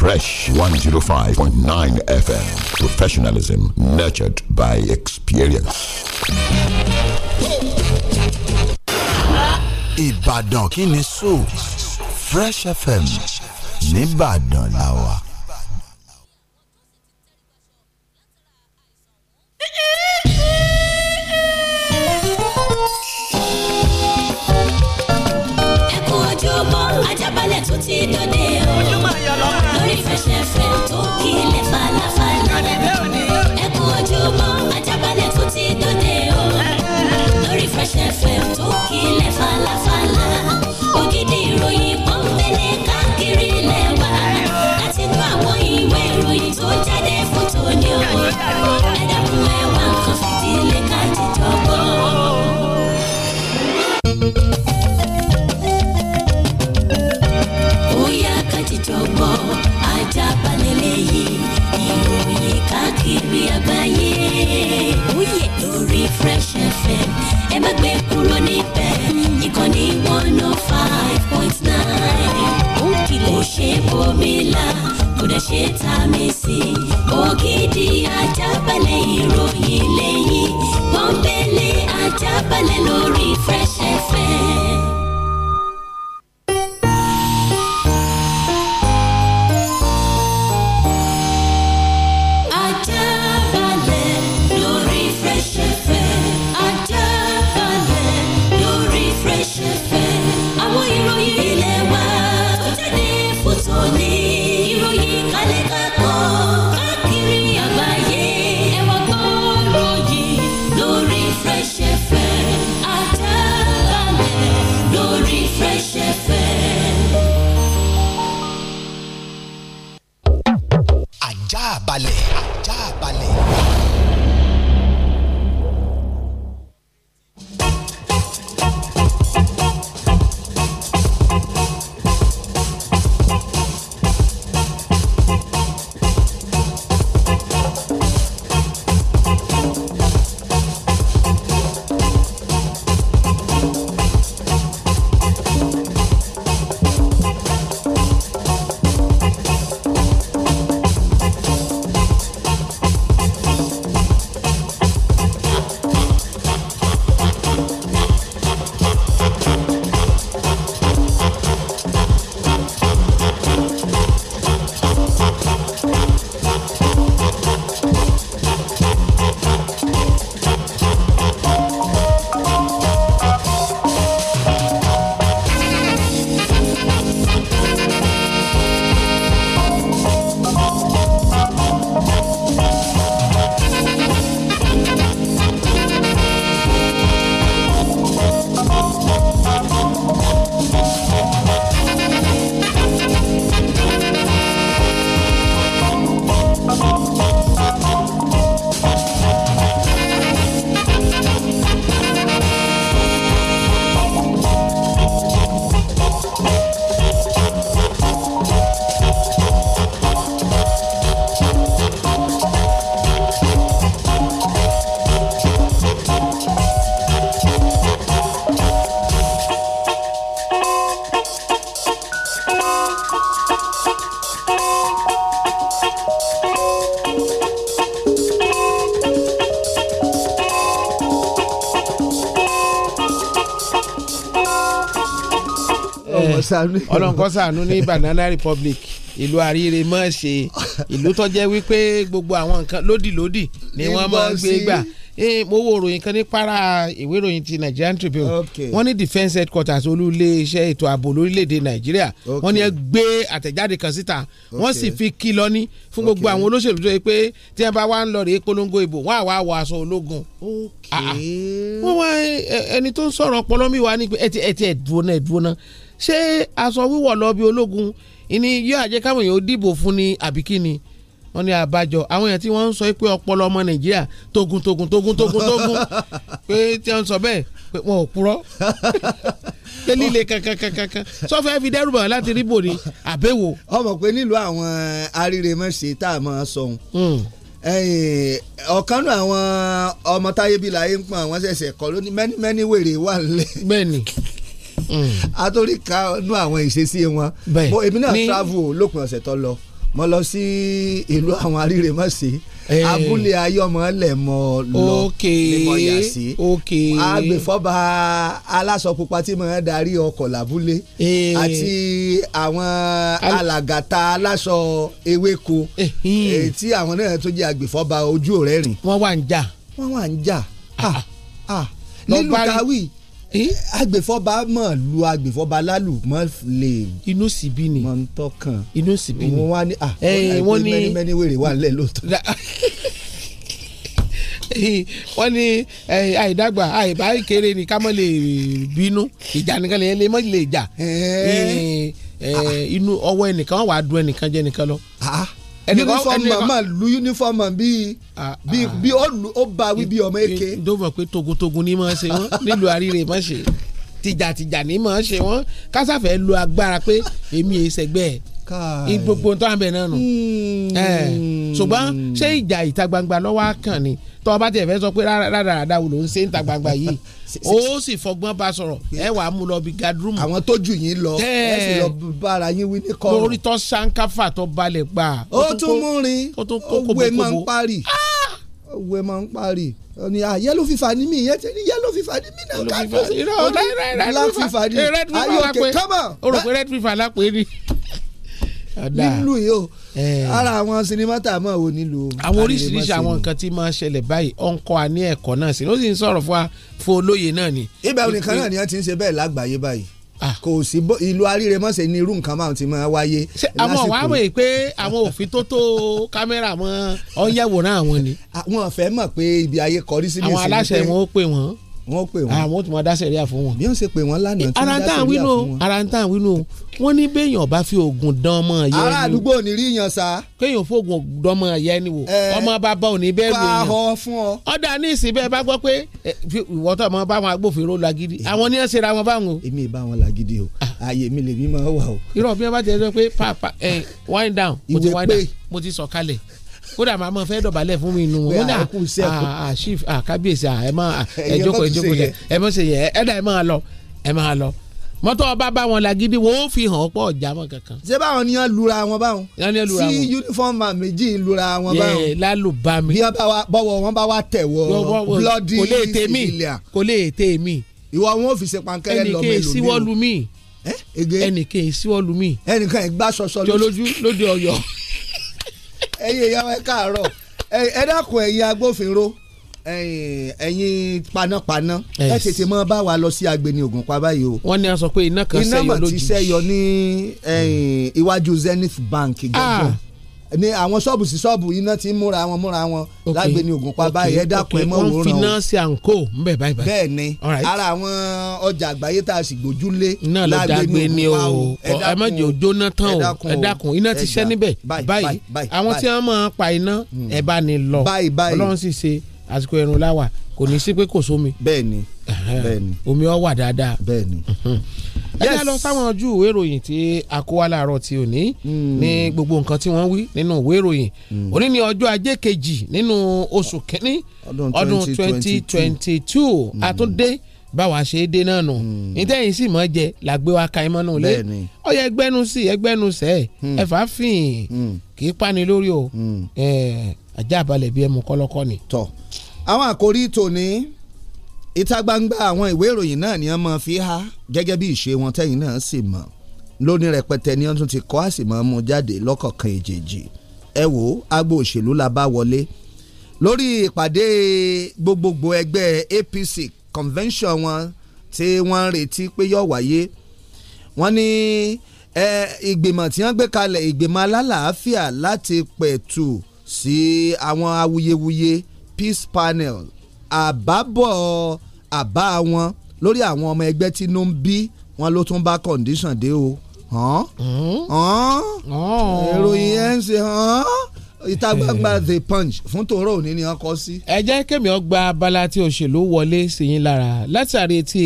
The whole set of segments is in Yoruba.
Fresh 105.9 FM. Professionalism nurtured by experience. Ibadan Kini Fresh FM. Nìbàdàn làwà. ṣàánú. ọlọ́run kó ṣàánú ní banana republic ìlú àríire mọ̀ ṣe ìlú tó jẹ́ wípé gbogbo àwọn nǹkan lódìlódì ni wọ́n máa ń gbé gbà mo wo ìròyìn kan ní para ìwé ìròyìn ti Nigerian Tribune wọ́n ní defence headquarters olú-ilé-iṣẹ́ ètò ààbò lórílẹ̀‐èdè Nàìjíríà wọ́n ní ẹ gbé àtẹ̀jáde kan síta wọ́n sì fi kìlọ̀ ní fún gbogbo àwọn olóṣèlú tó yẹ pé tí wọ́n bá wá ń lọ rèé polongo ìbò wọ́n àwa wọ aṣọ ológun ah, ah. wọ́n wá ẹni tó ń sọ̀rọ̀ ọpọlọ mi ní pé ẹ ti ẹ ti ẹ dúró náà ẹ dúró náà ṣé aṣọ wíwọ̀ lọ bí ológun ìní yóò àjẹ́ káwọn èèyàn ó dìbò fún ni àbí kí ni wọ́n ní àbájọ àwọn èèyàn tí wọ́n ń sọ pé ọpọlọ ọmọ nàìjíríà tógun tógun tógun tógun tógun pé tí wọ́n sọ bẹ́ẹ̀ pé wọn ò purọ́ pé líle kankankankan sọfẹ́ fi dẹ́rù bọ̀ láti rí bòde àbẹ̀wò. ọmọ pé nílùú àwọn aríremọ̀ṣe tá a máa sọ̀hún hmm. ọ̀kan náà àwọn ọmọ táyé bíi láyé ń pọn àwọn ṣẹ̀ṣẹ̀ kọ́ lóní mẹ́ni wèrè wà lẹ́. bẹ́ẹ̀ni àtòrí ka nú àwọn ìṣesí wọn bó èmi náà travel lópin ọ̀sẹ̀ tó lọ mo lọ sí ìlú àwọn arírèmọ̀sí abúlé ayọ́mọ̀lẹ̀ mo lọ ni mo yà sí agbèfọ́ba alásọpupa tí mo darí ọkọ̀ làbúlé àti àwọn alàgàtà aláṣọ ewéko tí àwọn náà tó jẹ́ agbèfọ́ba ojú rẹ̀ rìn. wọ́n wà ń jà. wọ́n wà ń jà ah. Ah. Ah. nílùú kawí Eh? agbèfọ́ba mọ̀ lu agbèfọ́ba lálù mọ̀ lè. inú síbí ni mọ̀ ń tọkàn. inú síbí ni wọ́n wá ní ah eh, wọ́n ní mẹ́ni mẹ́ni wèrè wà lẹ́ lóòótọ́. Eh, wọ́n ní àìdàgbà àìbá kéré ni ká mọ̀ lè bínú ìjà nìkan lè mọ̀ lè jà inú ọwọ́ ẹnìkan wà á dùn ẹnìkan jẹ́ ẹnìkan lọ. Ah, uniform mama lu uniform bíi bíi bíi ó ba wí bíi ọmọ èké. dóbọ̀ pé togotogun ni máa ṣe wọ́n nílùú àríre máa ṣe tìjàtìjà ni máa ṣe wọ́n kásáfẹ́ lu agbára pé èmi è sẹ́gbẹ́ ẹ̀ gbogbo tó à ń bẹ̀ náà nù. Hmm. ṣùgbọ́n ṣé ìjà ìta gbangba lọ́wọ́ á kàn ni tọ́ ọ bá tiẹ̀ fẹ́ sọ pé rádaràda wo ló ń ṣe ń ta gbangba yìí ó sì fọgbọ́n bá sọ̀rọ̀ ẹ wà á mú lọ bí gadrum. àwọn tó jù yín lọ ẹ sì lọ bára yín wí ní kọrùn. lórí tó sankafa tó balẹ̀ gbà. ó tún mú rin òwe máa ń parí òwe ah! máa ń parí ah, ni a yellow fifa ni mi yẹn ti ni yellow fifa ni mi náà ká tó sí black fifa ni ayọ̀kẹ́ come o rò pé red fifa lápẹ́ ni. nílùú yìí o Eh. ara àwọn sinimá tá a mọ̀ ò nílò. àwọn oríṣiríṣi àwọn nǹkan tí máa ṣẹlẹ̀ báyìí ó kọ́ a ní ẹ̀kọ́ náà sí i sì ń sọ̀rọ̀ fún wa fún olóye náà ni. ibà nìkan náà ni wọ́n ti ń ṣe bẹ́ẹ̀ lágbàáyé báyìí kò sí ìlú aríremọ́sẹ̀ ní irú nǹkan máa ti máa wáyé. ṣé àwọn wàá mọ̀ pé àwọn òfin tó tó kámẹ́rà mọ́ ọ̀nyẹ̀wòrán àwọn ni. àwọn fẹ́ mọ̀ pé ibi ayé kọrí sí wọn pè wọ́n àwọn ó tún dá sẹ̀ríà fún wọn. bí wọ́n ṣe pè wọ́n lánàá tí wọ́n dá sẹ̀ríà fún wọn. ara ń tàn wínú ara ń tàn wínú wọ́n ní béèyàn bá fi oògùn dán ọmọ ẹ̀yẹ ni. ará àdúgbò ò ní rí yan sa. kéèyàn fóògùn dán ọmọ ẹ̀yẹ ni wò ọmọ bàbá ò ní bẹ́ẹ̀ lò yàn. pààhọ fún ọ. ọ̀dà ní ìsìnbẹ́ bá gbọ́ pé ìwọ tó ọmọ bá wọn agbófinró lagidi àwọn ni ṣe ra wọn bá wọn. èmi ìbá wọn lagidi o ah. ààyè mi lèmi máa wà o. irọ́ bí wọ́n bá ti sọ pé pàápàá wind down mo ti sọ kalẹ̀ kódà màá mọ fẹ́ dọ̀bálẹ̀ fún mi nù wọn náà chief kábíyèsí ẹ jókòó ẹ jókòó ẹ mọ̀ ṣe yẹ ẹ dà ẹ máa lọ ẹ máa lọ mọ́tò ọba bá wọn làgídí wo ó fi hàn pọ̀ ọjà mọ́ kankan. ṣé báwọn ni wọ́n lura wọn báwọn. wọ́n ní lura wọn. sí uniform méjì lura wọn báwọn. yẹ lálùbami. bí bọ́wọ́ wọn bá wá tẹ̀wọ́ bloody ìlà. kò lè tè mí. ìwọ wọn ò fi ṣe pankẹ́rẹ́ lọ mélòó. ẹnì kejì síwọ́lu mi. ẹnì kejì síwọ́lu mi. ẹnì kan ìgbà sọ̀sọ̀ lójú lóde ọ̀yọ́. ẹyẹ ìyá wọn káàárọ̀ ẹ Eh, ẹ̀yin panápaná ẹ tètè mọ bá wa lọ sí agbeni ògùn pa báyìí o. wọ́n ní a sọ pé iná kan sẹ́yọ lójijì. iná mọ̀ ti sẹ́yọ ní iwájú Zenith Bank ah. gẹ́gẹ́ ní àwọn ṣọ́ọ̀bù sí ṣọ́ọ̀bù iná ti múra wọn múra wọn lágbè ní Ògùnpa báyìí ẹ dákun ẹ mọ̀ wòran o. wọ́n àǹkó ńbẹ̀ báyìí báyìí. bẹ́ẹ̀ ni ara àwọn ọjà àgbáyé tá a sì gbójúlé lágbè ní Ògùnpa o ẹ dákun iná ti ṣẹ́ níbẹ̀ báyìí àwọn tí wọ́n máa pa iná hmm. ẹ bá ní lọ Ọlọ́run sì ṣe àsìkò ẹ̀rùn láwà kò ní sí pé kò sómi. bẹ́ẹ̀ni bẹ́ẹ̀ni omi ọ wà dáadáa. bẹ́ẹ̀ni. ẹ jẹ́ lọ sáwọn ojú ìwé ìròyìn tí a kó wá láàárọ̀ ti òní hmm. ní gbogbo nǹkan tí wọ́n wí nínú ìwé ìròyìn hmm. òní ni ọjọ́ ajé kejì nínú oṣù kínní ọdún twenty twenty two àtúndé hmm. báwa ṣe é dé náà nù nítẹ̀yìn sì mọ́ jẹ làgbé wa ka ẹmọ́ nù lé ọyẹ ẹgbẹ́nu sí ẹgbẹ́nu sẹ́ ẹ̀fà fìhìn kì í pani lórí o ajá balẹ̀ bí ẹmu kọ́lọ́kọ́ ni. tọ́ àwọn àkòrí tòní ìta gbangba àwọn ìwé ìròyìn náà ni wọ́n máa fi há gẹ́gẹ́ bí ìṣe wọn tẹ́yìn náà sì mọ̀ lónìí rẹpẹtẹ ni wọ́n tún ti kọ́ àsìmọ́ mu jáde lọ́kọ̀ọ̀kan èjèèjì ẹ wò ó agbo òṣèlú la bá wọlé lórí ìpàdé gbogbogbò ẹgbẹ́ APC convention wọn tí wọ́n ń retí pé yóò wáyé wọ́n ní ìgbìmọ̀ tí wọ́n gbé kalẹ̀ ìgbìmọ̀ alálàáfíà láti pẹ̀tù sí àwọn awuyewuye peace panel àbábọ̀ àbá wọn lórí àwọn ọmọ ẹgbẹ́ tí inú ń bí wọn ló tún bá condition dé o hmm? ìròyìn ẹ̀ ń ṣe ìta gbangba the punch fún tòró òní ni wọn kọ sí. ẹ jẹ́ kémi ọ gba abala tí òṣèlú wọlé sèyìn lára látàrí ti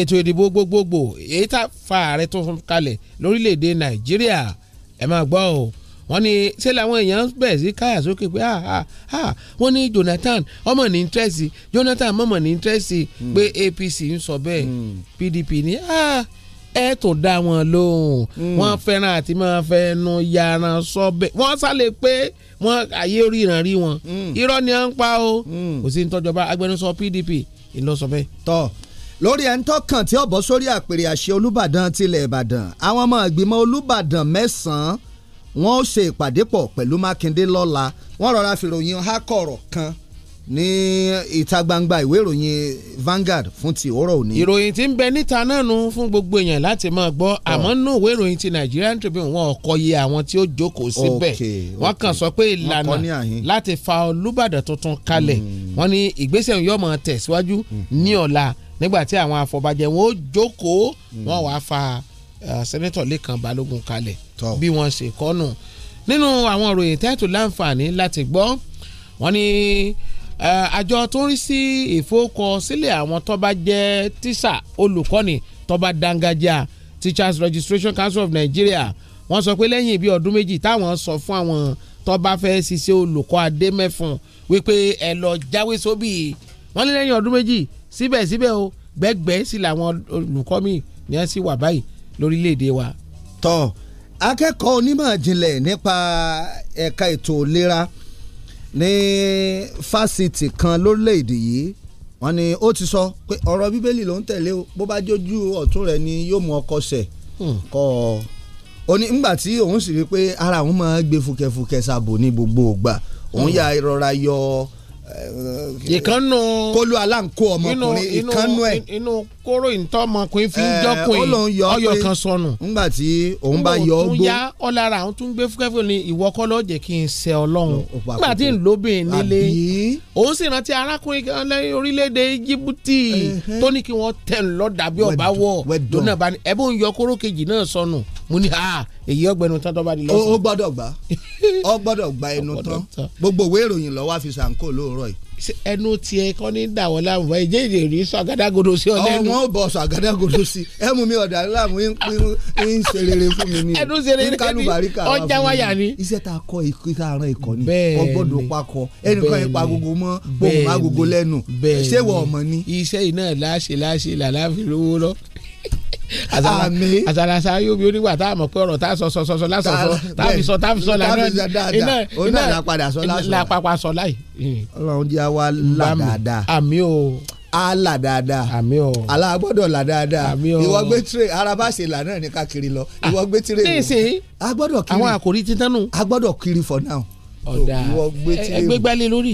ètò ìdìbò gbogbogbò èyí tá fa ààrẹ tuntun kalẹ̀ lórílẹ̀‐èdè nàìjíríà ẹ máa gbọ́ o wọ́n ní ṣé làwọn èèyàn bẹ̀rẹ̀ sí káyà sókè pé ah, ah, ah. wọ́n ní Jonathan ọmọ ní interest Jonathan mọ̀mọ̀ ní interest hmm. pé APC ń sọ bẹ́ẹ̀ PDP hmm. ní ẹ tó dá wọn lóhùn hmm. wọ́n fẹ́ràn àti máa fẹnu yàrá sọ bẹ́ẹ̀ wọ́n sálẹ̀ pé wọ́n àyè ríran rí wọn irọ́ ni à ń pa o kò sí ní tọ́jọba agbẹnusọ PDP ìlọsọ bẹ́ẹ̀. tọ́ lórí ẹni tó kàn tí ó bọ́ sórí àpèrè àṣẹ Olúbàdàn tilẹ̀ Ìbàdàn àwọn ọmọ ìgbìmọ̀ Olúbàdàn mẹ́sàn-án wọ́n ó ṣe ìpàdé pọ̀ pẹ̀lú Mákindé lọ́la wọ́n rọra fìròyìn hákọ̀rọ̀ kan ní ìta gbangba ìwé ìròyìn Vanguard fún ti òórọ̀ òní. ìròyìn tí ń bẹ níta náà nu fún gbogbo èèyàn láti máa gbọ́ ah. àmọ́ nínú ìwé ìròyìn ti Nigerian Tribune wọn ò kọ iye àwọn tí ó jókòó síbẹ̀ wọ́n kàn sọ pé ìlànà láti fa Olúbàdàn tuntun kalẹ̀ hmm. wọ́n ní ìgbésẹ̀ yóò máa tẹ̀síwájú hmm. ní ọ̀la nígbà tí àwọn afọbajẹ wọn ó jókòó hmm. wọn wàá fa eh, sẹ́nẹ́tọ̀ Lékan Balógun kalẹ̀ bí wọ́n ṣe kọ́nù nínú àwọn ìròyìn tẹ́tù láǹfààní láti gbọ́ wọ́n ní àjọ tó ń rí sí ìfowókọsílẹ̀ àwọn tó bá jẹ́ tíṣà olùkọ́ni tó bá Teachers Registration Council of Nigeria wọ́n sọ pé lẹ́yìn ibi ọdún méjì táwọn sọ fún àwọn tó bá fẹ́ ṣiṣẹ́ olùkọ́ adémẹ́fun wípé ẹ lọ jáwé sóbì wọ́n ní lẹ́yìn ọdún méjì síbẹ̀síbẹ̀ o gbẹ́gbẹ́ sí làwọn olùkọ́ mi ni wọ́n sì wà báyìí lórílẹ̀‐èdè wa. tọ́ akẹ́kọ̀ọ́ onímọ̀ ìjìnlẹ̀ nípa ẹ̀ka ètò ìlera ní fásitì kan lórílẹ̀‐èdè yìí wọ́n ní ó ti sọ pé ọ̀rọ̀ bíbélì ló ń tẹ̀lé o bó bá jójú ọ̀tún rẹ̀ ni yóò mú ọkọ ṣẹ̀ hmm. kọ́ ọ ó ní ńgbà tí òun sì rí i pé ara òun máa gbé fúkẹ́fúkẹ́ sàbò ní gbogbo ògbà òun hmm. yà rọra yọ ìkànnù kólú aláǹkó ọmọkùnrin ìkànnù ẹ̀ kóró ìtọ́mọkùnrin fi ń jọ́kùnrin eh, ọyọ kan sọnù. ńgbà tí òun bá yọ ọgbó. òun yá ọlára àwọn tún gbé fúkẹ́fù ni ìwọ kọ́ ló jẹ́ kí n ṣe ọlọ́run. ńgbà tí ń lóbìn nílé òun sì rántí arákùnrin kan lẹ́yìn orílẹ̀-èdè íjíbítì tó ní kí wọ́n tẹ̀ ń lọ dàbí ọ̀bá wọ̀ lónà bá ní ẹ̀bùn yọ kóró kejì náà sọnù mo ní ha èyí ọgbẹnu tán tó bá di lọ́sàn. ó gbọ́dọ̀ gbà ó gbọ́dọ̀ gbà ẹnu tán gbogbo ìwé ìròyìn ló wá ṣàǹkó lóòrọ̀ yìí ẹnu tiẹ̀ kọ́ ní dàwọ́ láàmú báyìí jẹ́ ìdè rí sọ àgádágodo sí ọ lẹ́nu. ọmọ bọ̀ sọ àgádágodo sí ẹmu mi ọ̀dà láàmú ń ṣerere fún mi ni ẹnu ṣerere kẹ́ni ọjà wáyà ni. iṣẹ́ tá kọ ikú tá a ọ gbọ́dọ̀ pakọ ẹnìkan yẹn pa agogo mọ́ agogo lẹ́nu ṣé wọ́n ọmọ ni. iṣẹ́ yìí náà láṣẹ láṣẹ làlá fi lówó lọ àṣàlàṣà yóò bí onígbà tá a mọ̀ pé ọ̀rọ̀ tá a sọ sọ sọ sọ lásán sọ tá a fi sọ tá a fi sọ lánàá iná iná lápadà sọ lásán lápapà sọ láì. Ọlọ́run jẹ́ àwa là dáadáa. àmì o a là dáadáa àmì o àlà gbọ́dọ̀ là dáadáa àmì o ìwọ gbé tire araba ṣe là ní ká kiri lọ ah, ìwọ gbé tire wò a gbọ́dọ̀ kiri àwọn àkòrí ti tánu a gbọ́dọ̀ kiri for now ọ̀dà ẹgbẹ́ gbálẹ̀ lórí.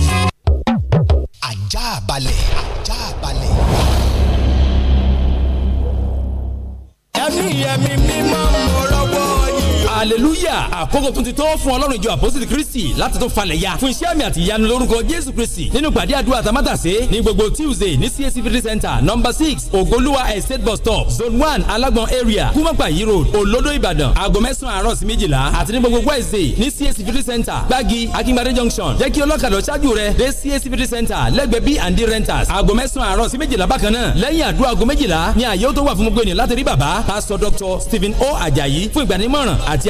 ajá balẹ̀ ajá balẹ̀. níyẹn mi mímọ́ mọ́ lọ́wọ́ hallelujah àkókò tún ti tó fún ọlọ́run ìjọ àpọ́sítì kristi láti tún falẹ̀ ya fún iṣẹ́ àmì àti ìyanu lórúkọ jésù kristi nínú pàdé àdúrà tamátàsé ní gbogbo tuesday ní cac fifty center number six ogoluwa estate bus stop zone one alágbọn area kúmọ̀pàyí road olodo ìbàdàn aago mẹ́sàn-án àárọ̀ sí méjìlá àti ní gbogbo wednesday ní cac fifty center gbági akínbádé junction jẹ́ kí ọlọ́kadà ṣáájú rẹ dé cac fifty center lẹ́gbẹ̀ẹ́ b and d renters aago mẹ́sàn-án àárọ̀ sí méjìlá bákan náà lẹ́yìn àdúrà aago méjìlá ni àyè ó tó wà fún gbogbo ènìyàn láti rí bàbá pásítọ̀ dr stephen o ajayi fún ìgbaninímọ̀ràn àti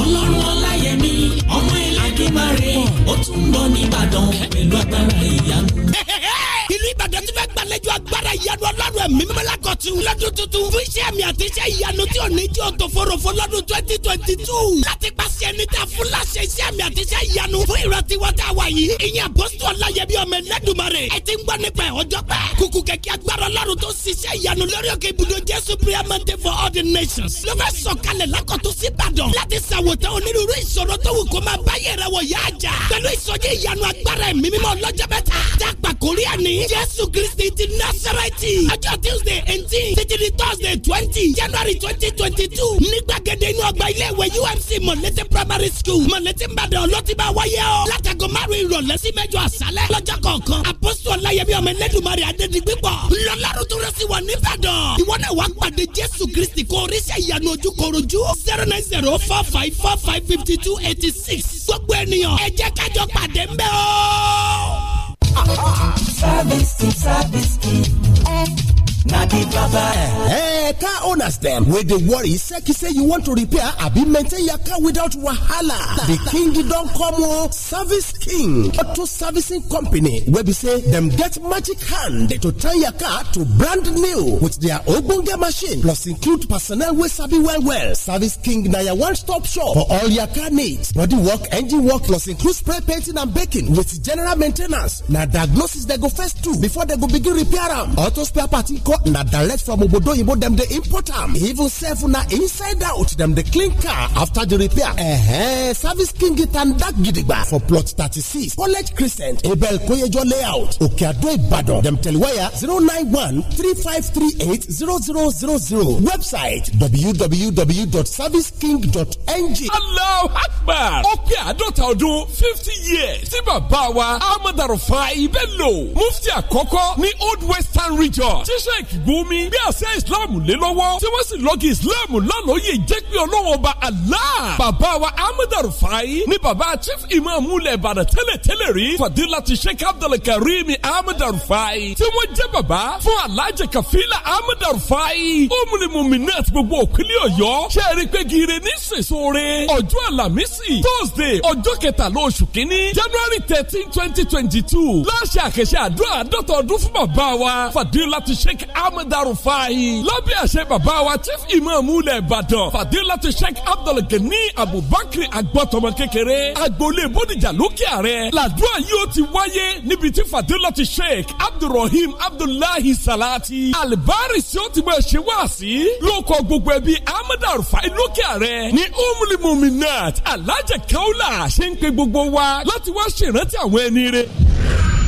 ọlọ́run ọláyẹmí ọmọ ẹlẹ́dùnmarè ó tún bọ̀ nìbàdàn pẹ̀lú agbára ìyanu ìlú ìbàdàn ti fẹ́ gbàlejò agbára ìyanu ọlọ́run ẹ̀mí mímọ́lá kọ̀tù lọ́dún tuntun fún iṣẹ́ àmì àti iṣẹ́ ìyanu tí ò ní jẹ́ òtòfòròfò lọ́dún twenty twenty two láti pàṣẹ ẹni tá a fún láṣẹ iṣẹ́ àmì àti iṣẹ́ ìyanu fún ìrántí wọn tá a wà yìí ìyẹn àpọ́sítù ọláyẹmí ọmọ ẹlẹ́dùnmarè ẹ ti ń gbọ́ nípa ẹ̀ ọjọ́ pẹ́ kùkù kẹ̀kẹ́ agbára ọlọ́run tó ṣiṣẹ́ ìyanu lórí òkè ibùdó jésù prayer for all the nations ló fẹ́ sọ̀kalẹ̀ lákọ̀tún sí ìbàdàn láti ṣàwòtán onírúurú ìṣòro tó wù kó máa bá yẹrẹ wọ̀ yá àjà pẹ̀lú ìsọjí ìyanu agbára ẹ̀mí mímọ́ lọ́jọ́ mẹ́ta dàgbà kórí ẹni jésù kristi ti násàrẹ́tì ọjọ́ tuesday eighteen títí di thursday twenty january twenty twenty two ní gbàgede inú ọgbà ilé umc mọ̀lẹ́tẹ̀ primary school mọ̀lẹ́tẹ̀ mbàdàn ló ti wáyé o látàgọ́ márùn ìrọ̀lẹ́ sí mẹ́jọ àṣálẹ́ lọ́jọ́ kọ̀ọ̀kan four five four five fifty two eighty six gbogbo ènìyàn ẹ jẹ́ kájọ pàdé ń bẹ̀ o. service team service team na di driver eh car owners dem wey dey worry seki say you want to repair abi maintain your car without wahala The king don come o oh, service king auto servicing company wey be say dem get magic hand to turn your car to brand new with their ogbonge machine plus include personnel wey sabi well well service king na your one stop shop for all your car needs body work engine work plus include spray painting and baking with general main ten ance na diagnosis dem go first do before dem go begin repair am auto spare parts Mexico na direct from obodo oyinbo dem dey import am. Even sef na inside out dem dey clean car after the repair. Uh-huh. Service King Tandak Gidigba for plot thirty-six College Crescent Abel Koyejo layout Okeado Ibadan. Dem telewire zero nine one three five three eight zero zero zero zero. Website www.serviceking.ng. Allahu Akbar! Ó pé àádọ́ta ọdún fifty years tí bàbá wa Ahmed Arufai Bello mufti àkọ́kọ́ ní Old Western Region. Tíṣẹ́ sheikh gumi bí àṣẹ islam lé lọ́wọ́ tí wọ́n sì lọ́gì islam lálóye jẹ́ pé ọlọ́wọ́ ọba allah bàbá wa ahmed arufai ni bàbá chief imam ulẹ̀ ìbàdàn tẹ́lẹ̀tẹ́lẹ̀ rí fadilati sheikh abdulkareem ahmed arufai tí wọ́n jẹ́ bàbá fún alhaji kafila ahmed arufai umulimuminat gbogbo òkèlè ọ̀yọ́ ṣe é rí pé gire ní sèṣore ọjọ́ alamisi thursday ọjọ́ kẹtàlá oṣù kínní january thirteen twenty twenty two láṣẹ àkẹṣẹ àdúrà àdọ́tọ̀ ọdún fún bàbá wa fadilati sheikh ahmed arufai lábẹ́ àṣẹ bàbá wa chief imam ulẹ̀ ìbàdàn fadilatu sheikh abdulgani abubakar agbọ́tọmọ kékeré agboolé bódìjà lókè àrẹ làdúrà yìí ó ti wáyé níbi tí fadilatu sheikh abdulrahim abdullahi salati alibari tí ó ti máa ṣe wá sí lóko gbogbo ẹbí ahmed lókè àrẹ ní umri muminat alhaja kaula ṣe ń pe gbogbo wa láti wá ṣèrántí àwọn ẹni rẹ.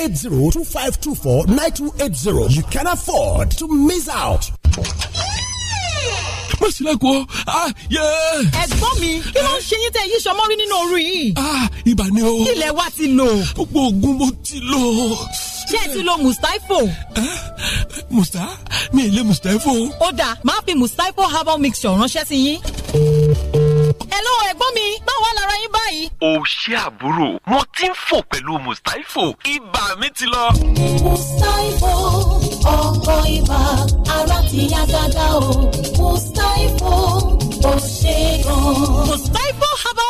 eight zero two five two four nine two eight zero. You can afford to miss out. má sílẹ̀kùn ọ́ ah, ẹ̀gbọ́n mi kí ló ń ṣe yín tẹ yí sọmọ́ rí nínú orí yìí. Ah, ibà ni o. ilẹ̀ wa ti lò. gbogbo oògùn mo ti lò. ṣé ẹ ti lo mustapho. musta mi ì lé mustapho. ó dáa máa fi mustapho herbal mixture ránṣẹ́ sí yín. Hello ẹ̀gbọ́n mi, báwo lára yín báyìí? Ó ṣé àbúrò, wọ́n ti ń fò pẹ̀lú Mustapho. Ibà mi ti lọ. Mustapho, ọkọ ibà, ara ti yá gágá o. Mustapho, ó ṣe gan. Mustapho herbal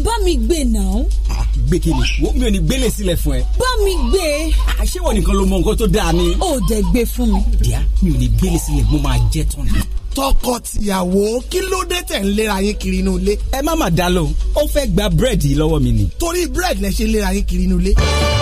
bá mi gbé náà. Ah, ah, gbé kí ni wo mi ò ní gbélé sílẹ̀ fún ẹ. bá mi gbé. Ah, ṣé wọn nìkan ló mọ nǹkan tó dáa ni. ó dẹ gbé fún mi. díà mi ò ní gbélé sílẹ̀ mo máa jẹ tán ni. tọkọ kí ló dé tẹ̀ ń léra yín kiri inú ilé. ẹ má mà dá lóhùn ó fẹ́ gba búrẹ́dì lọ́wọ́ mi ni. torí búrẹ́dì lẹ ṣe léra yín kiri inú ilé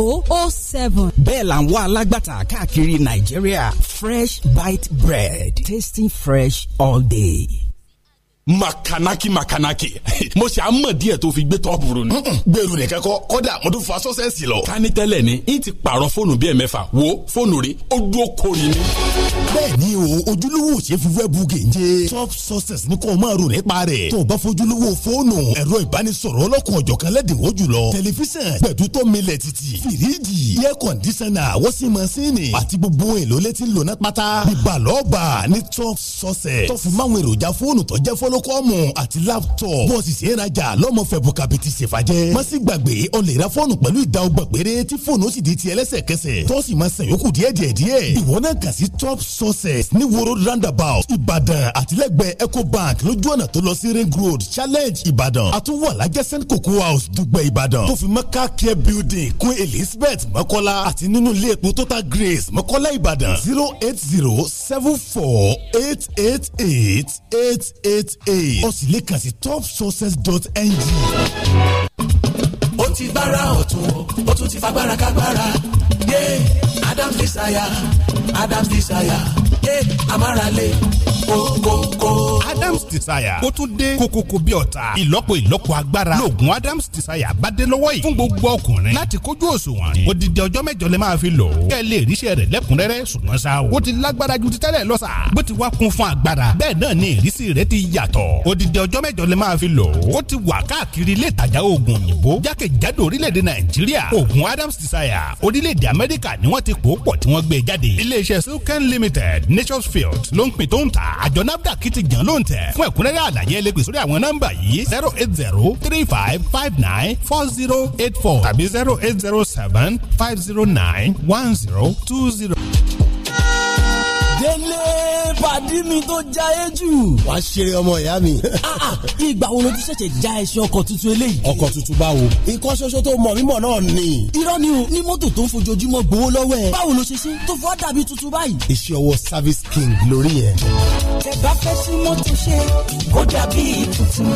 oh oh seven. bẹ́ẹ̀ là ń wá alágbàtà káàkiri nàìjíríà fresh bite bread tasting fresh all day makanaki makanaki mo ṣe àmọ̀ díẹ̀ tó fi gbé tọ́pù rò ni. gbèrú nìkan kọ kọ́dà mo tún fa sọ́sẹ̀sì lọ. kání tẹ́lẹ̀ ni n ti pààrọ̀ fóònù bíi ẹ̀mẹ́fà wo fóònù rí ó dúró kori ni. bẹ́ẹ̀ni o ojúlówó ṣe fífẹ́ bu gèje top success ni kò máa rò nípa rẹ̀ tó o bá fojúlówó fóònù ẹ̀rọ ìbánisọ̀rọ̀ ọlọ́kùn ọ̀jọ̀kan lẹ́dínwó jùlọ tẹlifíṣàn gbẹ̀dútọ́ milẹ̀ títì fìríjì air conditioner wọ́sí masínì àti gbogbo èlò létí lónà pátá ìbàlọ́ọ̀bà ní success tó fi máwọn èròjà fóònù tó jẹ́ kọ́mù àti laptop bọ́ọ̀sì sì ń rajà lọ́mọ fẹ̀bù kàbìtì ṣèfàjẹ́ má sì gbàgbé ọ lè ra fọ́ọ̀nù pẹ̀lú ìdá ọgbà péré tí fóònù ó sì di ti ẹlẹ́sẹ̀kẹsẹ̀ tọ́sí máa san yòókù díẹ̀ díẹ̀ díẹ̀ ìwọ náà kà sí top sources ní woro roundabout ìbàdàn àtìlẹ́gbẹ̀ẹ́ ecobank lójú ọ̀nà tó lọ sí ring road challenge ìbàdàn àtúwọ̀ alájẹ́ st cocoa house dùgbẹ̀ ìbàdàn tó fi mẹ́ka care building kún elizabeth mọ́kọ́lá àti nínú ilé epo total grace mọ́kọ́lá ìbàdàn zero eight zero seven four eight eight eight eight eight eight o sì lè kàn sí topsources.ng. ó ti gbára ọ̀tún ó tún ti fagbára kágbára yé yeah. Adam's Desire Adam's Desire he amárale kókókó. Adams Desire ó tún dé kókókó bí ọ̀tá. Ìlọ́po ìlọ́po agbára lóògùn Adams Desire bá dé lọ́wọ́ yìí. Fún gbogbo ọkùnrin láti kójú òṣùwọ̀n. Odidi ọjọ́ mẹ́jọ lè máa fi lò ó. Kẹ́ lè ríṣẹ́ rẹ̀ lẹ́kùnrẹ́rẹ́ ṣùgbọ́n ṣá o. Ó ti lágbára ju ti tẹ́lẹ̀ lọ Bó ti wá kún fún agbára. Bẹ́ẹ̀ náà ni ìrísí rẹ̀ ti yàtọ̀. Odidi ọjọ́ mẹ́jọ lè máa fi lò ó. Ó ti wà káàkiri ilé ìtajà oògùn òyìnbó. Jákèjádò orílẹ̀-èdè Nàìjíríà. Oògùn Adams Desire orílẹ̀-èdè Amẹ́ríkà ni wọ́n ti pòó pọ̀ tí wọ́n gbé jáde. Ilé-iṣẹ́ Limited n nature's field ló ń pin tó ń tà àjọ nafdac ti jàn ló ń tẹ̀ fún ẹ̀kúnrẹ́rẹ́ àlàyé lè sórí àwọn nọ́mbà yìí zero eight zero three five five nine four zero eight four tàbí zero eight zero seven five zero nine one zero two zero délé pàdí mi tó já e jù. wà á ṣeré ọmọ ìyá mi. Ah, ah, ìgbà wo ló ti ṣẹ̀ṣẹ̀ já ẹṣin ọkọ̀ tuntun eléyìí. ọkọ̀ tuntun báwo. ikọ́ ṣoṣo tó mọ̀ mímọ̀ náà ni. irọ́ ni o ní mọ́tò tó ń fojoojúmọ́ gbowó lọ́wọ́ ẹ̀. báwo ló ṣe ṣe tó fọ́ dàbí tuntun báyìí. iṣẹ́ ọwọ́ service king lórí yẹn. tẹ bá fẹ́ sí mọ́tò ṣe kó dàbí tuntun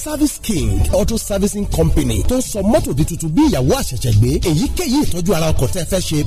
service king auto servicing company tó ń sọ mọ́tò di tuntun bí ìyàwó àṣẹ̀ṣẹ̀ gbé èyíkéyìí ìtọ́jú ara ọkọ̀ tẹ́ fẹ́ ṣe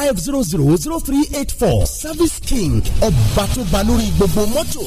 five zero zero zero three eight four service king ọba tó ba lórí gbogbo mọ́tò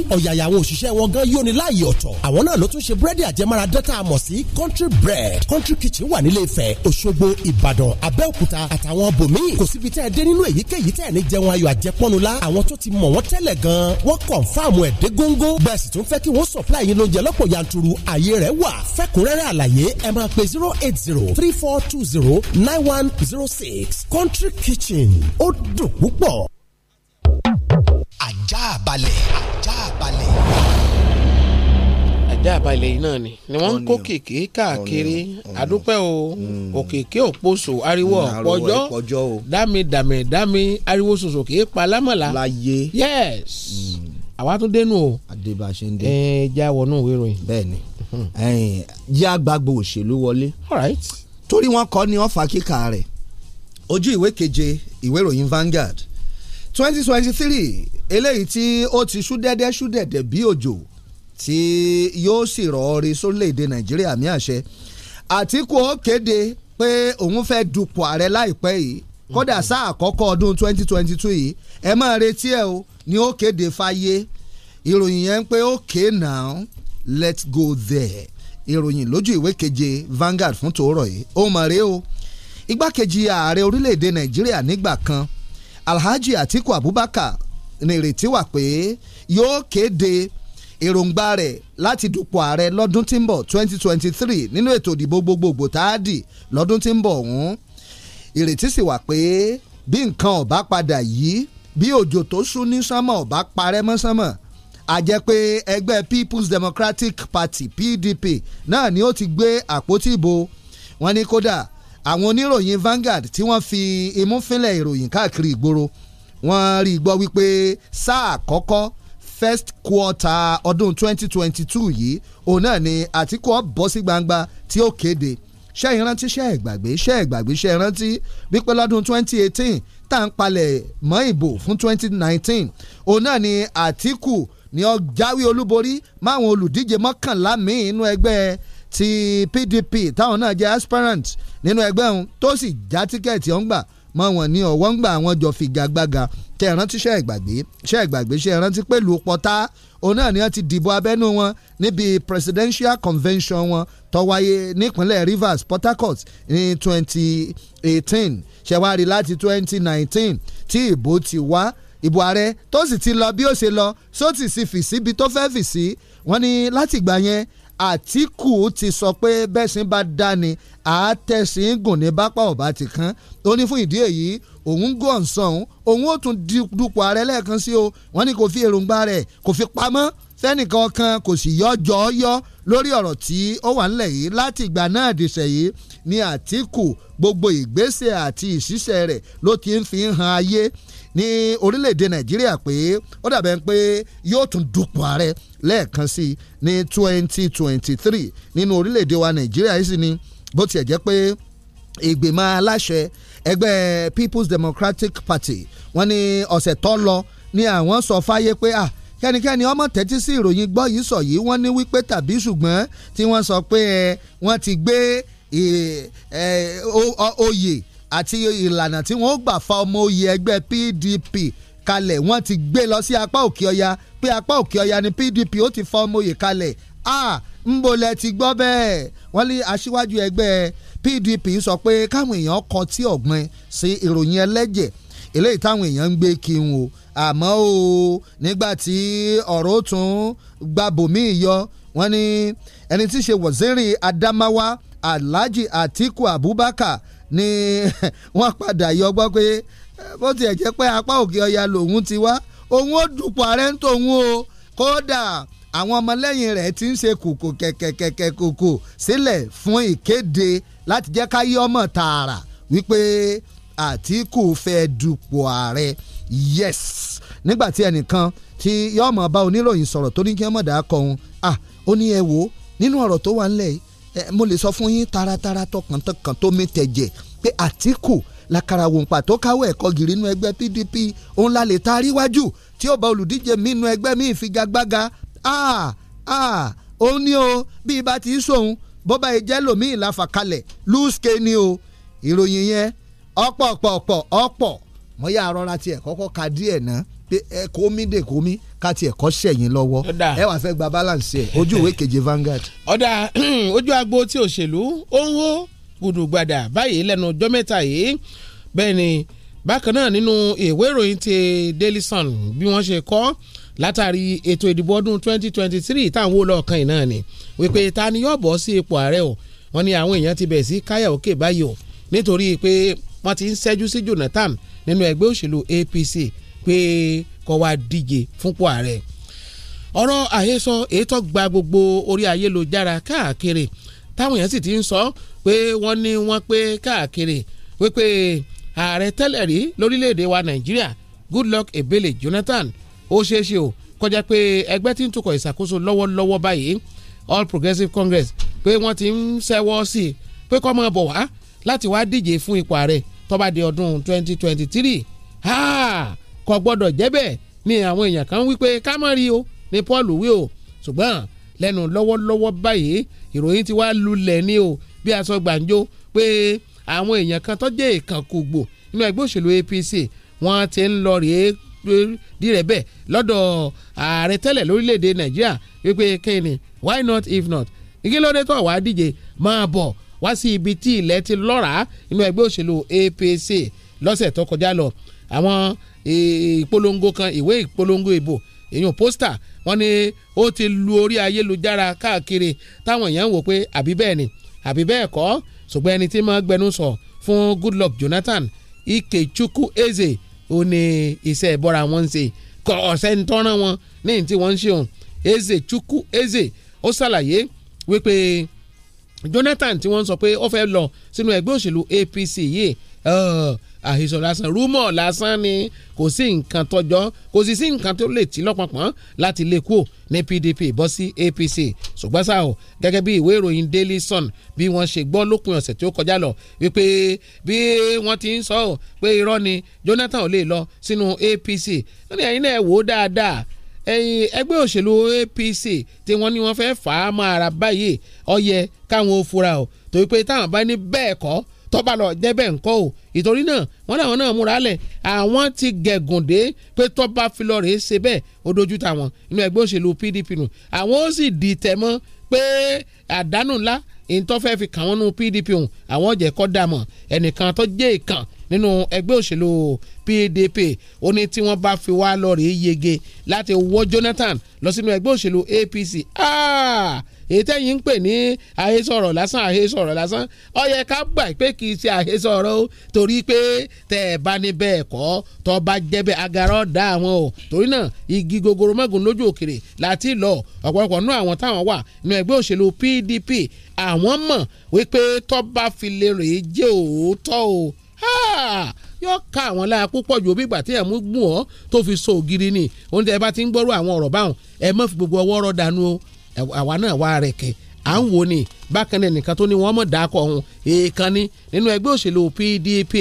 ní ọ̀yàyà àwọn òṣìṣẹ́ wọn gan yóni láàyè ọ̀tọ̀ àwọn náà ló tún ṣe búrẹ́dì àjẹmára dẹ́ta àmọ̀ sí country bread country kitchen wà nílé Ifẹ̀ Òṣogbo Ìbàdàn Abẹ́òkúta àtàwọn bòmíì kò síbi tẹ́ ẹ dé nínú èyíkéyìí tẹ́ ẹ ní jẹun ayọ̀ àjẹpọ́nula àwọn tó ti mọ̀ wọ́n tẹ́lẹ̀ gan wọ́n kọ̀ǹfàmù ẹ̀ dé góńgó bẹ́ẹ̀ sì tún fẹ́ supply yín lóúnjẹ lọ́pọ̀ yanturu ààyè rẹ̀ wà fẹ́kúnrẹ́rẹ́ àlàyé pe zero eight zero three four two zero nine one zero six country kitchen ó dùn àjàbalẹ̀ àjàbalẹ̀. àjàbalẹ̀ yìí náà ni ni wọ́n ń kó kèké káàkiri àdúpẹ́ o mm. òkèké òposo ariwo ọ̀pọ̀jọ́ dami dami, dámi ariwo soso kì í pa lámọ̀lá láyé yes mm. àwa tún dénú o adébáṣe ń dé ẹ já wọnú ìwé ìròyìn. bẹ́ẹ̀ni hmm. jí àgbàgbọ òṣèlú wọlé torí wọ́n kọ́ ni wọ́n fa kíkà rẹ̀ ojú ìwé keje ìwé ìròyìn Vanguard twenty twenty three eléyìí tí ó ti ṣú dẹ́dẹ́ ṣú dẹ̀dẹ̀ bí òjò tí yóò sì rọ̀ọ́rí sórílẹ̀‐èdè nàìjíríà mí àṣẹ àtìkù ó kéde pé òun fẹ́ dupò ààrẹ láìpẹ́ yìí kódà mm-hmm. sáà àkọ́kọ́ ọdún twenty twenty two yìí ẹ máa retí ẹ o ni ó kéde fáyé ìròyìn yẹn ń pé okay now let's go there ìròyìn lójú ìwé keje Vanguard fún tòórọ̀ yìí ó mọ̀ rèé o igbákejì ààrẹ orílẹ̀‐èdè nàìjíríà nígbà kan Alhaji Atiku Abubakar nírètí wà pé yóò kéde èròǹgbà rẹ̀ láti dupò ààrẹ lọ́dún tí ń bọ̀ 2023 nínú ètò ìdìbò gbogbogbò tààdì lọ́dún tí ń bọ̀ ọ̀hún ìrètí sì wà pé bí nǹkan ọ̀bá padà yìí bí òjò tó sún ní sánmọ̀ ọ̀bá parẹ́ mọ́ sánmọ̀ a pé ẹgbẹ́ People's Democratic Party PDP náà ni ó ti gbé àpótí ìbò wọn ní kódà àwọn oníròyìn Vanguard tí wọ́n fi imú fínlẹ̀ ìròyìn káàkiri ìgboro wọ́n rí gbọ́ wípé sáà àkọ́kọ́ first quarter ọdún 2022 yìí òun náà ni Àtíkù bọ́ sí gbangba tí ó kéde ṣé ìrántí ṣé ìgbàgbé ṣé ìgbàgbé ṣé ìrántí wípé lọ́dún 2018 tá à ń palẹ̀ mọ́ ìbò fún 2019 òun náà ni Àtíkù ni ó jáwé olúborí máwọn olùdíje mọ́kànlá míì inú ẹgbẹ́ ti PDP táwọn náà jẹ́ aspirant nínú ẹgbẹ́ òun tó sì já tíkẹ́ẹ̀tì ọ̀ngbà mọ́ wọn ní ọ̀wọ́ ń gbà àwọn jọ figagbága tẹ ẹ rántí ṣe ìgbàgbé ṣe ìgbàgbé ṣe ìrántí pẹ̀lú pọ́tá òun náà ni wọ́n ti dìbò abẹ́nú wọn níbi presidential convention wọn tó wáyé nípínlẹ̀ Rivers Port Harcourt ní 2018 ṣẹ̀wárí láti 2019 tí ìbò ti wá ìbò ààrẹ tó sì ti lọ bí ó ṣe lọ só sì fì síbi tó fẹ́ fì sí wọ́n ní látìgbà yẹn Àtíkù ti sọ pé bẹ́sìn bá dání àátẹ́sìn gùn ní bápá ọ̀bá ti kán ó ní fún ìdí èyí òun gò ọ̀sán òun ó tún dupò ààrẹ lẹ́ẹ̀kan sí o wọ́n ní kò fi èròǹgbà rẹ̀ kò fi pamọ́ sẹ́nìkan kan kò sì yọjọ́ yọ lórí ọ̀rọ̀ tí ó wà nílẹ̀ yìí láti ìgbà náà dìṣẹ̀ yìí ni Àtíkù gbogbo ìgbésẹ̀ àti ìṣiṣẹ́ rẹ̀ ló ti ń fi hàn ayé ní orílẹ̀-èdè nàìjíríà pé ó dàbẹ̀ pé yóò tún dupò ààrẹ lẹ́ẹ̀kan sí i ní twenty twenty three nínú orílẹ̀-èdè wa nàìjíríà yìí sì ni bó tiẹ̀ jẹ́ pé ìgbìmọ̀ aláṣẹ ẹgbẹ́ People's Democratic Party wọ́n ní ọ̀sẹ̀ tó lọ ni àwọn sọ fáyé pé ah kẹ́nikẹ́ni ọmọ tẹ́tí sí ìròyìn gbọ́ yìí sọ yìí wọ́n ní wípé tàbí ṣùgbọ́n tí wọ́n sọ pé ẹ eh, wọ́n ti gbé eh, eh, oyè àti ìlànà tí wọ́n gbà fa ọmọ oyè ẹgbẹ́ PDP kalẹ̀ wọ́n ti gbé lọ sí apá òkè ọya pé apá òkè ọya ni PDP ó ti fa ọmọ oyè kalẹ̀ ah ńbọ̀lẹ̀ ti gbọ́ bẹ́ẹ̀ wọ́n lé aṣíwájú ẹgbẹ́ PDP sọ pé káwọn èèyàn kọ tí ọ̀gbìn sí ìròyìn ẹlẹ́jẹ̀ eléyìí táwọn èèyàn ń gbé kí n o àmọ́ o nígbà tí ọ̀rọ̀ tún gbàbòmí yọ wọ́n ní ẹni tí í ṣe wọ̀zẹ́rì Adamawa Alhaji Atiku Abubakar ni wọ́n padà yọ gbọ́ pé eh, bó tiẹ̀ jẹ́ pé apá òkè ọya lòun ti wá òun ó dùpò ààrẹ ń tòun o kódà àwọn ọmọlẹ́yìn rẹ̀ ti ń ṣe kòkò kẹ̀kẹ̀kẹ̀kẹ̀ kòkò sílẹ̀ fún ìkéde láti jẹ́ ká yí ọmọ tààrà wípé Àtìkù fẹ́ dùpò ààrẹ yes nígbàtí ẹnìkan tí yọ̀ọ́mọ̀ bá oníròyìn sọ̀rọ̀ tó ní kí ọmọdà kọ̀ ọ́n ah ó ní ẹ wo nínú ọ̀rọ̀ tó wà ńlẹ̀ yìí mo lè sọ fún yín taratara tọkàntọkàn tó mi tẹ̀jẹ̀ pé Àtíkù lakara wòǹpà tó káwọ́ ẹ̀kọ́ gírí inú ẹgbẹ́ PDP òun la lè taari wájú tí ó bá olùdíje mi inú ẹgbẹ́ mi ìfigagbága ah ah òun ni o bí ibà ti sòun bọ́bá ìjẹ́ lòmíì la fà kalẹ̀ lùsùkè ni o ìròyìn yẹn ọ̀pọ̀ ọ̀pọ̀ ọ̀pọ̀ ọ̀pọ̀ mọ́yà rọra tiẹ̀ kọ́kọ́ ka díẹ̀ náà pé ẹ kó mi dè kó mi ká tiẹ̀ kọ́ sẹ̀yìn lọ́wọ́ ẹ wàá fẹ́ gba balance ẹ̀ ojú ìwé keje Vanguard. ọ̀dà ojú agbo tí òṣèlú ó ń hó gbùdùgbàdà báyìí lẹ́nu ọjọ́ mẹ́ta yìí bẹ́ẹ̀ ni bákan náà nínú ìwé ìròyìn ti Daily Sun bí wọ́n ṣe kọ látàrí ètò ìdìbò ọdún 2023 táwọn wò lọ́ọ̀kan yìí náà ni wípé ta ni yóò bọ́ sí ipò ààrẹ o wọ́n ní àwọn èèyàn ti bẹ̀ sí káyà òkè báyìí o nítorí pé wọ́n ti ń ṣẹ́jú sí Jonathan nínú ẹgbẹ́ òṣèlú APC pé kó wá díje fúnpọ̀ ààrẹ ọ̀rọ̀ àhesọ èyí tó gba gbogbo orí ayélujára káàkiri táwọn èèyàn sì ti ń sọ pé wọ́n ní wọ́n pé káàkiri wípé ààrẹ tẹ́lẹ̀ rí lórílẹ̀‐èdè wa nàìjíríà Goodluck Ebele Jonathan ó ṣeé ṣe o kọjá pé ẹgbẹ́ tí ń tukọ̀ ìṣàkóso lọ́wọ́lọ́wọ́ báyìí All Progressives Congress pé wọ́n ti ń ṣẹ́wọ́ sí i pé kó máa bọ̀ wá láti wá díje fún ipò ààrẹ tó bá di ọdún 2023 háà kò gbọ́dọ̀ jẹ́ bẹ́ẹ̀ ni àwọn èèyàn kan wípé ká mọ̀ rí o ní Paul wí o ṣùgbọ́n lẹ́nu lọ́wọ́lọ́wọ́ báyìí ìròyìn ti wá lulẹ̀ ni o bí a sọ gbàǹjo pé àwọn èèyàn kan tó jẹ́ ìkànkùgbò nínú ẹgbẹ́ òṣèlú APC wọ́n ti ń lọ rèé dírẹ̀ bẹ́ẹ̀ lọ́dọ̀ ààrẹ tẹ́lẹ̀ lórílẹ̀‐èdè Nàìjíríà wípé kíni why not if not ìkílódé tó wàá díje máa bọ̀ wá sí ibi tí ilẹ̀ ti lọ́ràá nínú ẹgbẹ́ òṣèlú APC lọ́sẹ̀ tó kọjá lọ àwọn e, ìpolongo kan ìwé ìpolongo ìbò èyàn pósítà wọn ni ó ti lu orí ayélujára káàkiri táwọn èèyàn ń wò pé àbí bẹ́ẹ̀ ni àbí bẹ́ẹ̀ kọ́ ṣùgbọ́n ẹni tí máa gbẹnu sọ fún Goodluck Jonathan Ikechukwu Eze ó ní iṣẹ́ ìbọ́ra wọn ń ṣe kọ ọ̀sẹ̀ ń tọ́ràn wọn ní tí wọ́n ń ṣe òun Eze Chukwu Eze ó ṣàlàyé wípé Jonathan tí wọ́n sọ pé ó fẹ́ lọ sínú ẹgbẹ́ òṣèlú APC yìí àhesọ lásán rúmọ̀ lásán ni kò sí nǹkan tọjọ́ kò sì sí nǹkan tó lè tí lọ́pọ̀pọ̀n láti lè kúò ní PDP bọ́ sí APC ṣùgbọ́n ṣá o gẹ́gẹ́ bí ìwé ìròyìn Daily Sun bí wọ́n ṣe gbọ́ lópin ọ̀sẹ̀ tí ó kọjá lọ wípé bí wọ́n ti ń sọ ọ́ pé irọ́ ni Jonathan ò lè lọ sínú APC wọ́n ní ẹ̀yin náà wò ó dáadáa ẹ̀yin ẹgbẹ́ òṣèlú APC tí wọ́n ní wọ́n fẹ́ fà á máa ra báyìí ó yẹ káwọn ò fura o torí tọ́ba lọ débẹ̀ ńkọ́ o ìtorí náà wọ́n làwọn náà múra lẹ̀ àwọn ti gẹ̀gùn dé pé tọ́ba filọ̀ rèé ṣe bẹ́ẹ̀ ó dojú tàwọn inú ẹgbẹ́ òṣèlú PDP nù àwọn ó sì dìtẹ̀ mọ́ pé àdánù ńlá ìtọ́fẹ́ fi kàn wọ́n nu PDP òun àwọn jẹ́ kọ́ dà mọ́ ẹnìkan tó jẹ́ ìkàn nínú ẹgbẹ́ òṣèlú PDP ó ní tí wọ́n bá fi wá lọ rèé yege láti wọ́ Jonathan lọ sínú ẹgbẹ́ òṣèlú APC ah! èyí tẹ́yìn ń pè ní àhesọ̀rọ̀ lásán àhesọ̀rọ̀ lásán ó yẹ ká gbà pé kì í ṣe àhesọ̀rọ̀ o torí pé tẹ̀ ẹ̀ bá ní bẹ́ẹ̀ kọ́ tọ́ bá jẹ́bẹ̀ agarọ́ dá àwọn o torí náà igi gogoro mọ́gun lójú òkèrè láti lọ ọ̀pọ̀lọpọ̀ nú àwọn táwọn wà nínú ẹgbẹ́ òṣèlú PDP àwọn mọ̀ wípé tọ́ bá fi lè rèé jẹ́ òótọ́ o yóò ká àwọn lára púpọ̀ ju bí ìgbà tí ẹ̀ mú gùn ọ́ tó fi so ògiri ni òun tẹ́ ẹ bá ti ń gbọ́rọ̀ àwọn ọ̀rọ̀ báwọn ẹ má fi gbogbo ọwọ́ rọ̀ dànù o àwa náà wá rẹ̀ kẹ́ à ń wo ni bákan náà nìkan tó ní wọ́n mọ̀ dákọ̀ ọ̀hún èèkan ni nínú ẹgbẹ́ òṣèlú PDP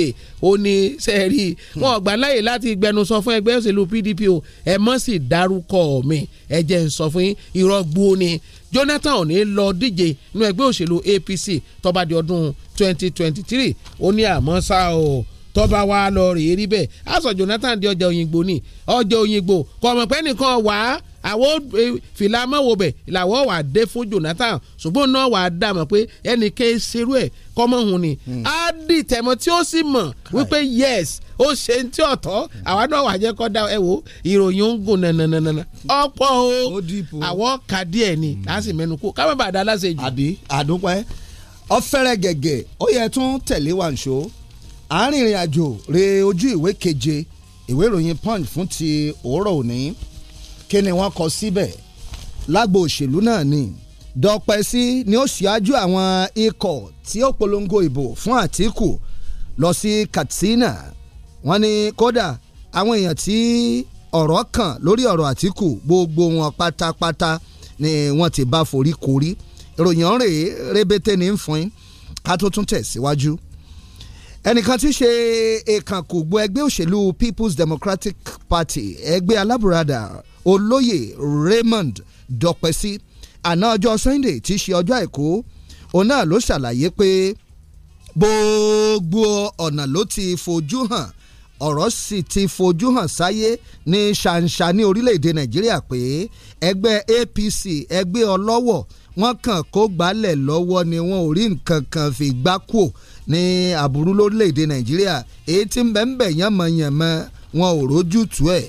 ó ní sẹ́ẹ̀rì wọn ọ̀gbà láyè láti gbẹnusọ fún ẹgbẹ́ òṣèlú PDP o ẹ mọ̀ sí dárúkọ mi ẹ jẹ́ ń sọ fún irọ́ gbó Jonathan ò ní lọ díje nínú ẹgbẹ́ òṣèlú APC tó di ọdún 2023 ó ní àmọ́ ṣá o tó wa lọ rèé rí bẹ́ẹ̀ á sọ Jonathan di ọjà Òyìngbò ni ọjà Òyìngbò kọ̀ọ̀mọ̀pẹ́ nìkan wàá àwọn eh, fìlà mọ́wọ́bẹ̀ làwọ́ wà dé fún Jonathan ṣùgbọ́n náà wà á dà mọ̀ pé ẹnì kẹ́ ẹ ṣerú ẹ̀ kọ́mọ̀hún ni á hmm. dì tẹ̀mọ́ tí ó sì mọ̀ wípé yes ó ṣe ń tí ọ̀tọ̀ àwa náà wà jẹ́ kọ́ da ẹ wo ìròyìn ń gùn nànànànà ọ̀pọ̀ o àwọ̀ ka díẹ̀ ni hmm. a sì mẹ́nu kú ká má bàa da aláṣẹ jù. àbí àdúpẹ́ ọ̀fẹ́rẹ́ gẹ̀gẹ̀ ó yẹ tún tẹ̀lé wa nṣó àárín ìrìn àjò re ojú ìwé keje ìwé ìròyìn punch fún ti òórọ̀ òní kí ni wọ́n kọ síbẹ̀ lágbo òṣèlú náà ni dọ́pẹ́ sí ni ó ṣíájú àwọn ikọ̀ tí ó polongo ìbò fún Àtíkù lọ sí Katsina wọ́n ní kódà àwọn èèyàn tí ọ̀rọ̀ kàn lórí ọ̀rọ̀ Àtíkù gbogbo wọn pátápátá ni wọ́n ti bá forí korí ìròyìn ọ̀rẹ́ rébété ní fún yín ká tó tún tẹ̀síwájú. ẹnìkan tí í ṣe ìkànkùgbọ́ ẹgbẹ́ òṣèlú People's Democratic Party ẹgbẹ́ alábùradà olóyè Raymond Dọ̀pẹ́sí àná ọjọ́ Sunday tí í ṣe ọjọ́ àìkú òun náà ló ṣàlàyé pé gbogbo ọ̀nà ló ti fojú hàn ọ̀rọ̀ sì ti fojú hàn sáyé ní ṣàǹṣà ní orílẹ̀-èdè Nàìjíríà pé ẹgbẹ́ APC ẹgbẹ́ ọlọ́wọ̀ wọ́n kàn kó gbálẹ̀ lọ́wọ́ ni wọ́n ò rí nǹkan kan fi gbá kúò ní àbúrú lórílẹ̀‐èdè nàìjíríà èyí tí ń bẹ̀ ń bẹ̀ yánmọ̀yánmọ̀ wọn ò rójú tù ẹ̀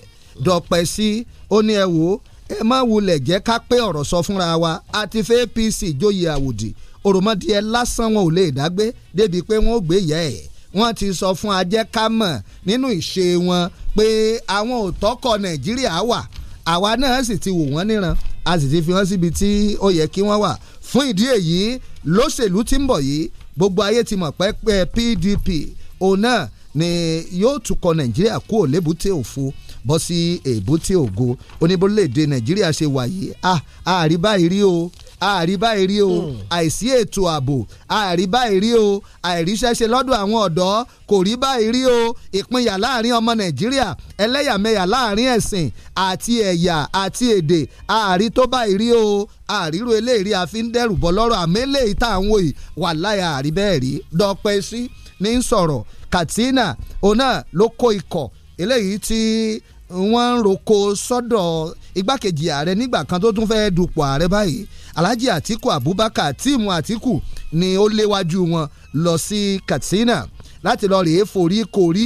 dọ̀pẹ́ sí ó ní ẹ wò ó ẹ má wulẹ̀ jẹ́ ká pé ọ̀rọ̀ sọ fúnra wa àti fẹ́ APC jóyè àwòdì òròmọdìẹ lásán wọn ò lè dágbé débi pé wọn ò gbé yẹ ẹ̀ wọ́n ti sọ fún ajẹ́kámọ̀ nínú ìṣe wọn pé àwọn òtọ́kọ̀ Nàìjíríà wà àwa náà sì ti wò wọ́n níran a sì ti fi wọ́n síbi tí ó yẹ kí wọ́n wà fún ìdí èyí lóṣèlú tí ń bọ̀ yìí gbogbo ayé ti mọ̀ pẹ́pẹ́ PDP òun náà ni yóò tukọ̀ Nàìjíríà kúrò lébùté òfo bọ́ sí èbúté ògo oníbólèdè nàìjíríà ṣe wàyí àárí báyìí rí o àárí báyìí rí o hmm. àìsí ètò ààbò àárí báyìí rí o àìríṣẹ́ṣe lọ́dọ̀ àwọn ọ̀dọ́ kò rí báyìí rí o ìpínyà láàrin ọmọ nàìjíríà ẹlẹ́yàmẹ̀yà láàrin ẹ̀sìn àti ẹ̀yà àti èdè àárí tó báyìí rí o àríro eléyìí àfi ń dẹ́rù bọ́ lọ́rọ̀ àmẹ́lẹ́ ìta àwọn òyì wà láyà àrí bẹ́ẹ̀ rí dọ́pẹ́ sí ní sọ̀rọ̀ Katsina òun náà ló kó ikọ̀ eléyìí tí wọ́n ń roko sọ́dọ̀ igbákejì ààrẹ nígbà kan tó tún fẹ́ dupò ààrẹ báyìí Alhaji Atiku Abubakar tíìmù Atiku ni ó léwájú wọn lọ sí Katsina láti lọ rèé forí korí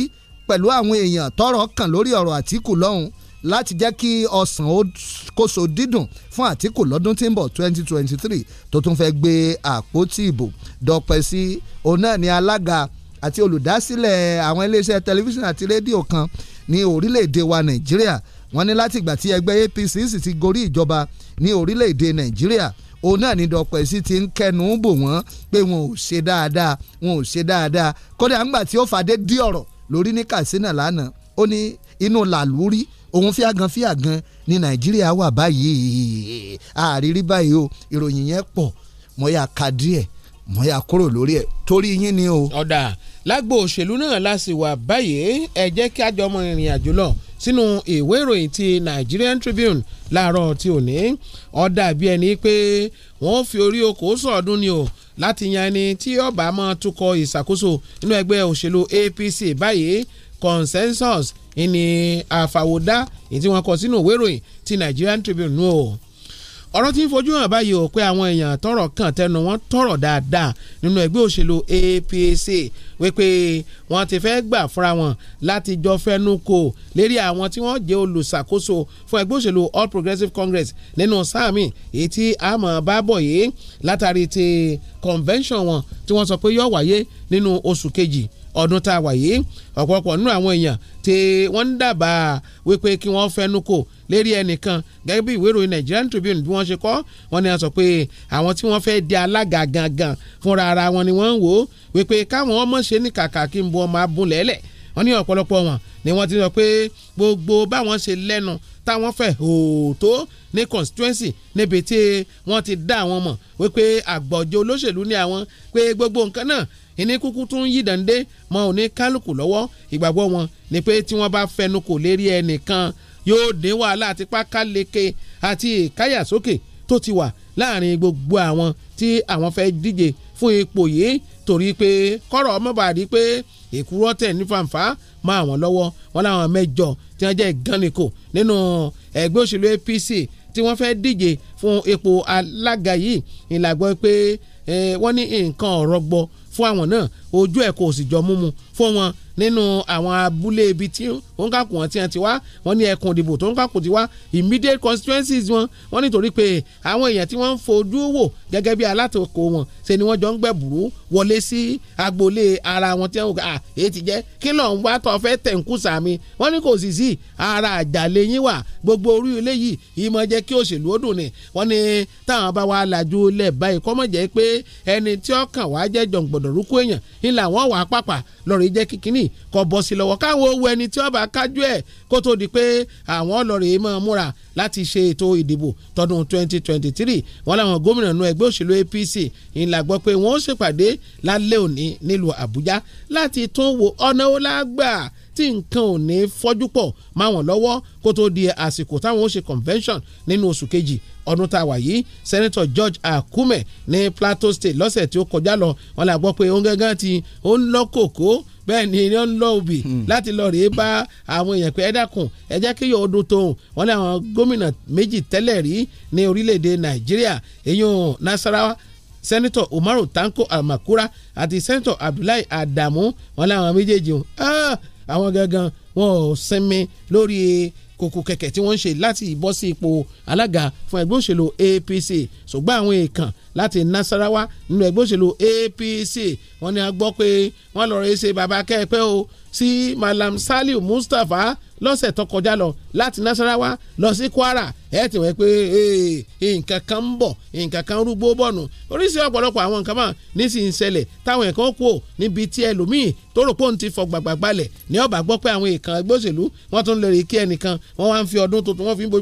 pẹ̀lú àwọn èèyàn tọ́rọ̀ kàn lórí ọ̀rọ̀ Atiku lọ́hùn láti jẹ́ kí ọ̀sán kóso dídùn fún Àtíkù lọ́dún tí ń bọ̀ 2023 tó tún fẹ́ gbé àpótí ìbò dọ̀pẹ́ sí òun náà ni alága àti olùdásílẹ̀ àwọn iléeṣẹ́ tẹlifíṣàn àti rédíò kan ní orílẹ̀-èdè wa nàìjíríà wọ́n ní láti ìgbà tí ẹgbẹ́ APC sì ti gorí ìjọba ní orílẹ̀-èdè nàìjíríà òun náà ní dọ̀pọ̀ sí ti ń kẹnu bò wọ́n pé wọn ò ṣe dáadáa wọn ò ṣe dáadáa kódà ńgbà tí ó fàdé dí ọ̀rọ̀ lórí ní Katsina lánàá ó ní inú làlúrí òun fíàgàn fíàgàn ní Nàìjíríà wà báyìí àrírí báyìí o ìròyìn yẹn pọ̀ mọ́ ya ka díẹ̀ mọ́ ya kúrò lórí ẹ̀ torí yín ni o. ọ̀dà lágbo òṣèlú náà la sì wà báyìí ẹ jẹ́ kí a jọ mọ ìrìn àjò lọ sínú ìwé ìròyìn ti Nigerian Tribune láàárọ̀ tí ò ní ó dàbí ẹni pé wọ́n fi orí okòó sọ̀ọ́dún ni o láti yan ẹni tí ọba máa tukọ̀ ìṣàkóso nínú ẹgbẹ́ òṣèlú APC báyìí consensus ìní àfàwọ́dá èyí tí wọ́n kọ sínú ìwé ìròyìn ti Nigerian Tribune nù o. No ọ̀rọ̀ tí ń fojú hàn báyìí ò pé àwọn èèyàn tọrọ kàn tẹnu wọn tọrọ dáadáa nínú ẹgbẹ́ òṣèlú APC wípé wọ́n ti fẹ́ gbà fúnra wọn láti jọ fẹ́nu kò lérí àwọn tí wọ́n jẹ́ olùṣàkóso fún ẹgbẹ́ òṣèlú All Progressives Congress nínú sáàmì èyí tí àmọ́ bá bọ̀ yìí látàrí ti convention wọn tí wọ́n sọ pé yóò wáyé nínú oṣù kejì ọdún tá a wà yìí ọ̀pọ̀pọ̀ nínú àwọn èèyàn tí wọ́n ń dábàá wípé kí wọ́n fẹ́nu kò lérí ẹnìkan gẹ́gẹ́ bí ìwé ìròyìn Nigerian Tribune bí wọ́n ṣe kọ wọ́n ní a sọ pé àwọn tí wọ́n fẹ́ di alága gangan fúnra ara wọn ni wọ́n ń wò ó wípé káwọn ọmọ ṣe ní kàkà kí n bu ọmọ abúlẹ̀ẹ́lẹ̀ wọ́n ní ọ̀pọ̀lọpọ̀ wọn ni wọ́n ti sọ pé gbogbo báwọn ṣe lẹ́nu táwọn fẹ́ òótọ́ ní constituency níbi tí wọ́n ti dá àwọn mọ̀ wípé àgbọ̀jọ olóṣèlú ni àwọn pé gbogbo nǹkan náà ìní kúkú tún yí dàndé mọ́ òní kálukú lọ́wọ́ ìgbàgbọ́ wọn ni pé tí wọ́n bá fẹnu kò lérí ẹnìkan yóò dín wàhálà àti pákáleke àti ìkáyàsókè tó ti wà láàrin gbogbo àwọn tí àwọn fẹ́ díje fún ipò yìí torí pé kọ́rọ̀ ọmọbàdí pé èkúrọ́ tẹ̀ ní fàǹfà mọ́ àwọn lọ́wọ́ wọn láwọn mẹ́jọ tí wọ́n jẹ́ ìgánnìkò nínú ẹgbẹ́ òṣèlú APC tí wọ́n fẹ́ díje fún ipò alága yìí ìlàgbọ́ pé wọ́n ní nǹkan ọ̀rọ̀ gbọ́ fún àwọn náà ojú ẹ̀ kò sì jọ múmu fún wọn nínú àwọn abúlé ibi tí wọ́n kàkùn wọn tí wọ́n ti wá wọ́n ní ẹkùn ìdìbò tó ń kàkùn ti wá immediate constituencies wọn wọ́n nítorí pé àwọn èèyàn tí wọ́n ń fojú wò gẹ́gẹ́ bí alátakò wọn ṣe ni wọ́n jọ ń gbẹ̀bùrú wọlé sí agboolé ara wọn tí wọ́n à èyí ti jẹ́ kí ló ń wá tó fẹ́ tẹ̀ ń kú sàmì wọ́n ní kò sì sí ara àjàlẹ̀ yín wà gbogbo orí ilé yìí ìmọ̀ jẹ́ kí òṣèlú ó dùn ni wọ́n ní táwọn bá wa làjú lẹ̀ báyìí kọ́mọ̀jẹ́ pé ẹni tí ọkàn wàá jẹ́ jọ̀ǹgbọ̀dọ̀ rúkú ọlọ́run jẹ́ kíkínní kọ́ bọ́ sí lọ́wọ́ káwọn owó ẹni tí ọba kájú ẹ̀ kó tó di pé àwọn ọlọ́run máa múra láti ṣe ètò ìdìbò tọdún 2023 wọn làwọn gómìnà nu ẹgbẹ́ òṣèlú APC ń la gbọ́ pé wọ́n ṣèpàdé lálẹ́ òní nílùú Àbújá láti tún wo ọ̀nà ó lágbàá tí nǹkan ò ní fọ́jú pọ̀ máa wọ̀n lọ́wọ́ kó tó di àsìkò táwọn ó ṣe convention nínú oṣù kejì ọdún tá a wà yìí Senator George Akume ní Plateau State lọ́sẹ̀ tí ó kọjá lọ wọn la gbọ́ pé òun gángan ti ó ń lọ kòkó bẹ́ẹ̀ ni iná ń lọ òbí hmm. láti lọ rèé bá àwọn èèyàn pé ẹ dákun ẹ jẹ́ kí yọ̀ọ́ dún tóun wọn làwọn gómìnà méjì tẹ́lẹ̀ rí ní orílẹ̀-èdè Nàìjíríà èyí ò Nasarawa sẹ́nitọ̀ Umaru Tanko Almakura àti sẹ́nitọ̀ Abdullahi Adamu wọn làwọn méjèèjì ah, àwọn gangan wọn ò sinmi lórí kòkò kẹ̀kẹ́ tí wọ́n ń ṣe láti bọ́ sí ipò alága fún ẹgbẹ́ òṣèlú APC ṣùgbọ́n àwọn èèkàn láti Nasarawa nínú ẹgbẹ́ òṣèlú APC wọ́n ní a gbọ́ pé wọ́n lọ́ọ́ rẹ́ ṣe bàbá kẹ́ẹ̀pẹ́ o sí Malam Saliu Mustapha lọ́sẹ̀ tó kọjá lọ láti Nasarawa lọ sí Kwara ẹ ti wẹ́ pé nǹkan kan ń bọ̀ nǹkan kan rúgbó bọ̀nù oríṣi ọ̀pọ̀lọpọ̀ àwọn nǹkan mọ̀ nísìnyí ṣẹlẹ̀ táwọn ẹ̀kan kú ò níbi tí ẹlòmíì tó rò pé òun ti fọgbàgbà gbalẹ̀ ní ọ̀bà gbọ́ pé àwọn èèkàn ẹgbẹ́ òṣèlú wọ́n tún lè rí kí ẹnìkan wọ́n wá ń fi ọdún tuntun wọ́n fi ń bójú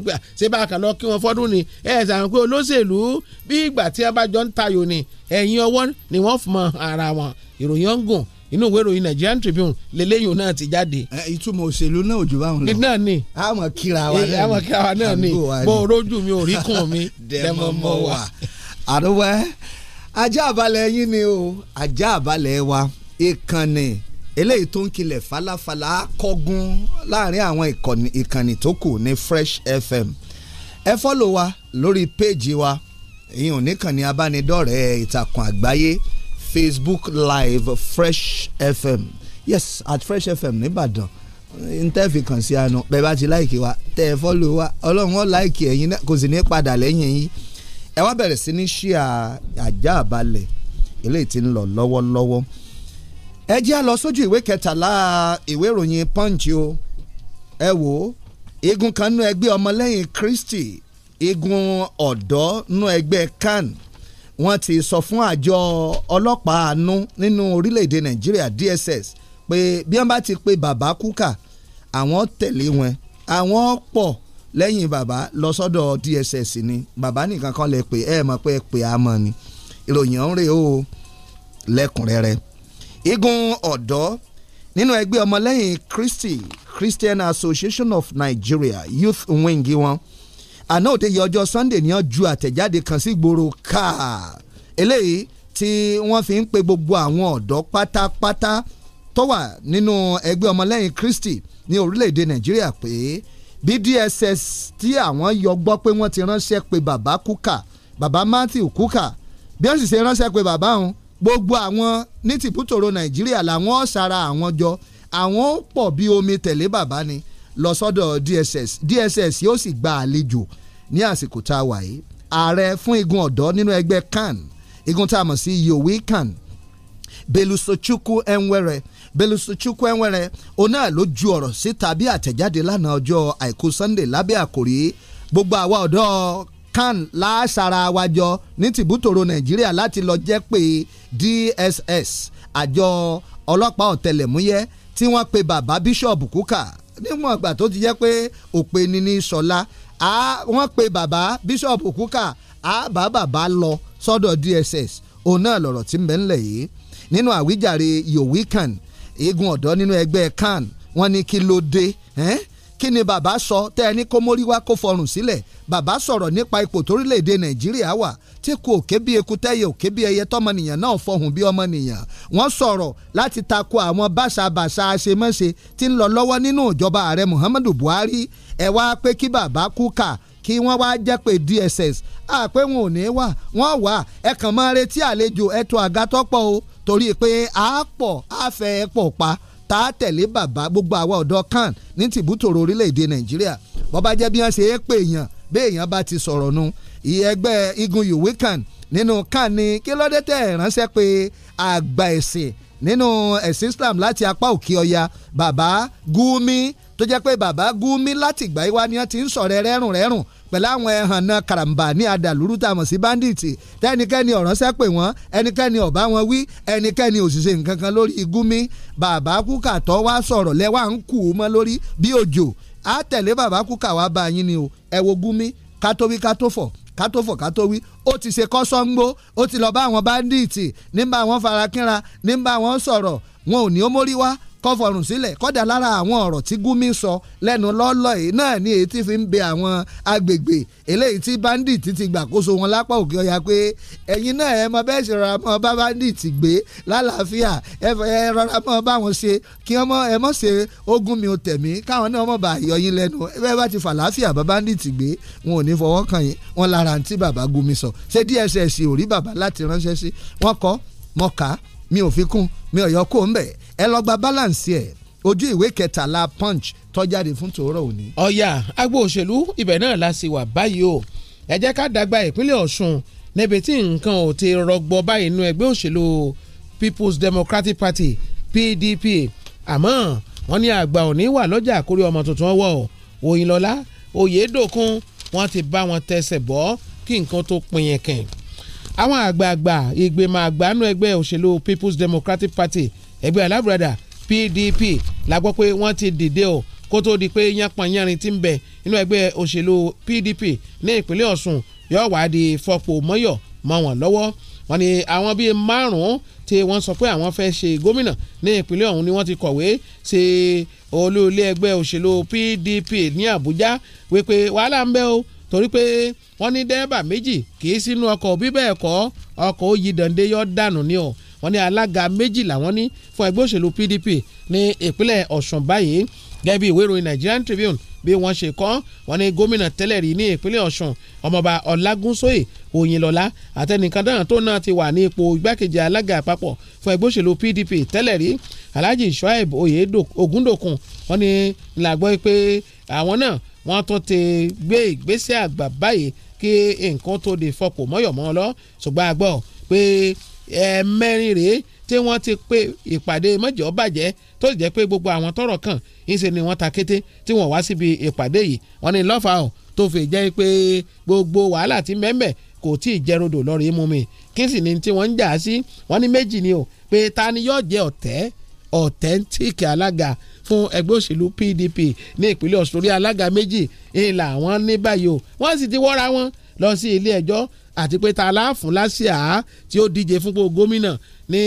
pé bá jọ ń tayò ni ẹ̀yìn ọwọ́ ni wọ́n fún mọ́ ara wọn ìròyìn ọ̀ngùn inú ìwé ìròyìn Nigerian Tribune lélẹ́yìn náà ti jáde. ìtumọ̀ òṣèlú náà ò jù báwọn lọ. Eh, náà ni àmọ̀ kíra wa náà ni àmọ̀ kíra wa náà ni bó rojú mi ò rí kùn mi dẹ́mọ̀ mọ́ wa. àdúgbò ajá àbálẹ̀ yín ni o ajá àbálẹ̀ wa ìkànnì eléyìí tó ń kilẹ̀ falafala kọ́gun láàrin àwọn ìkànnì tó kù ní Fresh FM ẹ fọ́lọ̀ wa lórí péèjì wa ìyẹn oníkànnì abánidọ́rẹ̀ẹ́ ìtàkùn àgbáyé Facebook Live Fresh FM yes at Fresh FM nìbàdàn ntẹ́ẹ̀fì kàn sí àná bẹ́ẹ̀ bá ti láìkì wa tẹ́ ẹ fọ́lù wa ọlọ́run ó láìkì ẹ̀yin náà kò sì ní padà lẹ́yìn yín ẹ wá bẹ̀rẹ̀ sí ní ṣí àjà àbálẹ̀ eléyìí ti ń lọ lọ́wọ́lọ́wọ́ ẹ jẹ́ à lọ sójú ìwé kẹtàlá ìwé ìròyìn Punch o ẹ wò ó eégún kan nú ẹgbẹ́ ọmọlẹ́yìn Kristi igun ọ̀dọ́ nú ẹgbẹ́ CAN wọ́n ti sọ fún àjọ ọlọ́pàá àánú nínú orílẹ̀-èdè Nàìjíríà DSS pé bí wọ́n bá ti pe bàbá kúkà àwọn tẹ̀lé wọn àwọn pọ̀ lẹ́yìn bàbá lọ sọ́dọ̀ DSS ni bàbá nìkan kan lè pè ẹ̀ mọ̀ pé ẹ pè á mọ̀ ni ìròyìn ọ̀hún rèé o lẹ́kùnrẹ́rẹ́ igun ọ̀dọ́ nínú ẹgbẹ́ ọmọlẹ́yìn Christi Christian Association of Nigeria youth wing wọn àná òde yẹ ọjọ́ Sunday ní ọjọ àtẹ̀jáde kan sí gbòòrò káà eléyìí tí wọ́n fi ń pe gbogbo àwọn ọ̀dọ́ pátápátá tó wà nínú ẹgbẹ́ ọmọlẹ́yìn Kristi ní orílẹ̀-èdè Nàìjíríà pé bí DSS tí àwọn yọ gbọ́ pé wọ́n ti ránṣẹ́ pe bàbá Kúkà bàbá Matthew Kúkà bí wọ́n sì ṣe ránṣẹ́ pe bàbá òun gbogbo àwọn ní tìbútòrò Nàìjíríà làwọn ọ̀sára àwọn jọ àwọn ó pọ̀ bí omi tẹ̀lé bàbá ni lọ sọ́dọ̀ DSS DSS yóò sì gba àlejò ní àsìkò tá a wà yìí ààrẹ fún igun ọ̀dọ́ nínú ẹgbẹ́ CAN igun tá a mọ̀ sí Yowi CAN Belusochukwu Enwere Belusochukwu Enwere òun náà ló ju ọ̀rọ̀ síta bí àtẹ̀jáde lánàá ọjọ́ àìkú Sunday lábẹ́ àkòrí gbogbo àwa ọ̀dọ́ kan láàṣàrà àwàjọ ní tìbútòrò nàìjíríà láti lọ jẹ́ pé DSS àjọ ọlọ́pàá ọ̀tẹlẹ̀múyẹ́ tí wọ́n pe bàbá bíṣọ̀bù kúkà níwọ̀n ìgbà tó ti jẹ́ pé òpè ni ní sọlá wọ́n pe bàbá bíṣọ̀pù kúkà àbá bàbá lọ sọ́dọ̀ DSS òun náà lọ̀rọ̀ tí ń bẹ ńlẹ̀ yìí nínú àwíjàre yowikan eégún ọ̀dọ́ nínú ẹgbẹ́ kan wọ́n ní kí ló dé kí ni bàbá sọ tẹ́ ẹ ní kó mórí wá kó fọrùn sílẹ̀ bàbá sọ̀rọ̀ nípa ipò torílẹ̀‐èdè nàìjíríà wà tí kò òkè bí eku tẹ́yẹ òkè bí ẹyẹ tọmọnìyàn náà fọhùn bí ọmọnìyàn wọ́n sọ̀rọ̀ láti tako àwọn báṣabàṣa àṣemọ́ṣe tí ń lọ lọ́wọ́ nínú ìjọba ààrẹ muhammadu buhari ẹ̀ wá pé kí bàbá kú kà kí wọ́n wá jẹ́ pé dss àpé wọn ò ní wà wọ́n wà ẹ kàn máa retí àlejò ẹ̀tọ́ àgàtọ́pọ̀ o torí pé àápọ̀ àfẹ́ pọ̀ pa tá a tẹ̀lé bàbá gbogbo àwa ọ̀dọ́ kan ní tìbútòrò orílẹ̀-èdè nàìjíríà bó bá jẹ́ bí wọ́n ṣe é pè èèyàn bí èèyàn bá ti sọ̀rọ̀ nu ẹgbẹ́ igun yòówé kan nínú kan ni kí lóde tẹ̀ ránṣẹ́ pé àgbà ẹ̀sìn nínú ẹ̀sìn Islam láti apá òkè ọya bàbá Gumi tó jẹ́ pé bàbá Gumi láti ìgbà yìí wá ni wọ́n ti ń sọ̀rọ̀ rẹ́rùn rẹ́rùn pẹ̀lú àwọn ẹ̀hàn náà karambà ní adàlúrú tá a mọ̀ sí báńdíìtì tẹ́nikẹ́ni ọ̀rọ̀ sẹ́pẹ̀ wọ́n ẹnikẹ́ni ọ̀bá wọn wí ẹnikẹ́ni òṣìṣẹ́ nǹkan kan lórí Gumi bàbá kúkà tó wá sọ̀rọ̀ lẹ́wà ń kù ú mọ́ lórí bí òjò á tẹ̀lé bàbá kúkà wá bá yín ni o ẹ wo Gumi ká tó wí ká tó fọ̀ ká tó fọ̀ ká tó wí ó ti ṣe kọ́sọ́ngbó ó ti lọ bá àwọn báńdíìtì ní wọn farakínra ní wọn sọ̀rọ̀ wọn ò ní ó mórí wá kọfọrùn sílẹ̀ kọ́dà lára àwọn ọ̀rọ̀ tí Gumi sọ lẹ́nu lọ́lọ́ yìí náà ni èyí tí fi ń bẹ àwọn agbègbè eléyìí tí bandit ti gbàkóso wọn lápá òkè ọ̀yà pé ẹ̀yin náà ẹ mọ bẹ́ẹ̀ ṣe rọra mọ bá bandit gbé lálàáfíà ẹ rọra mọ bá wọn ṣe kí ọmọ ẹ mọ ṣe ogun mi ò tẹ̀mí káwọn náà mọ̀ bá yọyín lẹ́nu ẹ bá ti fàlàáfíà bá bandit gbé wọn ò ní fọwọ́ kàn yín wọn lára àǹtí bàbá Gumi sọ ṣé DSS ò rí bàbá láti ránṣẹ́ sí wọn kọ́ mọ̀ká mi ò fi kún mi ò yọ kó ń bẹ̀ ẹ lọ gba balance ẹ̀ ojú ìwé kẹtàlá punch tó jáde fún tòórọ́ òní. ọ̀yà agbo òṣèlú ibẹ̀ náà la sì wà báyìí o ẹ jẹ́ ká dàgbà ìpínlẹ̀ Ọ̀ṣun níbi tí nǹkan ò ti rọgbọ báyìí nínú ẹgbẹ́ òṣèlú People's Democratic Party PDP àmọ́ wọ́n ní àgbà òní wà lọ́jà àkórí ọmọ tuntun ọwọ́ Òyìnlọ́lá Oyèdòkun wọ́n ti bá wọn tẹsẹ̀ bọ́ kí nǹkan tó pin yẹn kẹ̀. àwọn àgbààgbà ìgbìmọ̀ àgbà nínú ẹgbẹ́ òṣèlú People's Democratic Party ẹgbẹ́ alábùradà PDP la gbọ́ pé wọ́n ti dìde o kó tó di pé yánpọnyánrin ti ń bẹ nínú ẹgbẹ́ òṣèlú PDP ní ìpínlẹ̀ Ọ̀ṣun yóò wá di fọpọ̀ mọ́yọ̀ mọ́ wọn lọ́wọ́ wọ́n ní àwọn bíi márùn-ún tí wọ́n sọ pé àwọn fẹ́ ṣe gómìnà ní ìpínlẹ̀ ọ̀hún ni wọ́n ti kọ̀wé sí olú ẹgbẹ́ òṣèlú PDP ní Àbújá wípé wàhálà ń bẹ o torí pé wọ́n ní dẹ́rẹ́bà méjì kì í sínú ọkọ̀ bíbẹ́ẹ̀ kọ́ ọkọ̀ ó yí yọ dànù ni o wọ́n ní alága méjì làwọn ní fún ẹgbẹ́ òṣèlú PDP ní ìpínlẹ̀ Ọ̀ṣun báyìí gẹ́gẹ́ bí ìwé ìròyìn Nigerian Tribune bí wọ́n ṣe kọ́ wọ́n ní gómìnà tẹ́lẹ̀ rí ní ìpínlẹ̀ Ọ̀ṣun ọmọọba Ọlágúnsóyè Òyìnlọ́lá àtẹnìkan dáhùn tó náà ti wà ní ipò igbákejì alága àpapọ̀ fún ẹgbẹ́ òṣèlú PDP tẹ́lẹ̀ rí Alhaji Shuaib Ogundokun wọ́n ní làgbọ́ pé àwọn náà wọ́n tún ti gbé ìgbésẹ̀ àgbà báyìí kí nǹkan tó di fọpọ̀ mọ́yọ̀mọ́ lọ ṣùgbọ́n àgbọ̀ pé ẹ̀ẹ̀mẹrin rèé tí wọ́n ti pé ìpàdé mọ́jọ́ bàjẹ́ tó sì jẹ́ pé gbogbo àwọn tọ́rọ̀ kàn ńṣe ni wọ́n ta kété tí wọ́n wá síbi ìpàdé yìí wọ́n ní lọ́fàá ọ̀ tó fi jẹ́ pé gbogbo wàhálà ti mẹ́mẹ́ kò tí ì jẹ́rodò lọ́rọ̀ imú mi kí sì ni tí wọ́n ń jà sí wọ́n ní méjì ni o pé ta ni yóò jẹ́ ọ̀tẹ̀ authentic alága fún ẹgbẹ́ òṣèlú PDP ní ìpínlẹ̀ Ọ̀ṣun orí alága méjì ìlà wọn ní báyìí o wọ́n sì ti wọ́ra wọn lọ sí ilé ẹjọ́ àti pé ta láàfún lásìá tí ó díje fúnpò gómìnà ní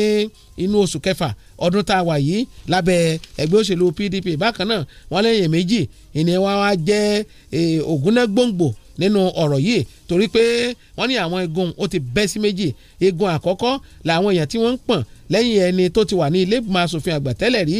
inú oṣù kẹfà ọdún tá a wà yìí lábẹ́ ẹgbẹ́ òṣèlú PDP bákan náà wọ́n lẹ́yìn méjì ìní wa wá jẹ́ ògúnná gbòǹgbò nínú ọ̀rọ̀ yìí torí pé wọ́n ní àwọn igun ó ti bẹ́ sí méjì igun àkọ́kọ́ làwọn èèyàn tí wọ́n ń pọ̀n lẹ́yìn ẹni tó ti wà ní ilé ìgbìmọ̀ asòfin àgbà tẹ́lẹ̀ rí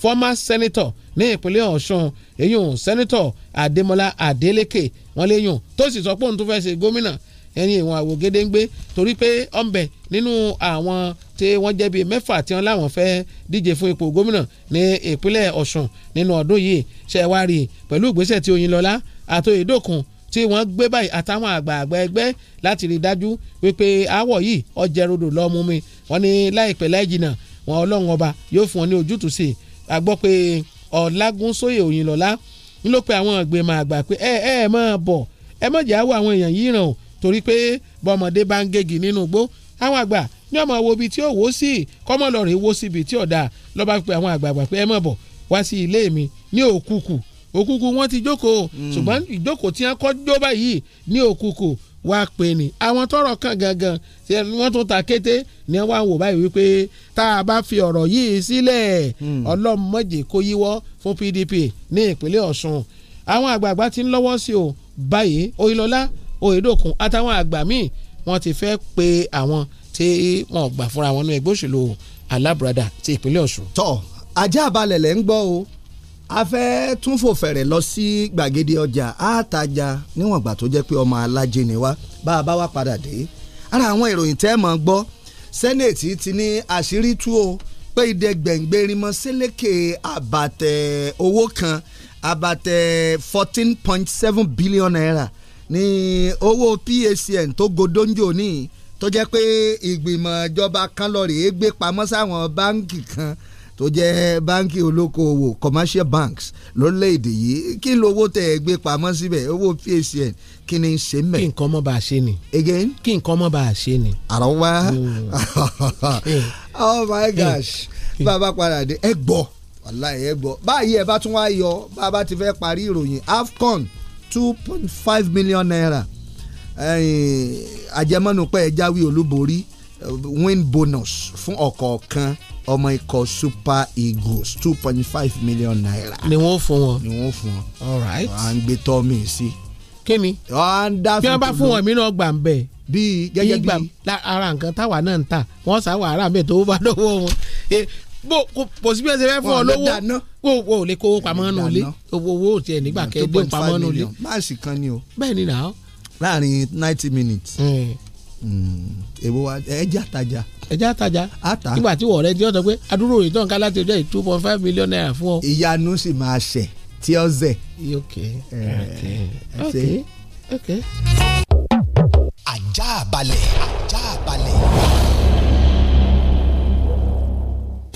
former senator ní ìpínlẹ̀ Ọ̀ṣun èyàn senator Adémọ́lá Adélékè wọ́n léyàn tó sì sọ pé òun tó fẹ́ ṣe gómìnà ẹni ìwọ̀n àwò gédéńgbé torí pé ọ̀nbẹ nínú àwọn tí wọ́n jẹ́ bíi mẹ́fà tí wọ́n láwọn fẹ́ díje fún ipò gómìnà ní ìpínlẹ̀ Ọ̀ṣun nínú ọdún yìí ṣe wá rí i pẹ̀lú ìgbésẹ̀ tí Oyinlọ́lá àtòyèdòkun tí wọ́n gbé báyìí àtàwọn àgbààgbà ẹgbẹ́ láti rí i dájú wípé aáwọ̀ yìí ọjẹ́ rodò lọ́mú mi wọ́n ní láìpẹ́ láì jìnnà wọn ọlọ́run ọba yóò fún wọn ní ojútùú sí i a gbọ́ pé ọ̀làgúnsóyè Òyìnlọ́lá ń ló pe àwọn ìgbìmọ̀ àgbà pé ẹ torí pé bọ́mọdé bá ń gégi nínú igbó àwọn àgbà ní ọmọ wo ibi tí ó wó sí kọ́mọlọ́rin wó síbi tí ọ̀dà lọ́ba pé àwọn àgbààgbà pé ẹ mọ̀ bọ̀ wá sí ilé mi ní òkùkù òkùkù wọn ti jókòó hmm. ṣùgbọ́n ìjókòó tí wọ́n kọ́ jó báyìí ní òkùkù wá pè ní àwọn tọrọ kan gangan tí wọ́n tún ta kété ni wọ́n wá ń wò báyìí wípé tá a bá fi ọ̀rọ̀ yìí sílẹ̀ hmm. ọlọ́mọdé kó yíwọ́ fún PDP ní ìpínlẹ̀ Ọ̀ṣun àwọn àgbààgbà ti ń lọ́wọ́ sí o báyìí Oyinlọ́lá Oyèdòkun àtàwọn àgbà míì wọ́n ti fẹ́ pe àwọn tí wọ́n gbà fúnra wọn ní ẹgbẹ́ òṣèlú alábùradà ti ìpínlẹ̀ Ọ̀ṣun. tọ ajá balẹ̀ lẹ́ ń gbọ́ o a fẹ́ tún fò fẹ̀rẹ̀ lọ sí gbàgede ọjà àtàjà níwọ̀n ìgbà tó jẹ́ pé ọmọ alájẹ ni wá bá a bá wá padà dé ara àwọn ìròyìn tẹ́ mọ̀ gbọ́ sẹ́nẹ̀tì ti ní àṣírí tú o pé ìdẹ gbẹ̀ngbẹ̀rìmọ̀ sílékè àbàtẹ̀ owó kan àbàtẹ̀ fourteen point seven billion naira ní owó PACN tó godonjo ní tó jẹ́ pé ìgbìmọ̀ ìjọba kan lọ rèé gbé pamọ́ sáwọn báǹkì kan tó jẹ́ báǹkì olókoòwò commercial banks lórílẹ̀‐èdè yìí kí ló owó tẹ̀ gbé pamọ́ síbẹ̀ owó PACN kí ni ṣe mẹ́. kí nǹkan mọ́ bá a ṣe ni. again. kí nǹkan mọ́ bá a ṣe ni. àrà wá hmm. oh my hmm. gosh hmm. bàbá padà dé ẹ gbọ́ wàláhì ẹ gbọ́ báyìí ẹ bá tún wá yọ bàbá ti fẹ́ parí ìròyìn AFCON two point five million naira àjẹmọ́nupẹ́ ẹ̀jáwé olúborí win bonus fún ọ̀kọ̀ọ̀kan ọmọ ikọ̀ super eagles two point five million naira. ni wọ́n fún wọn. ni wọ́n fún wọn. all right. à ń gbé tọ́ mi sí. kí ni. wọ́n á dá fún mi. bí wọ́n bá fún wọn mi náà gbà ń bẹ̀ bíi gẹ́gẹ́ bíi. ara nǹkan táwa náà ń tà wọ́n sá wàhálà bẹ́ẹ̀ tó bá dọ́wọ́ wọn eh, kò sí bí ẹ ṣe fẹ́ fún ọ lówó kó o lè kówó pamọ́ nù lé owó owó tiẹ̀ nígbà kẹ́ ẹ gbé pamọ́ nù lé. máàsì kan ni o. bẹ́ẹ̀ ni náà. láàrin ninety minutes. Hmm. èwo wa ẹja tajà. ẹja tajà ata nígbà tí wọ̀ọ́rẹ́ tí wọ́n sọ pé adúrò ìtàn ká láti ọjọ́ yìí two point five million naira fún ọ. ìyanu sì máa ṣẹ̀ tí ó zẹ̀. ok ok ok. ajá balẹ̀ ajá balẹ̀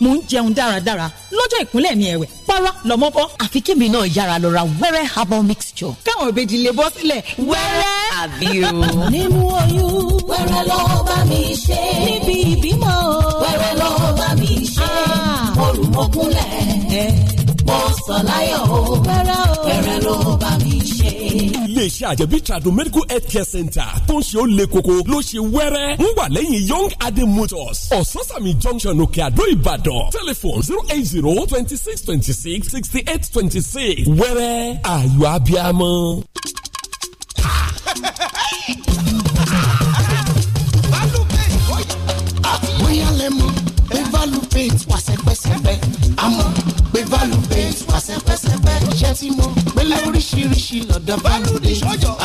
mo ń jẹun dáradára lọ́jọ́ ìkúnlẹ̀ mi ẹ̀wẹ̀ pàrọ̀ lọ́mọ bọ́. àfi kébì náà yára lọ ra wẹ́rẹ́ herbal mixture. káwọn ìbejì lè bọ́ sílẹ̀ wẹ́rẹ́. àbí o. nímú oyún wẹ́rẹ́ lọ bá mi ṣe. níbi ìbímọ wẹ́rẹ́ lọ bá mi ṣe. Ah. mo rù mọ́kúnlẹ̀ mo sọ láyọ̀ o wẹ́rẹ́ ló bá mi ni. iléeṣẹ́ àjẹbí tradu medical health care center tó ń ṣe ó le koko ló ṣe wẹ́rẹ́ ń wà lẹ́yìn young adé motors ososami junction òkè àdó ìbàdàn telephone zero eight zero twenty six twenty six sixty eight twenty six wẹ́rẹ́ ayọ̀ abiamọ. bóyá lẹ́mu evaluate wàṣẹ́pẹ́sẹ́pẹ́ àmọ́ fa sẹ́pẹ́sẹ́pẹ́ tí mo gbélé oríṣiríṣi lọ́dọ̀ balùdé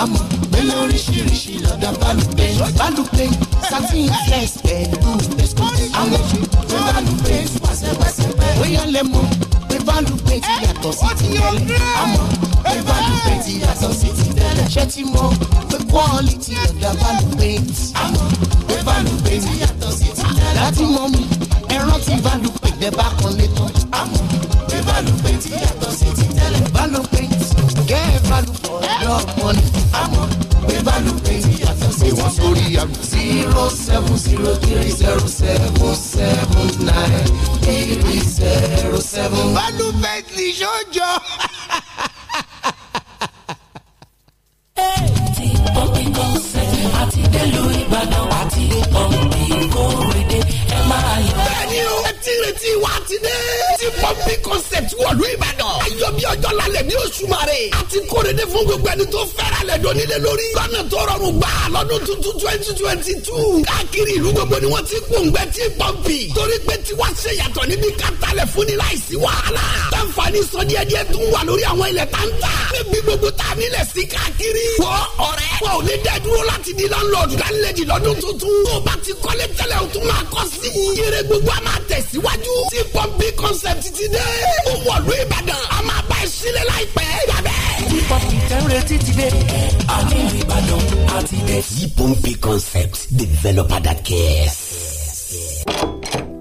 àmọ́ gbélé oríṣiríṣi lọ́dọ̀ balùdé balùdé satin flex pẹ̀lú àwọn tó balùdé fa bóyá lẹ pé balùdé ti yàtọ̀ sí ti tẹ́lẹ̀ àmọ́ pé balùdé ti yàtọ̀ sí ti tẹ́lẹ̀ iṣẹ́ tí mo pé quality lọ́dọ̀ balùdé àmọ́ pé balùdé ti yàtọ̀ sí ti tẹ́lẹ̀ láti mọ mi ẹran ti balùdé bẹ́ẹ̀ bá kan lé tán ìbálòpẹ̀ tí yàtọ̀ sí ti tẹ́lẹ̀. ìbálòpẹ̀ gẹ́ ìbálòpọ̀ lọ́pọ̀ ni. àmọ́ ìbálòpẹ̀ tí yàtọ̀ sí ti tẹ́lẹ̀. ìwọ̀n sórí àgbà. zero seven zero three zero seven seven nine three zero seven. ìbálòpẹ̀ tí sọ́jọ́. ti pọ́ńpì kọ́nsẹ̀tì àti délùú ìbàdàn àti pọ́ńpì kórèdè ẹ máa yọ̀ ni o. ẹ ti retí wa ti dé. ti pọ́ńpì concept wọ̀lú ìbàdàn. ayọ̀ bí ọjọ́ lálẹ́ ní oṣù mare. a ti kóre de fún gbogbo ẹni tó fẹ́ràn lẹ̀ dọ́ni lé lórí. lọ́nà tó rọrùn gbà lọ́dún tuntun twenty twenty two. káàkiri ìlú gbogbo ni wọ́n ti gbòǹgbẹ́ ti pọ́ńpì. torí pé tiwa ṣe yàtọ̀ níbi káta lẹ̀ fún ni láìsí wàhálà. táǹfààní sọdíẹ̀díẹ̀ tún wà lórí àwọn ilẹ̀ táǹtà. níbi gbogbo ta nílẹ̀ sí káàkiri. wọ ọ̀rẹ́ wọn ò lè dẹ́ dúró láti di lọ́nlọ́ọ̀dù lálẹ́ di lọ́dún tuntun. tó o bá ti kọ́lé tẹ́lẹ̀ o tún máa kọ́ máa tẹ̀síwájú tí pọ́ńpì concept ti dé. ó wọ̀lú ìbàdàn a máa bá ẹ sílẹ̀ láìpẹ́ yàbẹ́. hip-hop ìtẹ́rẹ̀ títí dé. àti ìbàdàn àti dé. yí pọ́ńpì concept developer that cares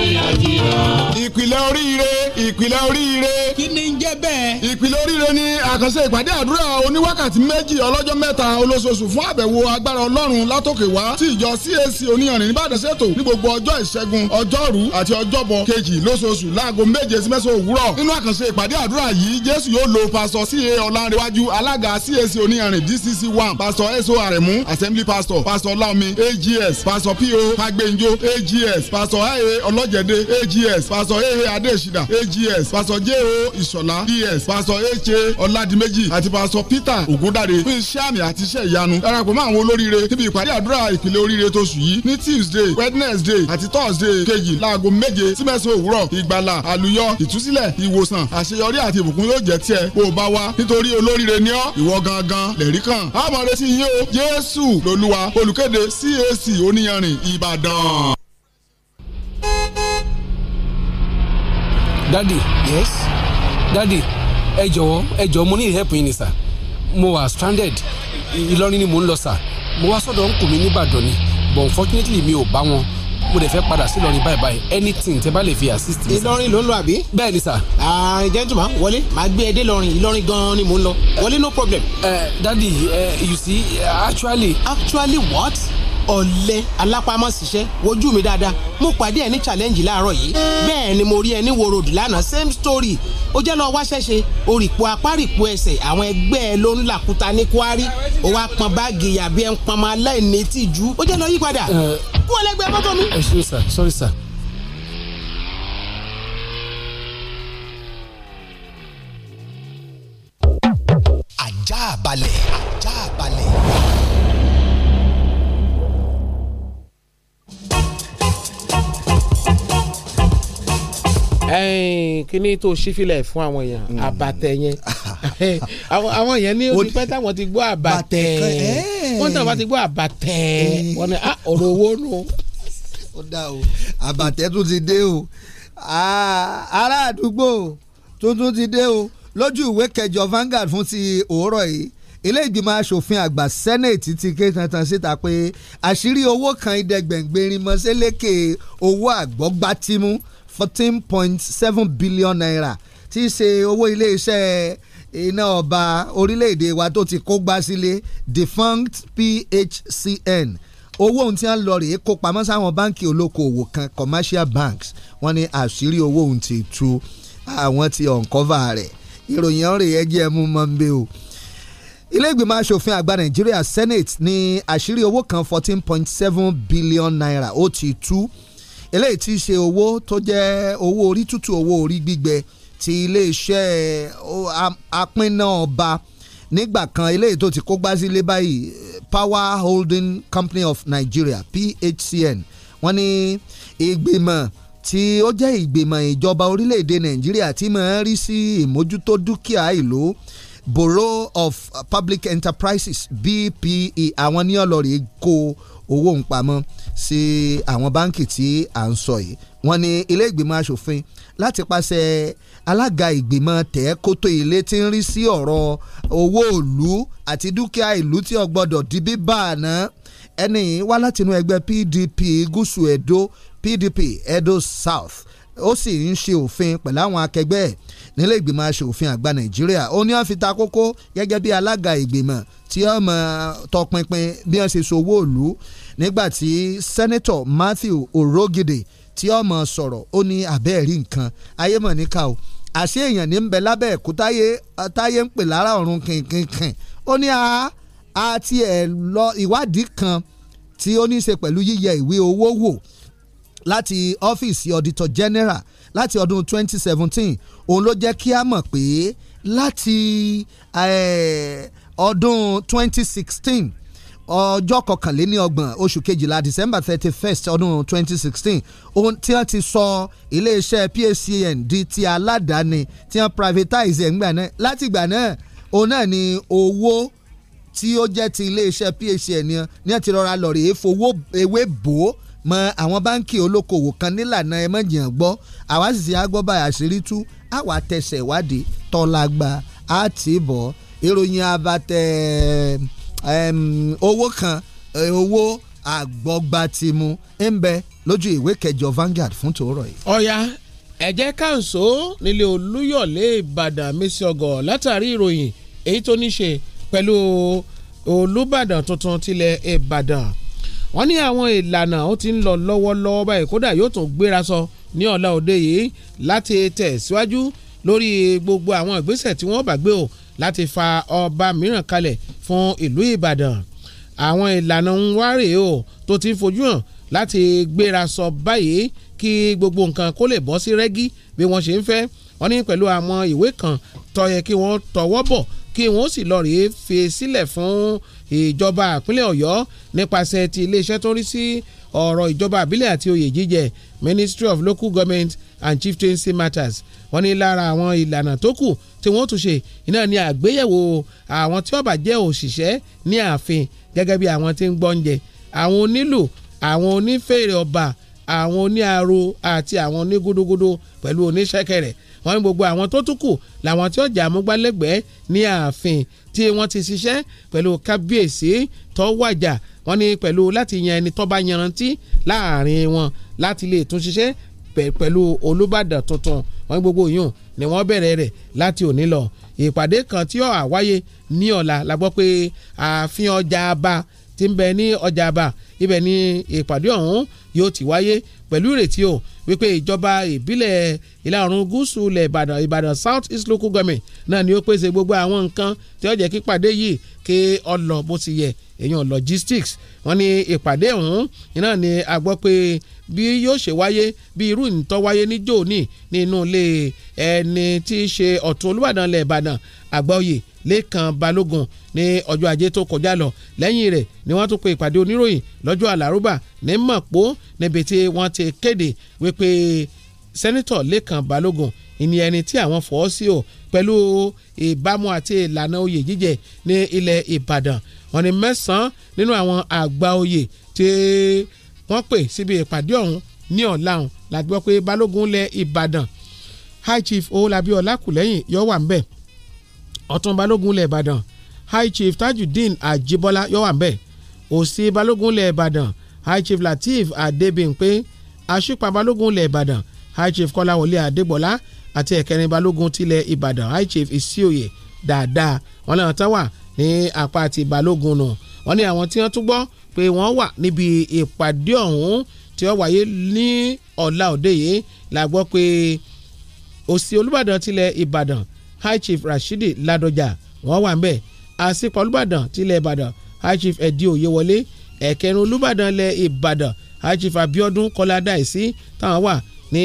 ìpìlẹ̀ oríire ìpìlẹ̀ oríire. kí ni ń jẹ́ bẹ́ẹ̀. ìpìlẹ̀ oríire ni àkànṣe ìpàdé àdúrà oníwákàtí méjì ọlọ́jọ́ mẹ́ta olóṣooṣù fún àbẹ̀wò agbára ọlọ́run látòkè wá tí ìjọ CAC oníyanrìn nìbàdàn ṣètò ní gbogbo ọjọ́ ìṣẹ́gun ọjọ́rú àti ọjọ́bọ̀ kejì lóṣooṣù láago méje sí mẹ́sàn-án òwúrọ̀ nínú àkànṣe ìpàdé àdúrà yìí jésù yóò lo pásọ CA ọlárẹ̀wájú DCC one pásọ SO àrẹ̀mú assembly pastor pásọ láomi AGS pásọ PO fagbenjo AGS pásọ IA ọlọ́j ọ̀jẹ̀dẹ̀ ags pásọ aa adésínà ags pásọ jo ìṣọ̀lá ds pásọ ha ọ̀làdìmẹ́jì àti pásọ peter ògúndàrẹ fún iṣẹ́ àmì àti iṣẹ́ ìyanu darapọ̀ mọ́ àwọn olóríire níbi ìpàdé àdúrà ìpìlẹ̀ oríire tóṣù yìí ní tuesday wednesday àti thursday kejì láago méje sí mẹ́sàn-án òwúrọ̀ ìgbàlà àlùyọ ìtúsílẹ̀ ìwòsàn àṣeyọrí àti ìbùkún yóò jẹ́ tiẹ̀ bó o bá wá nítorí olóríire ni ọ́ ìwọ gangan lẹ̀rí kan á máa retí yín o jésù lolúwa olùkéde cac oníyanrìn ìbàdàn. Daddy, yes Daddy, ẹ jọ̀wọ́ ẹ jọ̀wọ́ mo ní help yín ni sà mo wà stranded Ìlọrin ni mo ń lọ sà mo wá sọ́dọ̀ ń kù mí nìbàdàn ni but unfortunately mi ò bá wọn mo dẹ̀ fẹ́ padà sí Ìlọrin báyìí báyìí anything tẹ bá lè fi assist mi. Ìlọrin ló ń lọ àbí. bẹ́ẹ̀ ni sà. gentleman wọlé màá gbé ẹ dé Ìlọrin Ìlọrin gan-an ni mò ń lọ wọlé no problem. Uh, eh, dadi uh, eh, you see actually. actually what? ọ̀lẹ alápámọ́síṣẹ́ wojú mi dáadáa mo pàdé ẹ ní challenge láàárọ̀ yìí bẹ́ẹ̀ ni mo rí ẹ ní worod lánàá same story ó jẹ́ lọ wá orìpọ̀ apárìpọ̀ ẹsẹ̀ àwọn ẹgbẹ́ ẹ ló ń làkúta ní kwari ó wá pọn báàgì yàbí ẹ ń pọn máa láìní tìjú ó jẹ́ lọ yí padà kú ọlẹ́gbẹ́ mọ́tò mi. ẹ ṣe sà sorry sà. àjà balẹ̀. kíní tó sífilẹ̀ fún àwọn èèyàn hmm. àbàtẹ̀ yẹn àwọn èèyàn ní oṣù pẹ́ táwọn ti gbọ́ àbàtẹ̀ wọ́n tàn wá ti gbọ́ àbàtẹ̀ eh. wọ́n ní ah, ọ̀rọ̀ owó nù. ó dà o àbàtẹ̀ tún ti dé o ah, ará àdúgbò tuntun ti dé o lójú ìwé kẹjọ Vanguard fún ti òórọ̀ yìí ilé ìgbìmọ̀ asòfin àgbà sẹ́nẹ̀tì ti ké tantan síta pé àṣírí owó kan ìdẹ́gbẹ̀ngbẹ̀rin mọ́sẹ́lẹ́kẹ̀ owó àgbọ́gbátímú fourteen point seven billion naira tí í ṣe owó iléeṣẹ́ iná ọba orílẹ̀-èdè wa tó ti kó gbá sílé defunct PHCN owó ohun tí wọ́n lọ rèé kó pamọ́ sáwọn báǹkì olókoòwò kan commercial banks wọ́n ní àṣírí owó ohun ti tú àwọn ti uncover rẹ̀ ìròyìn ọ̀rẹ́ yẹn jẹ́ mú mọ́ ń bẹ́ o ilé ìgbìmọ̀ asòfin àgbà nàìjíríà senate ní àṣírí owó kan fourteen point seven billion naira ó ti tú eléyìí tí í ṣe owó tó jẹ́ owó orí tútù owó orí gbígbẹ ti iléeṣẹ́ apínná ọba nígbà kan eléyìí tó ti kó gbásílé báyìí Power Holding Company of Nigeria PHCN wọ́n ní ìgbìmọ̀ tí ó jẹ́ ìgbìmọ̀ ìjọba orílẹ̀-èdè Nàìjíríà tí máa ń rí sí ìmójútó dúkìá ìlú Bureau of Public Enterprises BPE àwọn ní ọlọ́rìí kó owó ń pamọ́ sí àwọn báǹkì tí à ń sọ yìí wọ́n ní ilé ìgbìmọ̀ asòfin láti pàṣẹ alága ìgbìmọ̀ tẹ́ẹ́kótó ilé tí ń rí sí ọ̀rọ̀ owó ìlú àti dúkìá ìlú tí ó gbọ́dọ̀ di bíbá àná ẹni wá látinú ẹgbẹ́ PDP gúúsù Edo PDP Edo South ó sì ń ṣe òfin pẹ̀lú àwọn akẹgbẹ́ ẹ̀ nílé ìgbìmọ̀ aṣòfin àgbà nàìjíríà ó ní wọ́n fi ta kókó gẹ́gẹ́ bí alága ìgbìmọ̀ tí wọ́n mọ̀ tọpinpin bí wọ́n ṣe ṣòwò ìlú nígbàtí sẹ́nẹ́tọ̀ Matthew Orogide tí ọmọ sọ̀rọ̀ ó ní abẹ́ẹ̀rí nǹkan ayé mọ̀ níkà o àṣé èèyàn ní ń bẹ lábẹ́ ẹ̀kú táyé ń pè lára ọ̀run kìnkìnkìn ó ní àti ẹ̀ lọ ìwádìí kan tí ó ní í ṣe pẹ̀lú yíyẹ ìwé owó wò láti ọ́fíìsì auditor general láti ọdún 2017 òun ló jẹ́ kí a mọ̀ pé láti ọdún 2016 ọjọ́ kọkànléní ọgbọ̀n oṣù kejìlá december thirty first ọdún twenty sixteen ohun tí wọ́n ti sọ iléeṣẹ́ PHCN di ti aládàáni tí wọ́n privatize ẹ̀ ńgbà náà láti ìgbà náà òun náà ni owó tí ó jẹ́ ti iléeṣẹ́ PHCN ni wọ́n ti rọra lọ́ọ̀rì èèfowó ewé bò ó mọ àwọn báńkì olókoòwò kan nílànà ẹmọ́jìyàn gbọ́ àwa sì ti àgbọ́ báyà àṣírí tú àwa tẹsẹ̀ ìwádìí tọ́lágbá àtìbọ̀ ìròyìn abatẹ́ẹ́ owó kan eh, owó àgbọ̀gba ti mu ń bẹ lójú ìwé kẹjọ Vanguard fún tòórọ̀ yìí. ọ̀ya ẹ̀jẹ̀ káńsó nílé Olúyọ̀lé Ìbàdàn Mercy Ogoo látàrí ìròyìn èyí tó ní ṣe pẹ̀lú Olúbàdàn tuntun tilẹ̀ Ìbàdàn wọ́n ní àwọn ìlànà ó ti ń lọ lọ́wọ́lọ́wọ́ báyìí kódà yóò tún gbéra sọ ní ọ̀la òde yìí láti tẹ̀síwájú lórí gbogbo àwọn ìgbésẹ̀ tí wọ́n bá o láti fa ọba mìíràn kalẹ̀ fún ìlú Ìbàdàn àwọn ìlànà ń wárè o tó ti ń fojú hàn láti gbéra sọ báyìí kí gbogbo nǹkan kó lè bọ́ sí rẹ́gí bí wọ́n ṣe ń fẹ́ wọ́n ní pẹ̀lú àwọn ìwé kan tó kí wọ́n tọwọ́ bọ̀ kí wọ́n sì lọ rèé fi sílẹ̀ fún ìjọba ìpínlẹ̀ Ọ̀yọ́ nípasẹ̀ ti iléeṣẹ́ tó ń rí sí ọ̀rọ̀ ìjọba àbílẹ̀ àti oyè jíjẹ Ministry of Local Government and Chieftaincy Matters wọ́n ní lára àwọn ìlànà tó kù tí wọ́n tún ṣe iná ní àgbéyẹ̀wò àwọn tí ó bá jẹ́ òṣìṣẹ́ ní ààfin gẹ́gẹ́ bí àwọn tí ń gbọ́únjẹ àwọn onílù àwọn onífèrè ọba àwọn oníaro àti àwọn onígúdúgúdú pẹ̀lú oníṣẹ́kẹ̀rẹ̀ wọ́n ní gbogbo àwọn tó tún kù làwọn tí ọjà amúgbálẹ́gbẹ̀ẹ́ ní ààfin tí wọ́n ti ṣiṣẹ́ pẹ̀lú kábíyèsí tó wàjà wọ́n ní pẹ̀lú láti yan ẹni tó bá yanrantí láàrin wọn láti lè tún ṣiṣẹ́ pẹ̀lú Olúbàdàn tuntun wọ́n ní gbogbo yìí ni wọ́n bẹ̀rẹ̀ rẹ̀ láti òní lọ ìpàdé kan tí ó àwáyé ní ọ̀la la gbọ́ pé ààfin ọjà àbá ti ń bẹ ní ọjà àbá ibẹ̀ ni ìpàdé ọ̀hún yóò ti wáyé pẹ̀lú ìrètí o wípé ìjọba ìbílẹ̀ ìlà oòrùn gúúsù ilẹ̀ ìbàdàn ìbàdàn south east local government náà ni ó pèsè gbogbo àwọn nǹkan tí ó jẹ́ kí pàdé yìí kí ó lọ bó ti yẹ èèyàn logistics wọ́n ní ìpàdé ọ̀hún iná ni a gbọ́ pé bí yóò ṣe wáyé bí irú ìtọ́ wáyé ní jóòní nínú ilé ẹni tí í ṣe ọ̀tún olúbàdàn ilẹ̀ ìbàdàn àgbáyé lẹ́kàn balógun ní ọjọ́ ajé tó kọjá lọ lẹ́yìn rẹ̀ ni wọ́n tún pe ìpàdé oníròyìn lọ́jọ́ àlárúbà ní mọ̀pó níbi tí wọ́n ti kéde wípé sẹ́nitọ̀ lẹ́kàn balógun ìní ẹni tí àwọn fọ́ sí o pẹ̀lú ìbámu àti ìlànà oyè jíjẹ ní ilẹ̀ ìbàdàn wọ́n ní mẹ́sàn-án nínú àwọn àgbà oyè tí wọ́n pè síbi ìpàdé ọ̀hún ní ọ̀làhùn láti gbọ́ pé balógun lẹ ìbàdàn high chief owólabí ọlákùlẹ́yìn yóò wà ń bẹ̀ ọ̀tún balógun ilẹ̀ ìbàdàn high chief tajudeen ajibola yọ̀wà ńbẹ̀ òsì balógun ilẹ̀ ìbàdàn high chief lateef adebimpe aṣípa balógun ilẹ̀ ìbàdàn high chief kọ́láwọlé adégbọ́lá àti ẹ̀kẹrin balógun tilẹ̀ ìbàdàn high chief isioye dáadáa wọn làwọn tán wà ní apá ti balógun nù wọn ní àwọn tí wọn tún gbọ́ pé wọ́n wà níbi ìpàdé ọ̀hún tí ó wáyé ní ọ̀la òde yìí la gbọ́ pé òsì olùbàdàn tilẹ̀ ìbàdàn high chief rashidi ladoja wọ́n wà ńbẹ̀ àsìpọ̀ olùbàdàn tilẹ̀ ìbàdàn high chief ẹ̀dí òyewọlé ẹ̀kẹrin olùbàdàn ilẹ̀ ìbàdàn high chief abiodun kọ́lá dàìsí táwọn wà ní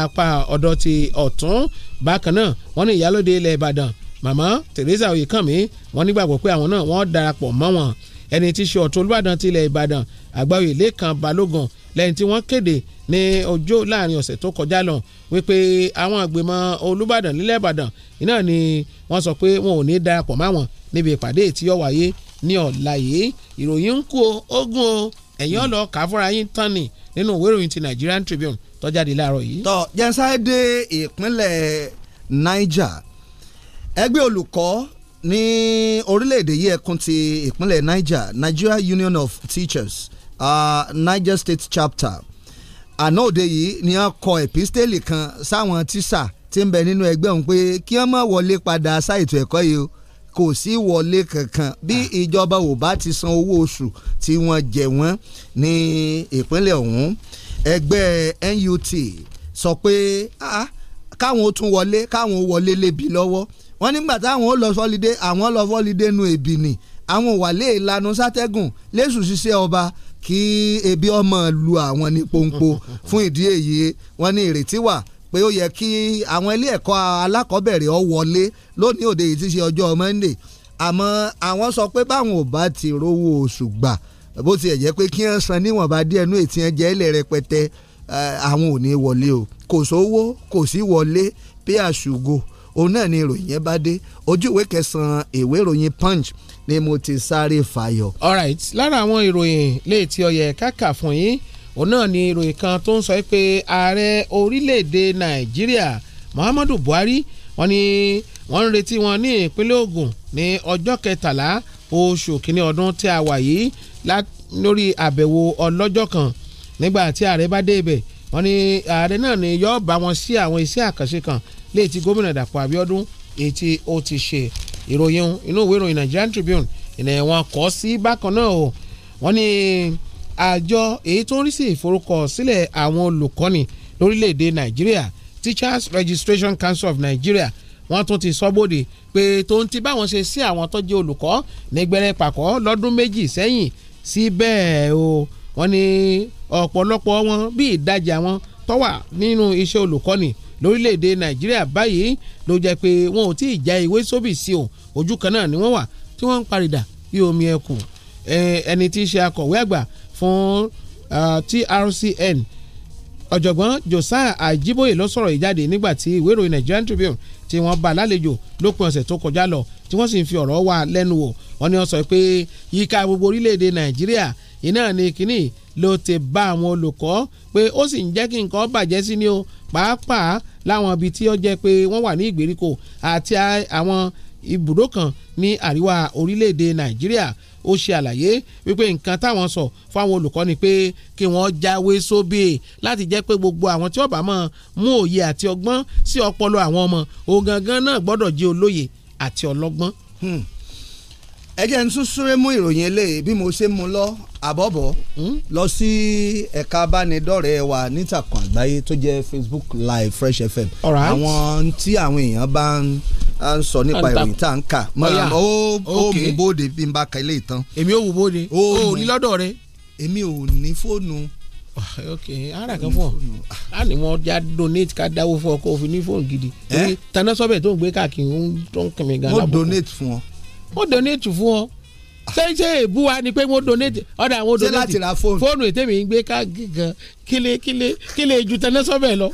apá ọ̀dọ̀ ti ọ̀tún bákan náà wọ́n ní ìyálóde ilẹ̀ ìbàdàn màmá teresa oyèkánmi wọ́n nígbàgbọ́ pé àwọn náà wọ́n darapọ̀ mọ́ wọn ẹni tí ṣe ọ̀tún olùbàdàn ti ìbàdàn àgbáyé lẹ́kàn balógun lẹ́yìn tí wọ́n kéde ní ọjọ́ láàrin ọ̀sẹ̀ tó kọjá lọ wípé àwọn àgbèmọ̀ Olúbàdàn nílẹ̀ Ìbàdàn iná ni wọ́n sọ pé wọn ò ní darapọ̀ máwọn níbi ìpàdé tí yọ wáyé ní ọ̀la yìí ìròyìn ń kú ogun o ọ̀lọ́ kà fúnra yín tán ni nínú ìwé ìròyìn ti Nigerian Tribune tó jáde láàárọ̀ yìí. tọ jẹnsáde ìpínlẹ̀ Niger ẹgbẹ́ olùkọ́ ní orílẹ̀-èdè yìí ẹkùn ti ìpínlẹ̀ Niger Nigeria Union of Teachers Uh, Niger State chapter àná òde yìí ni wọ́n kọ epistéèlì kan sáwọn tíṣà tí ń bẹ nínú ẹgbẹ́ òun pé kí wọ́n má wọlé padà sáìtò ẹ̀kọ́ yìí o kò sí wọlé kankan bí ìjọba ò bá ti san owó oṣù tí wọ́n jẹ wọ́n ní ìpínlẹ̀ ọ̀hún ẹgbẹ́ NUT sọ pé káwọn ó tún wọlé káwọn ó wọlé lébi lọ́wọ́ wọ́n nígbà táwọn ó lọ fọ́lidé àwọn lọ fọ́lidé nu èbì ni àwọn wà lè lanu sátẹ́gùn lẹ́sù ṣiṣẹ́ ọba kí ebi ọmọ lu àwọn ní pọ́npọ́ fún ìdí èyí wọ́n ní ìrètí wà pé ó yẹ kí àwọn ilé ẹ̀kọ́ alákọ̀ọ́bẹ̀rẹ̀ ọ wọlé lónìí òde yìí ti ṣe ọjọ́ Monday àmọ́ àwọn sọ pé báwọn ò bá ti rówó oṣù gbà bó tiẹ̀ jẹ́ pé kí wọ́n san níwọ̀nba díẹ̀ nú ètí ẹ̀ jẹ́ ilẹ̀ rẹpẹtẹ àwọn ò ní wọlé o kò sówó kò sí wọlé pé àṣùgò òun náà ni ìròyìn yẹn bá dé ojú ìwé kẹsàn-án ìwé ìròyìn Punch ni mo ti sáré fàyọ. alright lára àwọn ìròyìn léè tí ọyẹ káàkà fún yín òun náà ni ìròyìn kan tó ń sọ pé ààrẹ orílẹ̀-èdè nàìjíríà muhammadu buhari wọ́n ní wọ́n ń retí wọn ní ìpínlẹ̀ Ògùn ní ọjọ́ kẹtàlá oṣù kínní ọdún tí a wà yìí lórí àbẹ̀wò ọlọ́jọ́ kan nígbà tí ààrẹ bá dé ibẹ̀ wọ́n ní ààrẹ náà ni yóò bá wọn sí àwọn iṣẹ́ àkànṣe kan léètí gómìnà Dàpọ̀ Abíọ́dún èyí tí ó ti ṣe ìròyìn inú ìwé ìròyìn Nigerian Tribune ìlẹ̀ wọn kọ́ sí bákan náà o wọ́n ní àjọ èyí tó ń rí sí ìforúkọsílẹ̀ àwọn olùkọ́ni lórílẹ̀‐èdè Nigeria Teachers Registration Council of Nigeria wọ́n tún ti sọ bóde pé tó ń ti báwọn ṣe sí àwọn tó jẹ́ olùkọ́ nígbẹ̀rẹ̀ pàkọ́ lọ́dún méjì sẹ́yìn sí bẹ́ẹ̀ o wọ́n ní ọ̀pọ̀lọpọ̀ wọn bí ìdajì àwọn tó wà nínú iṣẹ́ olùkọ́ni lórílẹ̀‐èdè nàìjíríà báyìí ló jẹ́ pé wọn ò tí ì já ewé sóbì sí o ojú kan náà ni wọ́n wà tí wọ́n ń parìdà bí omi ẹkùn ẹni tí í ṣe akọ̀wé àgbà fún TRCN ọ̀jọ̀gbọ́n Josiah Ajíbóyè ló sọ̀rọ̀ ìjáde nígbà tí ìwé ìròyìn Nigerian Tribune tí wọ́n bá lálejò lópin ọ̀sẹ̀ tó kọjá lọ tí wọ́n sì ń fi ọ̀rọ̀ wá lẹ́nu wò wọ́n ní wọ́n sọ pé yíká gbogbo orílẹ̀-èdè Nàìjíríà iná ni kínní ló ti bá àwọn olùkọ́ pé ó sì ń jẹ́ kí nǹkan bàjẹ́ sí ni o pàápàá láwọn ibi tí ó jẹ́ pé wọ́n wà ní ìgbèríko àti àwọn ibùdó kan ní àríwá orílẹ̀-èdè nàìjíríà ó ṣe àlàyé wípé nǹkan táwọn sọ fáwọn olùkọ́ ni pé kí wọ́n jáwé sóbì láti jẹ́ pé gbogbo àwọn tí ó bá mọ̀ mú òye àti ọgbọ́n sí ọpọlọ àwọn ọmọ ògangan náà gbọ́dọ̀ jẹ́ olóye àti ọlọ́gbọ́n. Hmm ẹ jẹ́ n tún súré mú ìròyìn eléyìí bí mo ṣe mú lọ àbọ̀bọ̀ hmm? lọ sí ẹ̀ka abánidọ́rẹ̀ẹ́ wa nítakùn àgbáyé tó jẹ́ Facebook live Fresh FM àwọn tí àwọn èèyàn bá ń sọ nípa ìròyìn tá à ń kà ó mú bóde bí n bá ka ilé ìtàn. èmi ò wù bóde o ò ní lọ́dọ̀ rẹ. èmi ò ní fóònù ah, ok ara kan fún ọ láti wọn já donate ká dáwó fún ọ kó o fi ní fóònù gidi. tanná sọ́bẹ̀ tó ń gbé káàkiri tó ń kẹ̀mí gan-an. mo donate fún ọ ó donate fún ọ ṣé ṣé èbú wa ni pé wọ́n donate ọ̀dà àwọn donate ṣé láti ra fóònù fóònù ètèmí ń gbé ká gígan kílé kílé kílé ju tẹ̀lé sọ́bẹ̀ lọ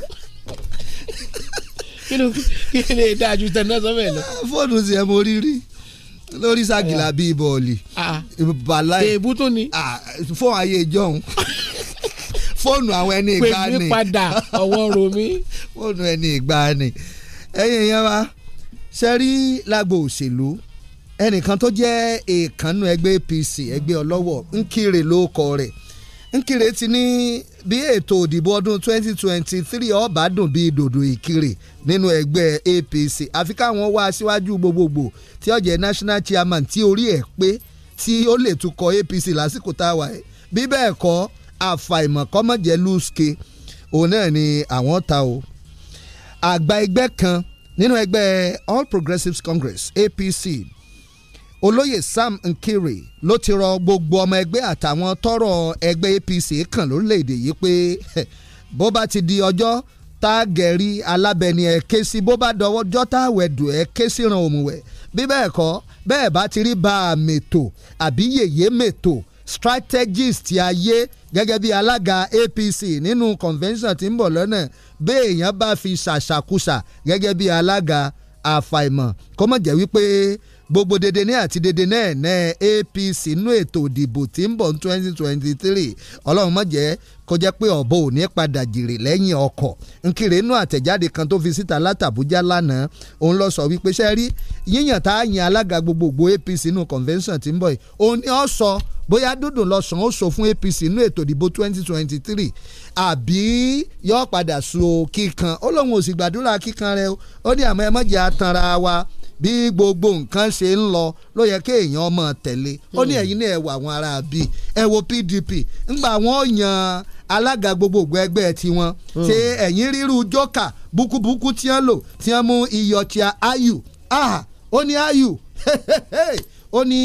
kílé dáa ju tẹ̀lé sọ́bẹ̀ lọ. Ah, fóònù sì ẹ mọ rírì lórí ságìlà ah. bíi bọ́ọ̀lì ah. bàlá ẹ̀ èbú tó ni fóònù ayé ìjọ́un fóònù àwọn ẹni ìgbà ni pèmí padà ọwọ́ romi. fóònù ẹni ìgbà ni ẹ̀yin yẹn wa ṣe rí lágbo òṣèlú ẹnìkan tó jẹ́ èèkánú ẹgbẹ́ APC ẹgbẹ́ ọlọ́wọ̀ Nkire ló kọ rẹ̀ Nkire ti ní bí ètò òdìbò ọdún 2023 ọba dùn bíi dòdò Ìkirè nínú ẹgbẹ́ APC àfi káwọn wá síwájú gbogbogbò tí ó jẹ́ national chairman tí orí ẹ̀ pé tí ó lè tukọ̀ APC lásìkò táwa ẹ̀ bí bẹ́ẹ̀ kọ́ àfàìmọ̀ kọ́mọ̀jẹ́ lùsùkè òun náà ni àwọn ta o àgbà ẹgbẹ́ kan nínú ẹgbẹ́ All Progressives Congress APC olóyè Sam Nkiri ló ti rọ gbogbo ọmọ ẹgbẹ́ àtàwọn tọrọ ẹgbẹ́ APC kàn lórílẹ̀‐èdè yìí pé bó bá ti di ọjọ́ tá a gẹ̀rí alábẹ́ni ẹ̀ ké sí bó bá dọwọ́ jọ́tà wẹ̀dù ẹ̀ ké síran òmùwẹ̀ bí bẹ́ẹ̀ kọ́ bẹ́ẹ̀ bá ti rí bá a mètò àbí yèyé mètò strategist ayé gẹ́gẹ́ bí alága APC nínú convention tí ń bọ̀ lọ́nà béèyàn bá fi ṣàṣàkúṣà gẹ́gẹ́ bí alága àfàìmọ̀ kó wípé gbogbo dede ní àti dede náà ná APC nú ètò ìdìbò tí ń bọ̀ ní twenty twenty three ọlọ́run má jẹ́ kó jẹ́ pé ọ̀bọ ò ní padà jèrè lẹ́yìn ọkọ̀ nkiri inú àtẹ̀jáde kan tó fi síta látàbújá lánàá òun lọ sọ wípé sẹ́rí yíyàn tá a yan alága gbogbogbò APC nínú convention tí ń bọ̀ yìí òun ni ó sọ bóyá dúdùn lọ sàn ó sọ fún APC nínú ètò ìdìbò twenty twenty three àbí yóò padà so kíkan ó lóun ò sì gbàdúrà kíkan rẹ ó ní àmọ́ ẹ má jẹ́ àtànra wa bí gbogbo nǹkan ṣe ń lọ ló yẹ kí èèyàn ọmọ tẹ̀lé ó ní hmm. ẹ̀yin ní ẹ wà wọn bíi ẹ PDP ńgbà wọn yan alága gbogbogbò ẹgbẹ́ tiwọn hmm. ṣe ẹ̀yìn ríru jọ́kà bukubuku tí wọ́n lò tí wọ́n mú iyọ̀tíà ayù ah ó ní ayù ó ní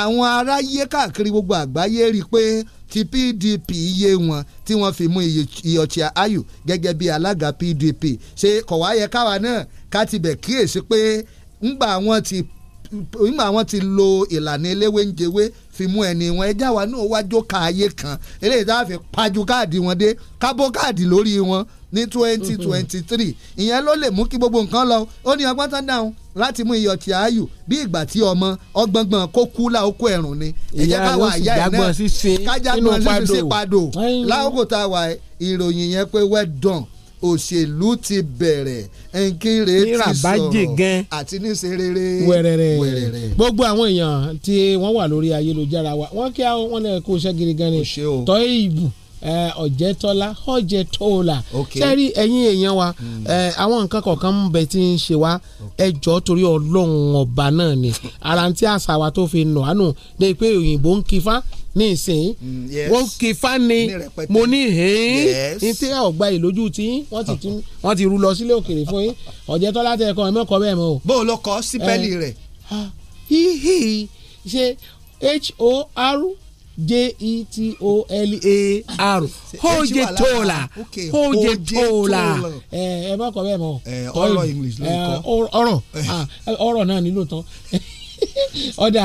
àwọn aráyé káàkiri gbogbo àgbáyé rí i pé ti PDP yé wọn tí wọ́n fi mú iyọ̀tíà ayù gẹ́gẹ́ bí alága PDP ṣe kọ̀wá yẹ káwa náà ká tibẹ̀ kíyèsí pé ńgbà wọn ti ìmọ̀ àwọn ti lo ìlànà eléwé ń jẹwé fi mú ẹni wọn ẹjá wa náà wájú ka ayé kan eléyìí tá a fi pàjù káàdì wọn dé kábó káàdì lórí wọn ní twenty mhm. twenty three ìyẹn ló lè mú kí gbogbo nǹkan lọ ó ní ọgbọ́n tán dáhùn láti mú iyọ̀ tí a yù bí ìgbà tí ọmọ ọgbọ̀ngbọ̀n kó kú láòkó ẹ̀rùn ni ẹ̀jẹ̀ káwa ìyá ẹ̀ náà kájà gbọ̀n sísè padò láòkó tá ìròyìn yẹn pé well done òṣèlú ti bẹ̀rẹ̀ nkiri ti sọ̀rọ̀ àti níṣe rere wẹ̀rẹ̀rẹ̀. gbogbo àwọn èèyàn tí wọ́n wà lórí ayélujára wa wọ́n kí wọ́n lè kó iṣẹ́ gidi gan ni tọ́ ìbù ọ̀jẹ̀tọ́lá ọ̀jẹ̀tọ́lá sẹ́rí ẹ̀yin èèyàn wa hmm. àwọn nǹkan kọ̀ọ̀kan ń bẹ tí ń ṣe wá ẹjọ́ torí ọlọ́run ọba náà ni ara ti àṣà wa tó fi nù ánù ní pé òyìnbó ń kifá ní ìsìn hmm, wọ́n kifá ni mo ní hìn ní tí ọ̀gbà ìlójú tí wọ́n ti rú lọ sílé òkèèrè fún yín ọ̀jẹ̀tọ́lá tẹ̀ ẹ̀kọ́ ẹ̀mẹ́kọ́ bẹ́ẹ̀ mọ́ o. bó o lọ kọ sípẹ́lì rẹ̀. hihi ṣe h o r j-e-t-o-l-a-r hojetola hojetola ẹ bá e e e kọ bẹ́ẹ̀ mọ́ ọ̀rọ̀ english ló ń kọ ọ̀rọ̀ ọ̀rọ̀ eh. ah, náà nílò tán ọ̀dà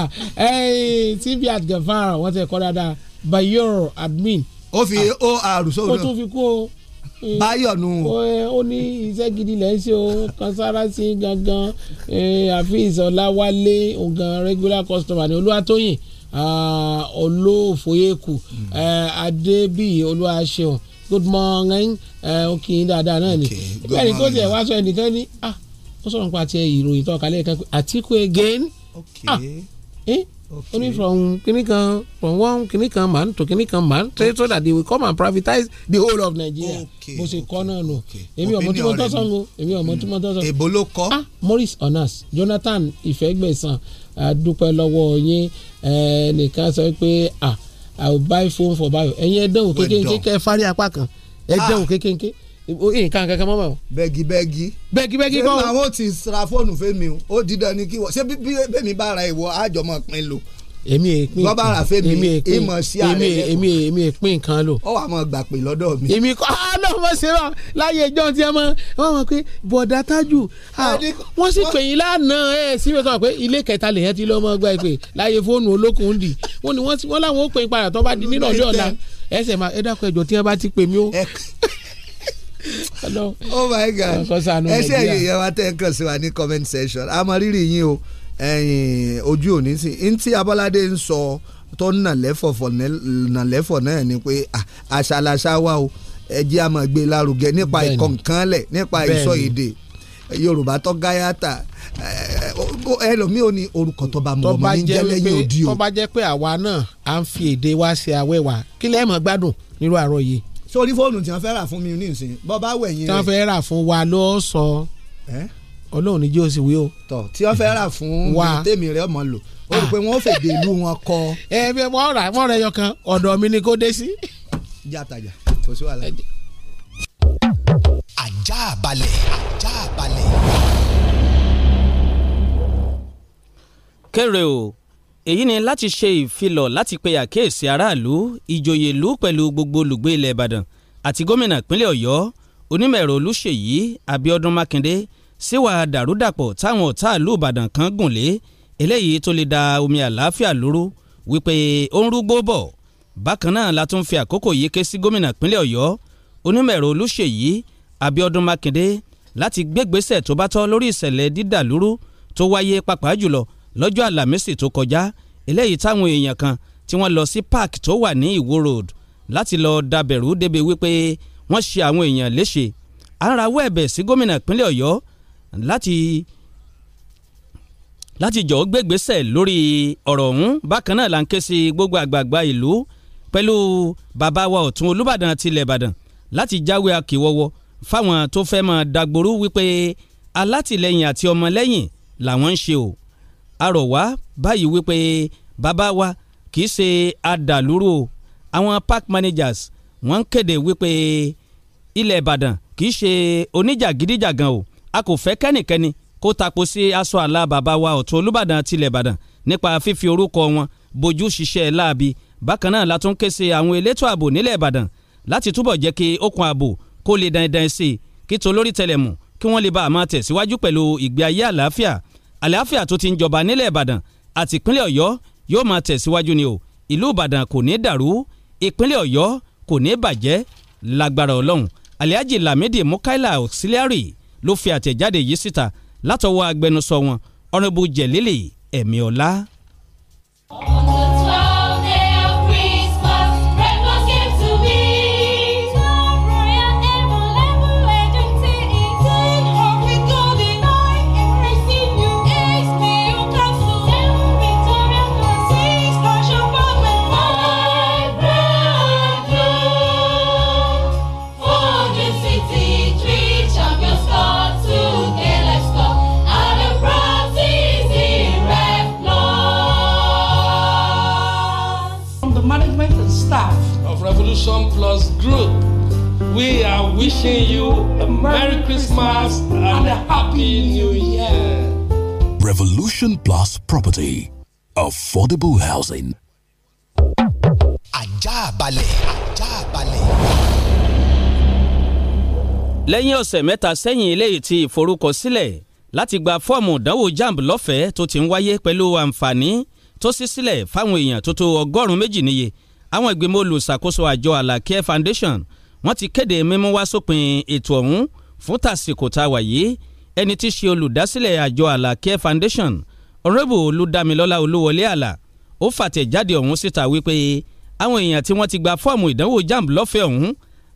tv at gavara wọ́n ti kọ́ dáadáa bayor admin. ó fi or ah. sórí o. ó tún fi kú o eh, báyọ̀ nù. ó ní iṣẹ́ gidi lẹ́ ń ṣe o kọ́nsárásí gangan eh, àfi ìsọ̀lá wálé ògàn regular customer ní olúwatóyìn Ah, olóòfóyèkù hmm. eh, adébíyì olúwaṣeun good morning eh, ó kì í dáadáa náà ni bẹ́ẹ̀ ni kó tiẹ̀ wá sọ ẹnìkan ní ah, ó sọ̀rọ̀ nípa tiẹ̀ ìròyìn tó kálẹ̀ kan pé àtìkù again ah, ó ní from kìnnì kan from one kìnnì kan man to kìnnì kan man trade so that they will come and privatize the whole of Nigeria bó ṣe kọ́ náà nù èmi ọmọ tí mo tọ́ sọ́nù èmi ọmọ tí mo tọ́ sọ́nù. ah Morris Onas Jonathan Ifẹ̀gbẹ̀sán adúpẹ́ lọ́wọ́ yín ẹnìkan sọ pé i will buy phone for buy ẹ̀yin ẹ̀dẹ́wò kékeré kẹ́ fárí apá kan ẹ̀dẹ́wò ah. kékeré nǹkan kankan mọ́ báwọn. bẹ́ẹ̀gì bẹ́ẹ̀gì. bẹ́ẹ̀gì bẹ́ẹ̀gì kọ́. ṣé màá ó ti ra fóònù fẹ́mi o ó dídán ni kí wọ́n ṣé bí bẹ́ẹ̀mi bá ra ìwọ àjọmọ̀ lò èmi èpin bọ́bá àràfẹ́ mi ìmọ̀ sí ààrẹ lẹ́kọ̀ọ́ èmi èmi èpin nǹkan lò. ọ wà mọ gbàpè lọ́dọ̀ mi. èmi kọ́ ah, ọlọ́mọ ṣẹlẹ̀ láyé ìjọ tí ẹ mọ ẹ mọ pé bọ̀dá tájù ah, wọ́n sì pè yín lánàá ẹ̀ sí mi kan pé ilé kẹta lèyẹn ti lọ́mọ gba ìpè láyé fóònù olókùn dì wọ́n ni wọ́n láwọn ó pè padà tó bá di nínú ọjọ́ ọ̀la ẹsẹ̀ máa ẹ dákun ẹjọ́ tí wọ́n bá ti pè mí ó. oh my god ojú òní sí i ntí Abọ́ládé ń sọ tó nàlẹ́fọ̀fọ̀ nàlẹ́fọ̀ náà ni pé àṣàlàṣà ah, wa o ẹjẹ́ a máa gbé lárugẹ nípa ìkọ̀ǹkanlẹ̀ nípa ìsọ èdè Yorùbá tó gáyàtà ẹlòmíì ò ní orúkọ tó bá mọ ọmọ ní jẹ́lẹ́yìn òdi o. tó bá jẹ́ pé àwa náà à ń fi èdè wa ṣe awẹ́wà kí lẹ́ẹ̀ mọ̀ gbádùn nírú àárọ̀ yìí. sórí fóònù tí wọ́n fẹ́ rà fún mi ní ìsìn bọ́ bá wẹ̀yìn rẹ̀. tí wọ́n fẹ́ rà fún wa ló sọ. ẹ́ ọlọ́run ní jẹ́ òsì wí o. tọ tí wọ́n fẹ́ rà fún mi tèmi rẹ̀ ọmọ lò ó rò pé wọ́n fèdè ìlú wọn kọ. ẹ bí wọ́n rà wọ́n rẹ̀ yọkan ọ̀dọ̀ mi ni kò dé sí. já tajà kò sí wàhálà. ajá balẹ̀ ajá balẹ̀. kéré o èyí ni láti ṣe ìfilọ̀ láti pe àkíyèsí aráàlú ìjòyè ìlú pẹ̀lú gbogbo olùgbé ilẹ̀ ìbàdàn àti gómìnà ìpínlẹ̀ ọ̀yọ́ onímọ̀ ẹ̀rọ olúṣèyí abíọ́dún mákindé síwà dàrúdàpọ̀ táwọn ọ̀tá ìlú Ìbàdàn kan gùn lé eléyìí tó lè da omi àlàáfíà lóró wípé ó ń rúgbó bọ̀ bákan náà la tún fi àkókò yìí ké sí gómìnà ìpínlẹ̀ Ọ̀yọ́ onímọ̀ẹ̀rọ Olúṣèyí Abíọ́dún Mákindé láti gbégbésẹ̀ tó bá tọ́ lórí ìṣẹ̀lẹ̀ dídàlúrú tó wáyé pàápàá jùlọ lọ́jọ́ àlàmísì tó kọjá eléyìí táwọn èèyàn kan tí wọ́n lọ sí park tó wà ní Ìwó road láti lọ dàbẹ̀rù débi wípé wọ́n ṣe àwọn èèyàn léṣe à ẹ̀bẹ̀ sí gómìnà ìpínlẹ̀ Ọ̀yọ́ láti láti jọ̀ọ́ gbégbésẹ̀ lórí ọ̀rọ̀ ọ̀hún bákan náà là ń ké sí gbogbo àgbààgbà ìlú pẹ̀lú bàbá wa ọ̀tún olùbàdàn tilẹ̀ ìbàdàn láti jáwé akíwọ́wọ́ fáwọn tó fẹ́ máa dàgbòrú wípé alátìlẹyìn àti ọmọlẹ́yìn làwọn ń ṣe o àrọ̀wá báyìí wípé bàbá wa kì í ṣe adàlúrú àwọn park managers wọ́n ń kéde wípé ilẹ̀ ìbàdàn kì í ṣe oníjàgídíjàgan o a kò fẹ́ kẹ́nìkẹ́ni kó tapo sí aṣọ àlà bàbá wa Ọ̀tún Olúbàdàn tilẹ̀ Ìbàdàn nípa fífi orúkọ wọn bojú ṣiṣẹ́ láabi bákan náà la tún ké sí àwọn elétò ààbò nílẹ̀ Ìbàdàn láti túbọ̀ jẹ́ kí okùn ààbò kó lè dandan sí i kí tolórí tẹlẹ̀mù kí wọ́n lè bá a máa tẹ̀síwájú pẹ̀lú ìgbé ayé àlàáfíà àlàáfíà tó ti ń jọba nílẹ̀ Ìbàdàn àti ìpínlẹ̀ Ọ̀yọ́ yóò máa tẹ̀síwájú ni o ìlú Ìbàdàn kò ní dàrú ìpínlẹ̀ Ọ̀yọ́ kò ní bàjẹ́ lágbára Ọlọ́run Alhaji Lamidi Mukaila Auxiliary ló fi àtẹ̀jáde yìí síta látọwọ́ agbẹnusọ wọn ọ̀rẹ́bù jẹ̀lélẹ̀ ẹ̀mí ọ̀la group, we are wishing you a Merry Christmas and a Happy New Year. Revolution Plus Property Affordable Housing. Ajabale, Ajabale. ajá balẹ̀. lẹ́yìn ọ̀sẹ̀ mẹ́ta sẹ́yìn eléyìí tí ìforúkọsílẹ̀ láti gba fọ́ọ̀mù ìdánwò jamb lọ́fẹ̀ẹ́ tó ti ń wáyé pẹ̀lú àǹfààní tó ṣí sílẹ̀ fáwọn èèyàn tó tó ọgọ́rùn-ún méjì níye àwọn ìgbìmọ̀ olùṣàkóso àjọ àlàkẹ́ foundation wọ́n ti kéde mímú wá sópin ètò ọ̀hún fún tàsìkò tá a wà yìí ẹni tí í ṣe olùdásílẹ̀ àjọ àlàkẹ́ foundation ọ̀rẹ́bù olùdámilọ́lá olúwọlé àlà ó fàtẹ̀jáde ọ̀hún síta wípé àwọn èèyàn tí wọ́n ti gba fọ́ọ̀mù ìdánwò jamb lọ́fẹ̀ẹ́ ọ̀hún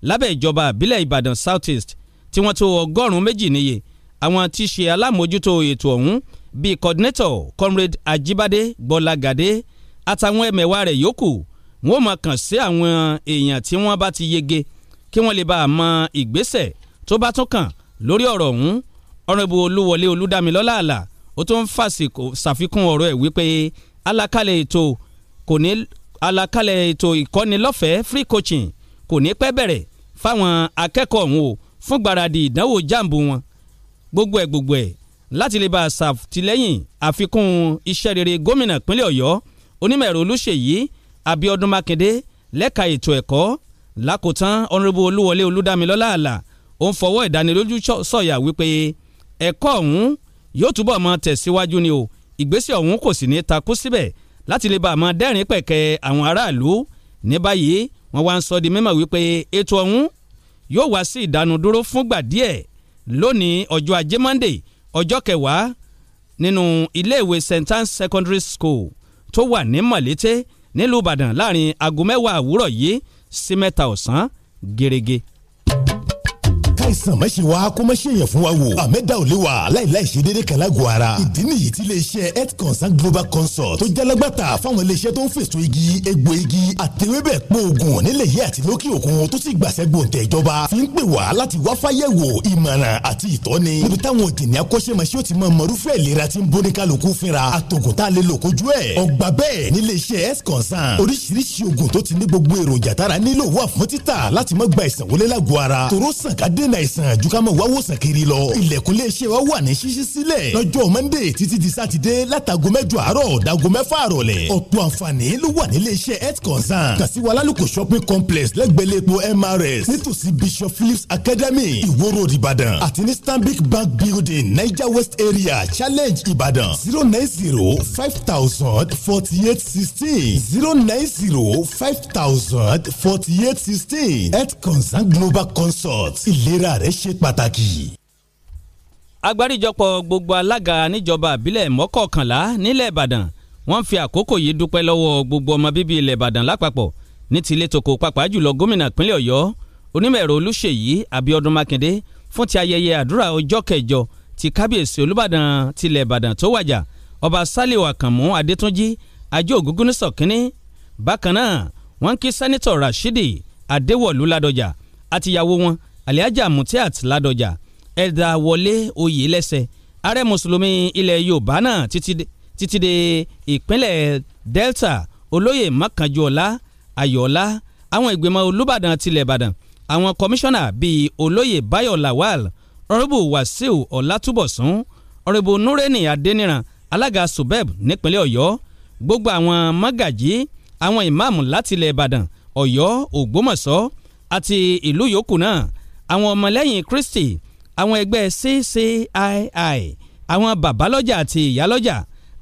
lábẹ́ ìjọba àbílẹ̀ ìbàdàn south east tí wọ́n tó ọgọ́rùn-ún méjì níye àwọn tí í ṣe alámòójútó ètò ọ̀hún bíi coordinator comrade ajibade gbọ́lagade àtàwọn ẹ̀mẹ̀wá rẹ̀ yòókù wọ́n máa kàn sí àwọn èèyàn tí wọ́n bá ti yege kí wọ́n lè bá a mọ ìgbésẹ̀ tó bá tún kàn lórí ọ̀rọ̀ ọ̀hún ọ̀rẹ́bù olúwọlé olúdámilọ́lá àlà ó tún ń fàsìkò ṣàfikún ọ̀rọ̀ ẹ̀ wípé alákàlẹ̀ ètò kò ní alákàlẹ̀ ètò ìkọ́nilọ́fẹ̀ẹ́ free coaching kò ní pẹ́ bẹ̀rẹ̀ fáwọn akẹ́kọ̀ọ́ ọ̀hún o fún gbáradì ìdánwò jáàmbù wọn gbogbo ẹ̀ gbogbo ẹ̀ láti lè bá a ṣàtìlẹ́yìn àfikún iṣẹ́ rere gómìnà ìpínlẹ̀ ọ̀yọ́ onímọ̀ ẹ̀rọ olúṣèyí Abíọ́dún Mákindé lẹ́ka ètò ẹ̀kọ́ lákòótán ọ̀nrẹ́bù Olúwọlé Olúdámilọ́lá àlà ó ń fọwọ́ ìdánilójú sọ̀yà wípé ẹ̀kọ́ ọ̀hún yóò túbọ̀ máa tẹ̀síwájú ni o ìgbésẹ̀ ọ̀hún kò sì ní takú síbẹ̀ láti lè bá a máa dẹ́rìn pẹ̀kẹ́ àwọn aráàlú ní báyìí wọ́n wá ń sọ di mímọ̀ wípé ètò ọ̀hún yóò wá sí ìdánudúró fúngbà díẹ̀ lónìí ọjọ́ ajé monde ọjọ́ kẹwàá nínú iléèwé st anne secondary school tó wà ní mọ̀lété nílùú ìbàdàn láàrin aago mẹ́wàá àwúrọ̀ yìí sí mẹ́ta ọ̀sán gẹ́rẹ́gẹ́ káìsàn má wa kó má ṣe yẹn fún wa wò àmẹ́dá ò lè wa aláìláì ṣe déédéé kan lágọ̀ọ́ ara ìdí nìyí tí iléeṣẹ́ health consult global consult tó jalagbàtà fáwọn iléeṣẹ́ tó ń fèsò igi egbò igi àtẹwébẹ̀ pọ̀ oògùn nílẹ̀ yìí àti lókè òkun tó sì gbàṣẹ gbòǹtẹ̀ ìjọba fi ń pè wá láti wá fáyẹ̀wò ìmọ̀ràn àti ìtọ́ni níbi táwọn òjìní akọ́ṣẹ́mọṣẹ́ ò ti mọ mọ̀rúfẹ́ ìlera tí ń bóni kálukú fínra àtògùn tá a lè lò àìsàn àjùkámọ̀ wá wòsàn kiri lọ. ilẹ̀kùn lè ṣe wa wà ní ṣíṣí sílẹ̀. lọ́jọ́ mọ́ndé títí di sátidé látago mẹ́jọ àárọ̀ dago mẹ́fà rọ̀lẹ́. ọ̀pọ̀ àǹfààní ló wà nílé iṣẹ́ health concern. kàṣíwá alálùkò shopping complex lẹ́gbẹ̀lẹ́ epo mrs nítòsí bishop phillips academy ìwòrò ìbàdàn àti ní stanbic bank building niger west area challenge ìbàdàn zero nine zero five thousand forty eight sixteen zero nine zero five thousand forty eight sixteen health concern global consult ìlera ìlera rẹ ṣe pàtàkì agbáríjọpọ̀ gbogbo alága níjọba àbílẹ̀ mọ́kọ̀ọ̀kànlá nílẹ̀ ìbàdàn wọ́n fi àkókò yìí dúpẹ́ lọ́wọ́ gbogbo ọmọ bíbí ilẹ̀ ìbàdàn lápapọ̀ ní ti ilé tòkó pàápàá jùlọ gómìnà ìpínlẹ̀ ọ̀yọ́ onímọ̀ẹ̀rọ olúṣèyí abiodun makinde fún ti ayẹyẹ àdúrà ọjọ́ kẹjọ ti kábíyèsí olúbàdàn tilẹ̀ ìbàdàn tó wàjà ọba saliu àkànmú adétúnjì ajé ògúngúnnísọ̀ kínní bákan náà wọ́n kí sẹ́nitọ̀ rashidi adéwọ̀lú ládọjà àtìyàwó wọn aliaja mutiat ládọjà ẹ̀dà wọlé oyè lẹ́sẹ̀ ààrẹ mùsùlùmí ilẹ̀ yorùbá náà títí de ìpínlẹ̀ delta olóyè mọ́kànjúọ̀lá ayọ̀ọ̀lá àwọn ìgbìmọ̀ olùbàdàn tilẹ̀ ìbàdàn àwọn kọmíṣánná bíi olóyè báyọ̀ lawal ọ̀rẹ́bù wàsíù ọ̀làtúbọ̀sún ọ̀rẹ́bù nureni adéníran alága subeb nípínlẹ̀ ọ̀yọ́ gbogbo àwọn mọ́gàjí àwọn ìmáàmù látilẹ̀ ìbàdàn ọ̀yọ́ ògbómọ̀ṣọ́ àti ìlú yòókù náà àwọn ọmọlẹ́yìn Kristi àwọn ẹgbẹ́ CCII àwọn babalọ́jà àti ìyálọ́jà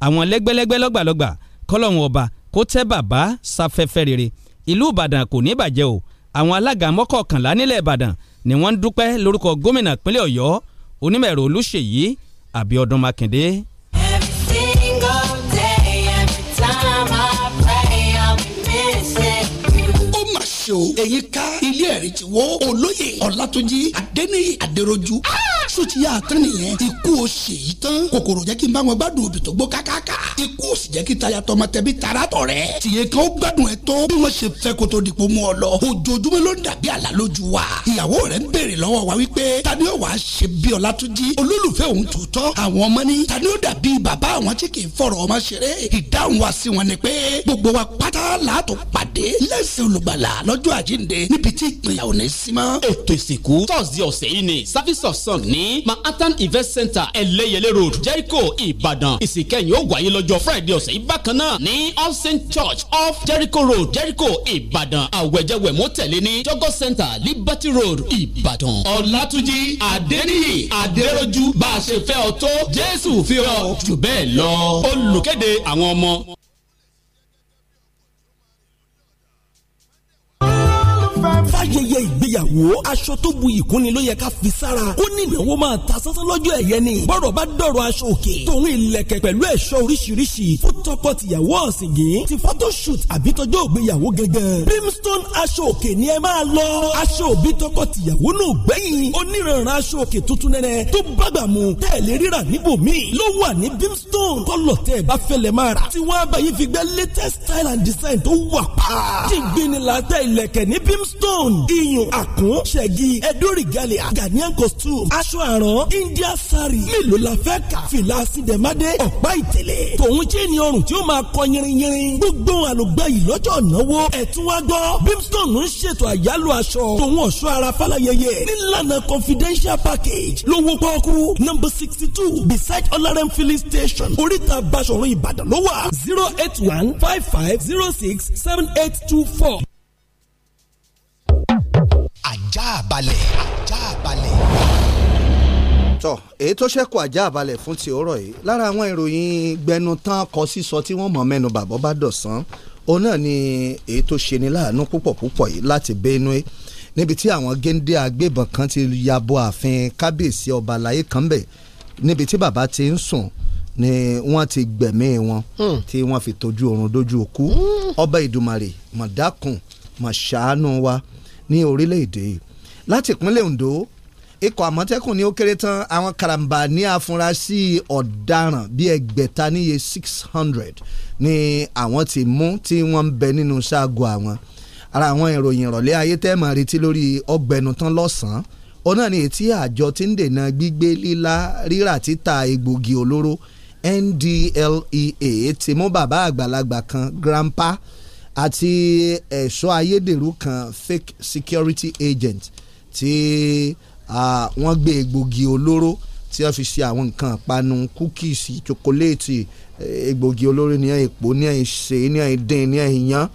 àwọn lẹ́gbẹ́lẹ́gbẹ́ lọ́gbàlọ́gbà kọ́lọ́hún ọba kó tẹ́ bàbá sáfẹ́fẹ́ rere ìlú Ìbàdàn kò ní bàjẹ́ o àwọn alága mọ́kọ̀ọ̀kànlá nílẹ̀ Ìbàdàn ni wọ́n ń dúpẹ́ lórúkọ gómìnà ìpínlẹ̀ Ọ̀yọ́ onímọ̀ ẹ̀rọ Olúṣèyí Abíọ́dún Mákindé ṣe o èyí ká ilé ẹ̀rí ti wó olóyè ọ̀làtúnjì adẹ́nìyí adẹ́rọ̀jú. Ah! sotí yà tán nìyẹn ikú o ṣe yìí tán kòkòrò jẹ́ kí n bá wọn gbádùn òbí tó gbó kákáká ikú o sì jẹ́ kí taya tọmọ tẹbi tara tọ̀ rẹ̀ tìyẹ kan ó gbádùn ẹ̀ tó bí wọ́n ṣe fẹ́ kó tó dìpọ̀ ọ lọ ojoojúmọ́ ló ń dàbí àlá lójú wa ìyàwó rẹ̀ ń béèrè lọ́wọ́ wa wípé tani ó wàá ṣe bí Ọlátúnjí olólùfẹ́ òun tòótọ́ àwọn ọmọ ní tani ó dàbí bàbá àwọn tí kì fọ̀rọ̀ ọmọ ṣeré ìdáhùn wa sí wọn ni pé gbogbo wa pátá làátò pàdé lẹ́sìn olùgbàlà lọ́jọ́ àjíǹde níbi tí ìpínyà ò of song ní ní Manhattan Invest Center Ẹlẹ́yẹlé Road Jericho Ibadan ìsìnkẹ́yìn ó wáyé lọ́jọ́ Friday ọ̀sẹ̀ yìí bákan náà ní All Saint Church of Jericho Road Jericho Ibadan àwẹ̀jẹwẹ̀mú tẹ̀lé ní Jọgọ́ Center Liberty Road Ibadan Ọlátúnjí Adéníyì Adéròjú bá a ṣe fẹ́ ọ tó Jésù fi ọ jù bẹ́ẹ̀ lọ olùkéde àwọn ọmọ fàyẹyẹ ìgbéyàwó aṣọ tó bu ìkúnni ló yẹ ká fi sára ó ní ìnáwó máa ta sánsán lọ́jọ́ ẹ̀yẹ ni bọ́rọ̀ bá dọ̀rọ̀ aṣọ òkè tòun ìlẹ̀kẹ̀ pẹ̀lú ẹ̀ṣọ́ oríṣiríṣi fún tọkọ-tìyàwó ọ̀sìngín ti photoshoot àbí tọjọ́ ògbéyàwó gangan brimstone aṣọ òkè ni ẹ máa lọ aṣọ òbí tọkọ-tìyàwó náà gbẹ̀yìn oníranran aṣọ òkè tuntun nẹ́nẹ́ tó bàgbà mu tẹ̀lé rírà níbòmíì latest style and design tó pa. ti gbinni làtẹ̀ ìlẹ̀kẹ̀ ní gown iyùn àkún ṣẹ̀gì ẹ̀dọ́rìgàlẹ̀ ghanaian costume aṣọ àrán india sari mélòó la fẹ́ kà fìlà sídẹ̀mádé ọ̀pá ìtẹ̀lẹ̀ tòun jẹ́ ni ọrùn tí ó máa kọ yinrinyinrin gbogbo àlùgbà yìí lọ́jọ́ náwó ẹ̀tún wá gbọ́ brimstone ń ṣètò àyálò aṣọ tòun ọ̀ṣọ́ ara fálayẹyẹ nílànà confidential package lówó pọ́ọ́kú number sixty two beside ọlárẹ́m filling station oríta basọ̀rọ̀ ìbàdàn ló wà zero eight one five five zero six seven eight two four. balẹ̀. ajá balẹ̀. tọ èyí tó ṣẹ́kù ajá balẹ̀ fún ti ọ̀rọ̀ yìí lára àwọn ìròyìn gbẹnu kọ sísọ tí wọ́n mọ̀ mẹ́nu bàbọ́ bá dọ̀sán òun náà ni èyí tó ṣe ni láàánú púpọ̀ púpọ̀ yìí láti Benue níbi tí àwọn géńdé agbébọn kan ti ya bo ààfin kábíyèsí ọba àlàyé kan bẹ̀ níbi tí bàbá ti ń sùn ni wọ́n ti gbẹ̀mí wọn hmm. tí wọ́n fi tọ́jú oorun dójú òkú hmm. ọba ìdùmarè mọ̀dákùn mọ̀ṣáánú wa ní orílẹ̀-èdè yìí láti ìpínlẹ̀ Ondo ikọ̀ àmọ̀tẹ́kùn ni ó kéré tán àwọn karambà ní afurasí ọ̀daràn bíi ẹgbẹ̀ta níye six hundred ni àwọn ti mú tí wọ́n ń bẹ nínú ṣáàgó àwọn ara àwọn ìròyìn ìrọ̀lẹ́ ayé tẹ́ máa retí lórí ọgbẹ̀nután lọ́sàn-án òun náà ni ètí àjọ tí ń dènà gbígbé lílá rírà títà egbògi olóró NDLEA ti mú bàbá àgbàlagbà kan grandpa àti ẹ̀ṣọ́ ayédèrú kan fake security agent tí wọ́n gbé egbògi olóró tí wọ́n fi ṣe àwọn nǹkan ìpanu kúkìsì chokoléètì egbògi olóró ní èpò ní ìṣe ní ìdín ní ìyàn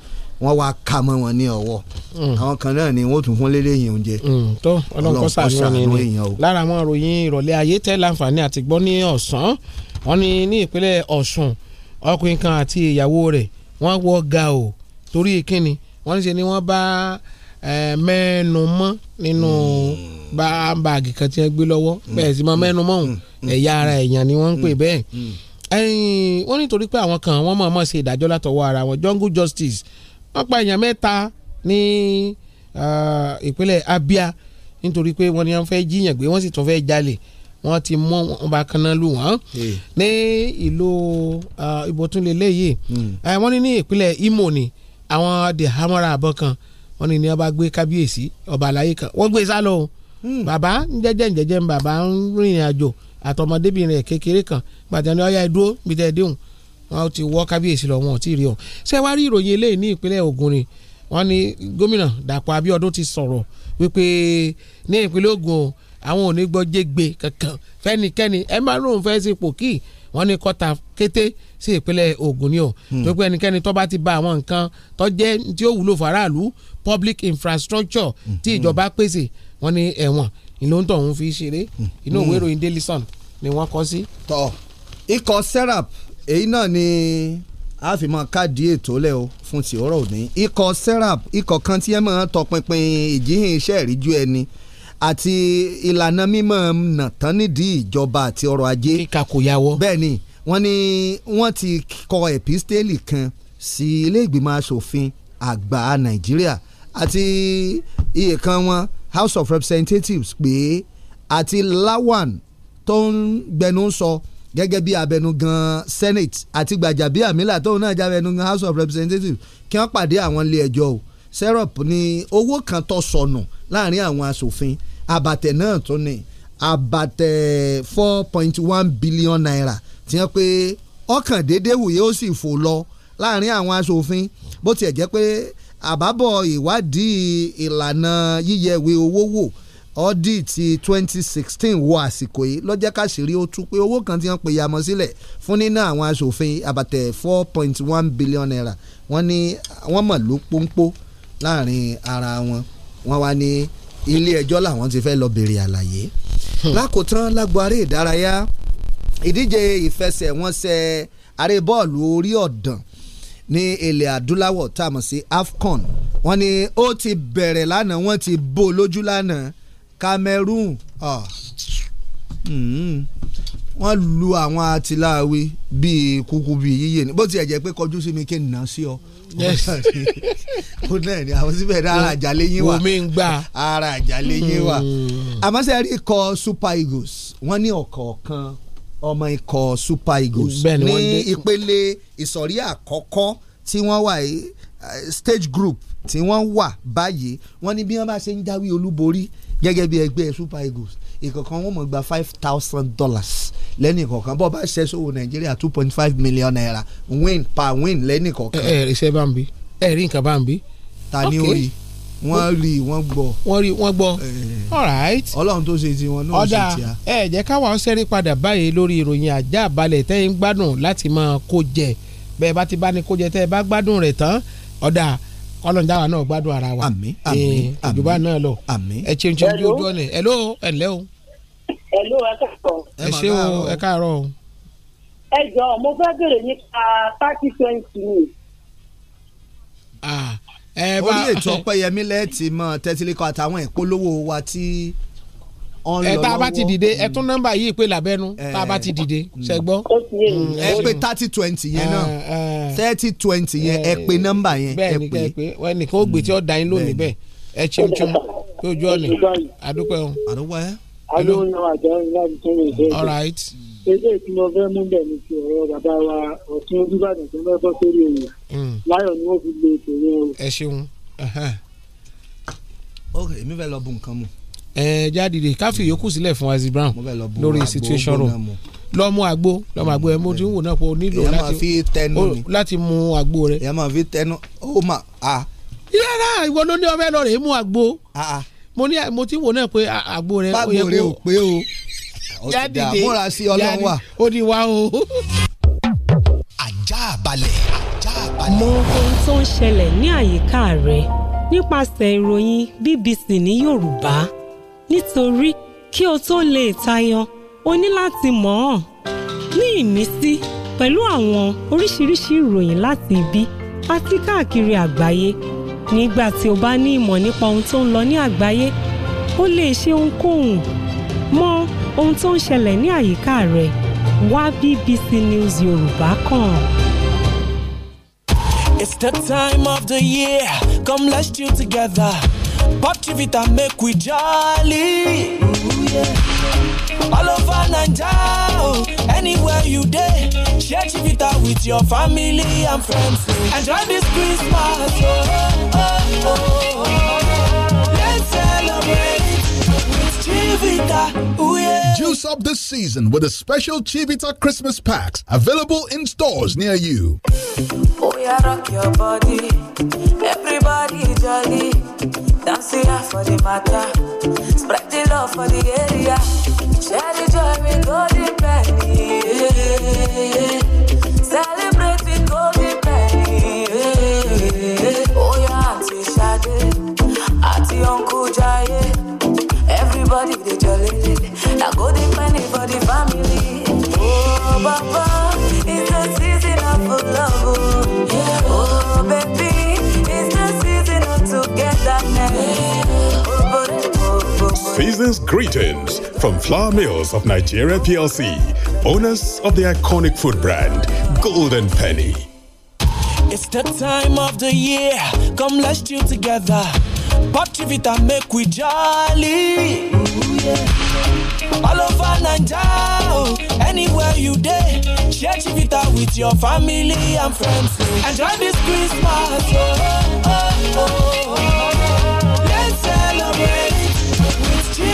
wọ́n wá ka mọ́ wọn ní ọwọ́ mm. àwọn kan náà ni wọ́n tún fún lélẹ́yìn oúnjẹ. Mm, tó ọlọ́nkọ́ sàánú ni lára àwọn ìròyìn ìrọ̀lẹ́ ayé tẹ́ láǹfààní àti gbọ́ ní ọ̀sán wọn ni ní ìpínlẹ̀ Ọ̀ṣun ọkùnrin kan àti ìyàwó rẹ̀ wọ́n wọ́ ga o torí kíni wọ́n ní ṣe ni wọ́n bá mẹ́nu mọ́ nínú hmm. báàgì kan tí wọ́n gbé lọ́wọ́ hmm. bẹ́ẹ̀ sì mọ́ hmm. mẹ́nu mọ́ òun ẹ̀yà ara èèyàn ni wọ́n ń pè bẹ́ẹ̀ wọ́n nítorí pé àwọn kan wọ́n mọ̀ọ́mọ̀ ṣe ìdájọ́ látọwọ́ ara wọn jungle justice wọ́n pa èèyàn mẹ́ta ní ìpínlẹ̀ Abia nítorí pé wọ́n ní wọ́n fẹ́ jíyàn gbé wọ́n sì tún fẹ́ jalè wọ́n ti mú wọn bá kaná lù wọ́n eh. ní ìlú ìbòtúnlélẹ́yìí wọ́n ní ní ìpínlẹ̀ Imo ni àwọn dèhámọ́ra àbọ̀ kan wọ́n ní ní ọba gbé kábíyèsí ọba àlàyé kan wọ́n gbé e sálọ o hmm. bàbá ń jẹ́jẹ́ ń jẹ́jẹ́ ń bàbá ń rìnrìn àjò àtọmọdébìnrin kékeré kan gbàtẹ́ ní ọ̀yà ìdúró bí tẹ́ déhùn wọn ti wọ́ kábíyèsí lọ wọn ò tí ì rí ọ ṣé wàá rí ìròyìn eléyìí ní ìpínlẹ̀ Ògùn ni wọ́n ní gómìnà Dàpọ̀ Abíọ́dún ti sọ̀rọ̀ wípé ní ìpínlẹ̀ Ògùn àwọn ò ní gbọ́ jégbe kankan fẹ́nikẹ́ni ẹ máa lóun fẹ́ sípò kí wọ́n ní kọ́ta kété sí ìpínlẹ̀ Ògùn ni o hmm. tó pé ẹnikẹ́ni tó bá ti ba àwọn nǹkan tó jẹ́ tí ó wúlò faraàlú public infrastructure hmm. tí hmm. ìjọba pèsè wọn ni ẹ̀wọ̀n ìlú ń tọ̀hún fi ṣeré inú òwe ìròyìn Daily Sun ni wọ́n kọ́ sí. tọ ikọ̀ serap èyí náà ni a fi mọ káàdì ètò lẹ o fún ti ọ̀rọ̀ òní ikọ̀ serap ikọ̀ kan tí ẹ máa tọpinpin ìjíhìn iṣẹ́ ìríjú ẹni àti ìlànà mímọ́ nàtán nídìí ìjọba àti ọrọ̀ ajé. kíkà kò yàwọ́. bẹ́ẹ̀ ni wọ́n ní wọ́n ti kọ epistelli kan sí ilé ìgbìmọ̀ asòfin àgbà nàìjíríà àti iye kan wọn house of representatives pé àti lawan tó ń gbẹnu sọ gẹ́gẹ́ bí abẹnugan senate àti gbàjàbíàmílà tóun náà jábẹnugan house of representatives kí wọ́n pàdé àwọn ilé ẹjọ́ o serop ní owó kan tó sọnù láàrin àwọn asòfin àbàtẹ̀ náà tó ní àbàtẹ̀ four point one billion naira tí wọ́n pé ọkàn déédéé wùyẹ́ ó sì fò lọ láàrin àwọn aṣòfin bó tiẹ̀ jẹ́ pé àbábọ̀ ìwádìí ìlànà yíyẹ ìwé owó wò audit ti twenty sixteen wo àsìkò yìí lọ́jẹ́ káṣírí ó tú pé owó kan tí wọ́n pè yamọ sílẹ̀ fún níná àwọn aṣòfin àbàtẹ̀ four point one billion naira wọ́n ní wọ́n mọ̀ ló pọ́npọ́ láàrin ara wọn wọ́n wá ní ilé ẹjọ́ làwọn ti fẹ́ lọ béèrè àlàyé. Hmm. lákòótán lágbo aré ìdárayá ìdíje ìfẹsẹ̀wọnsẹ̀ aré bọ́ọ̀lù orí ọ̀dàn ní ilẹ̀ adúláwọ̀ tá a mọ̀ sí AFCON wọ́n ní ó ti bẹ̀rẹ̀ lánàá wọ́n ti bò lójú lánàá Cameroon hmm, wọ́n lu àwọn atiláwe bíi kúkú bíi yíyé ni bó tiẹ̀ jẹ́ pé kọjú sí mi kí n nà sí ọ ó náà ni àwọn síbẹ̀ ní ara àjálé yín wà omi ń gbà ara àjálé yín wà hmm. àmọ́ sẹ́ẹ̀rí kọ Super Eagles wọ́n ní ọ̀kọ̀ọ̀kan ọmọ ikọ̀ super eagles ní ìpele ìsọ̀rí àkọ́kọ́ tí wọ́n wà eh, stage group tí wọ́n wà báyìí wọ́n ní bí wọ́n bá ṣe ń jáwé olúborí gẹ́gẹ́ bí ẹgbẹ́ super eagles ìkọ̀kan wọ́n mọ̀ gba five thousand dollars lẹ́nì kọ̀ọ̀kan bọ́ bá ṣe sówó nàìjíríà two point five million naira win per win lẹ́nì kọ̀ọ̀kan. ẹ ẹ ṣe bá ń bí ẹ rí nǹkan bá ń bí. ta ni ó rí. Okay wọ́n rí wọ́n gbọ́. wọ́n rí wọ́n gbọ́. Eh. alright. ọlọ́run tó ṣe tiwọn náà ṣe tíya. ọ̀dà ẹ jẹ́ káwa ń ṣẹ́rí padà báyìí lórí ìròyìn àjà àbálẹ̀ tẹ́ ń gbádùn láti máa kó jẹ bẹ́ẹ̀ bá ti bá ní kó jẹ tẹ́ ẹ bá gbádùn rẹ̀ tán ọ̀dà ọlọ́run dáwà náà gbádùn ara wa. àmín àmín eh, àmín ìjọba náà lọ. àmín ẹ ṣeun ṣeun ojú ọ̀nà ẹ ló ẹ lẹ́ o. ẹ ló ẹ káàárọ̀. ẹ ṣé o ẹ káàárọ̀ o. ẹ jọ mo fẹ́ bèrè nípa thirty twenty orí ètò ọpẹ́yẹmí lẹ́ẹ̀tì mọ́ tẹ́tílẹ́kọ̀ àtàwọn ìpolówó wa tí ọ̀n lọ́wọ́. Mm. ẹ tá a bá ti dìde mm. ẹ tún nọ́mbà yìí pé làbẹ́nu tá a bá ti dìde ṣe ẹ pé thirty twenty yẹn náà thirty twenty yẹn ẹ pé nọ́mbà yẹn ẹ pé. bẹ́ẹ̀ni ẹ pé ẹnìkan ó gbé yín lónìí bẹ́ẹ̀ ẹ ṣeun ṣeun pé ojú ọ̀nì àdúpẹ́ o. àdúpẹ́ ẹ. alóhùn náà àjọyọ̀ láti tún lè ṣe é. all ilé ìtumọ̀ fẹ́ mú bẹ̀ ní ti ọ̀rọ̀ bàbá wa ọ̀tún ojúbàdàn tó mẹ́fọ́ sórí èèyàn Mm. láyọ̀ ni wọ́n fi gbé ètò yẹn o. ẹ ṣeun. ok èmi fẹ́ lọ bu nǹkan mu. ẹ jáde káfí yòókù sílẹ̀ fún Azeez Brown lórí situation room lọ mú àgbo lọ mú àgbo ẹ mo ti ń wò náà pé o nílò láti mú àgbo rẹ. ìyá máa fi tẹnu ó mà á. yàrá ìwọ ló ní ọmọ ẹ lọ rè é mú àgbo mo ní mo ti ń wò náà pé àgbo rẹ. báwo rẹ ò pé o ó ti dà múra sí ọlọ́run wa. ó di wa o. ajá balẹ̀ mọ ohun tó ń ṣẹlẹ̀ ní àyíká rẹ nípasẹ̀ ìròyìn BBC ní Yorùbá nítorí kí o tó lè tayọ o ní láti mọ̀ ọ́n ní ìmísí pẹ̀lú àwọn oríṣiríṣi ìròyìn láti ibi àti káàkiri àgbáyé nígbà tí o bá ní ìmọ̀ nípa ohun tó ń lọ ní àgbáyé o lè ṣe ohunkóhun mọ ohun tó ń ṣẹlẹ̀ ní àyíká rẹ wá BBC News Yorùbá kàn. It's the time of the year, come let's chill together. Pop Chivita make we jolly. All over Naija, oh, anywhere you day. Share Chivita with your family and friends. Enjoy this Christmas. Oh, oh, oh, Let's celebrate with Chivita. Ooh. Juice up this season with a special Chivita Christmas packs available in stores near you. Oh, yeah, rock your body. Everybody jolly. Dance here for the matter. Spread the love for the area. Share the joy with Golden Penny. Yeah. Celebrate with Golden Penny. Oh, yeah, Auntie Shade. Auntie Uncle Jaye. Everybody, they jolly go the for the family. Oh, Baba, it's the season of love. Oh, baby, it's the season of togetherness. Oh, oh, oh, Season's greetings from Flour Mills of Nigeria PLC, owners of the iconic food brand Golden Penny. It's the time of the year, come let's chill together. Pop Chivita make we jolly. All over Nanja, oh, anywhere you day. Share Chivita with your family and friends. Enjoy this Christmas. Oh, oh, oh, oh.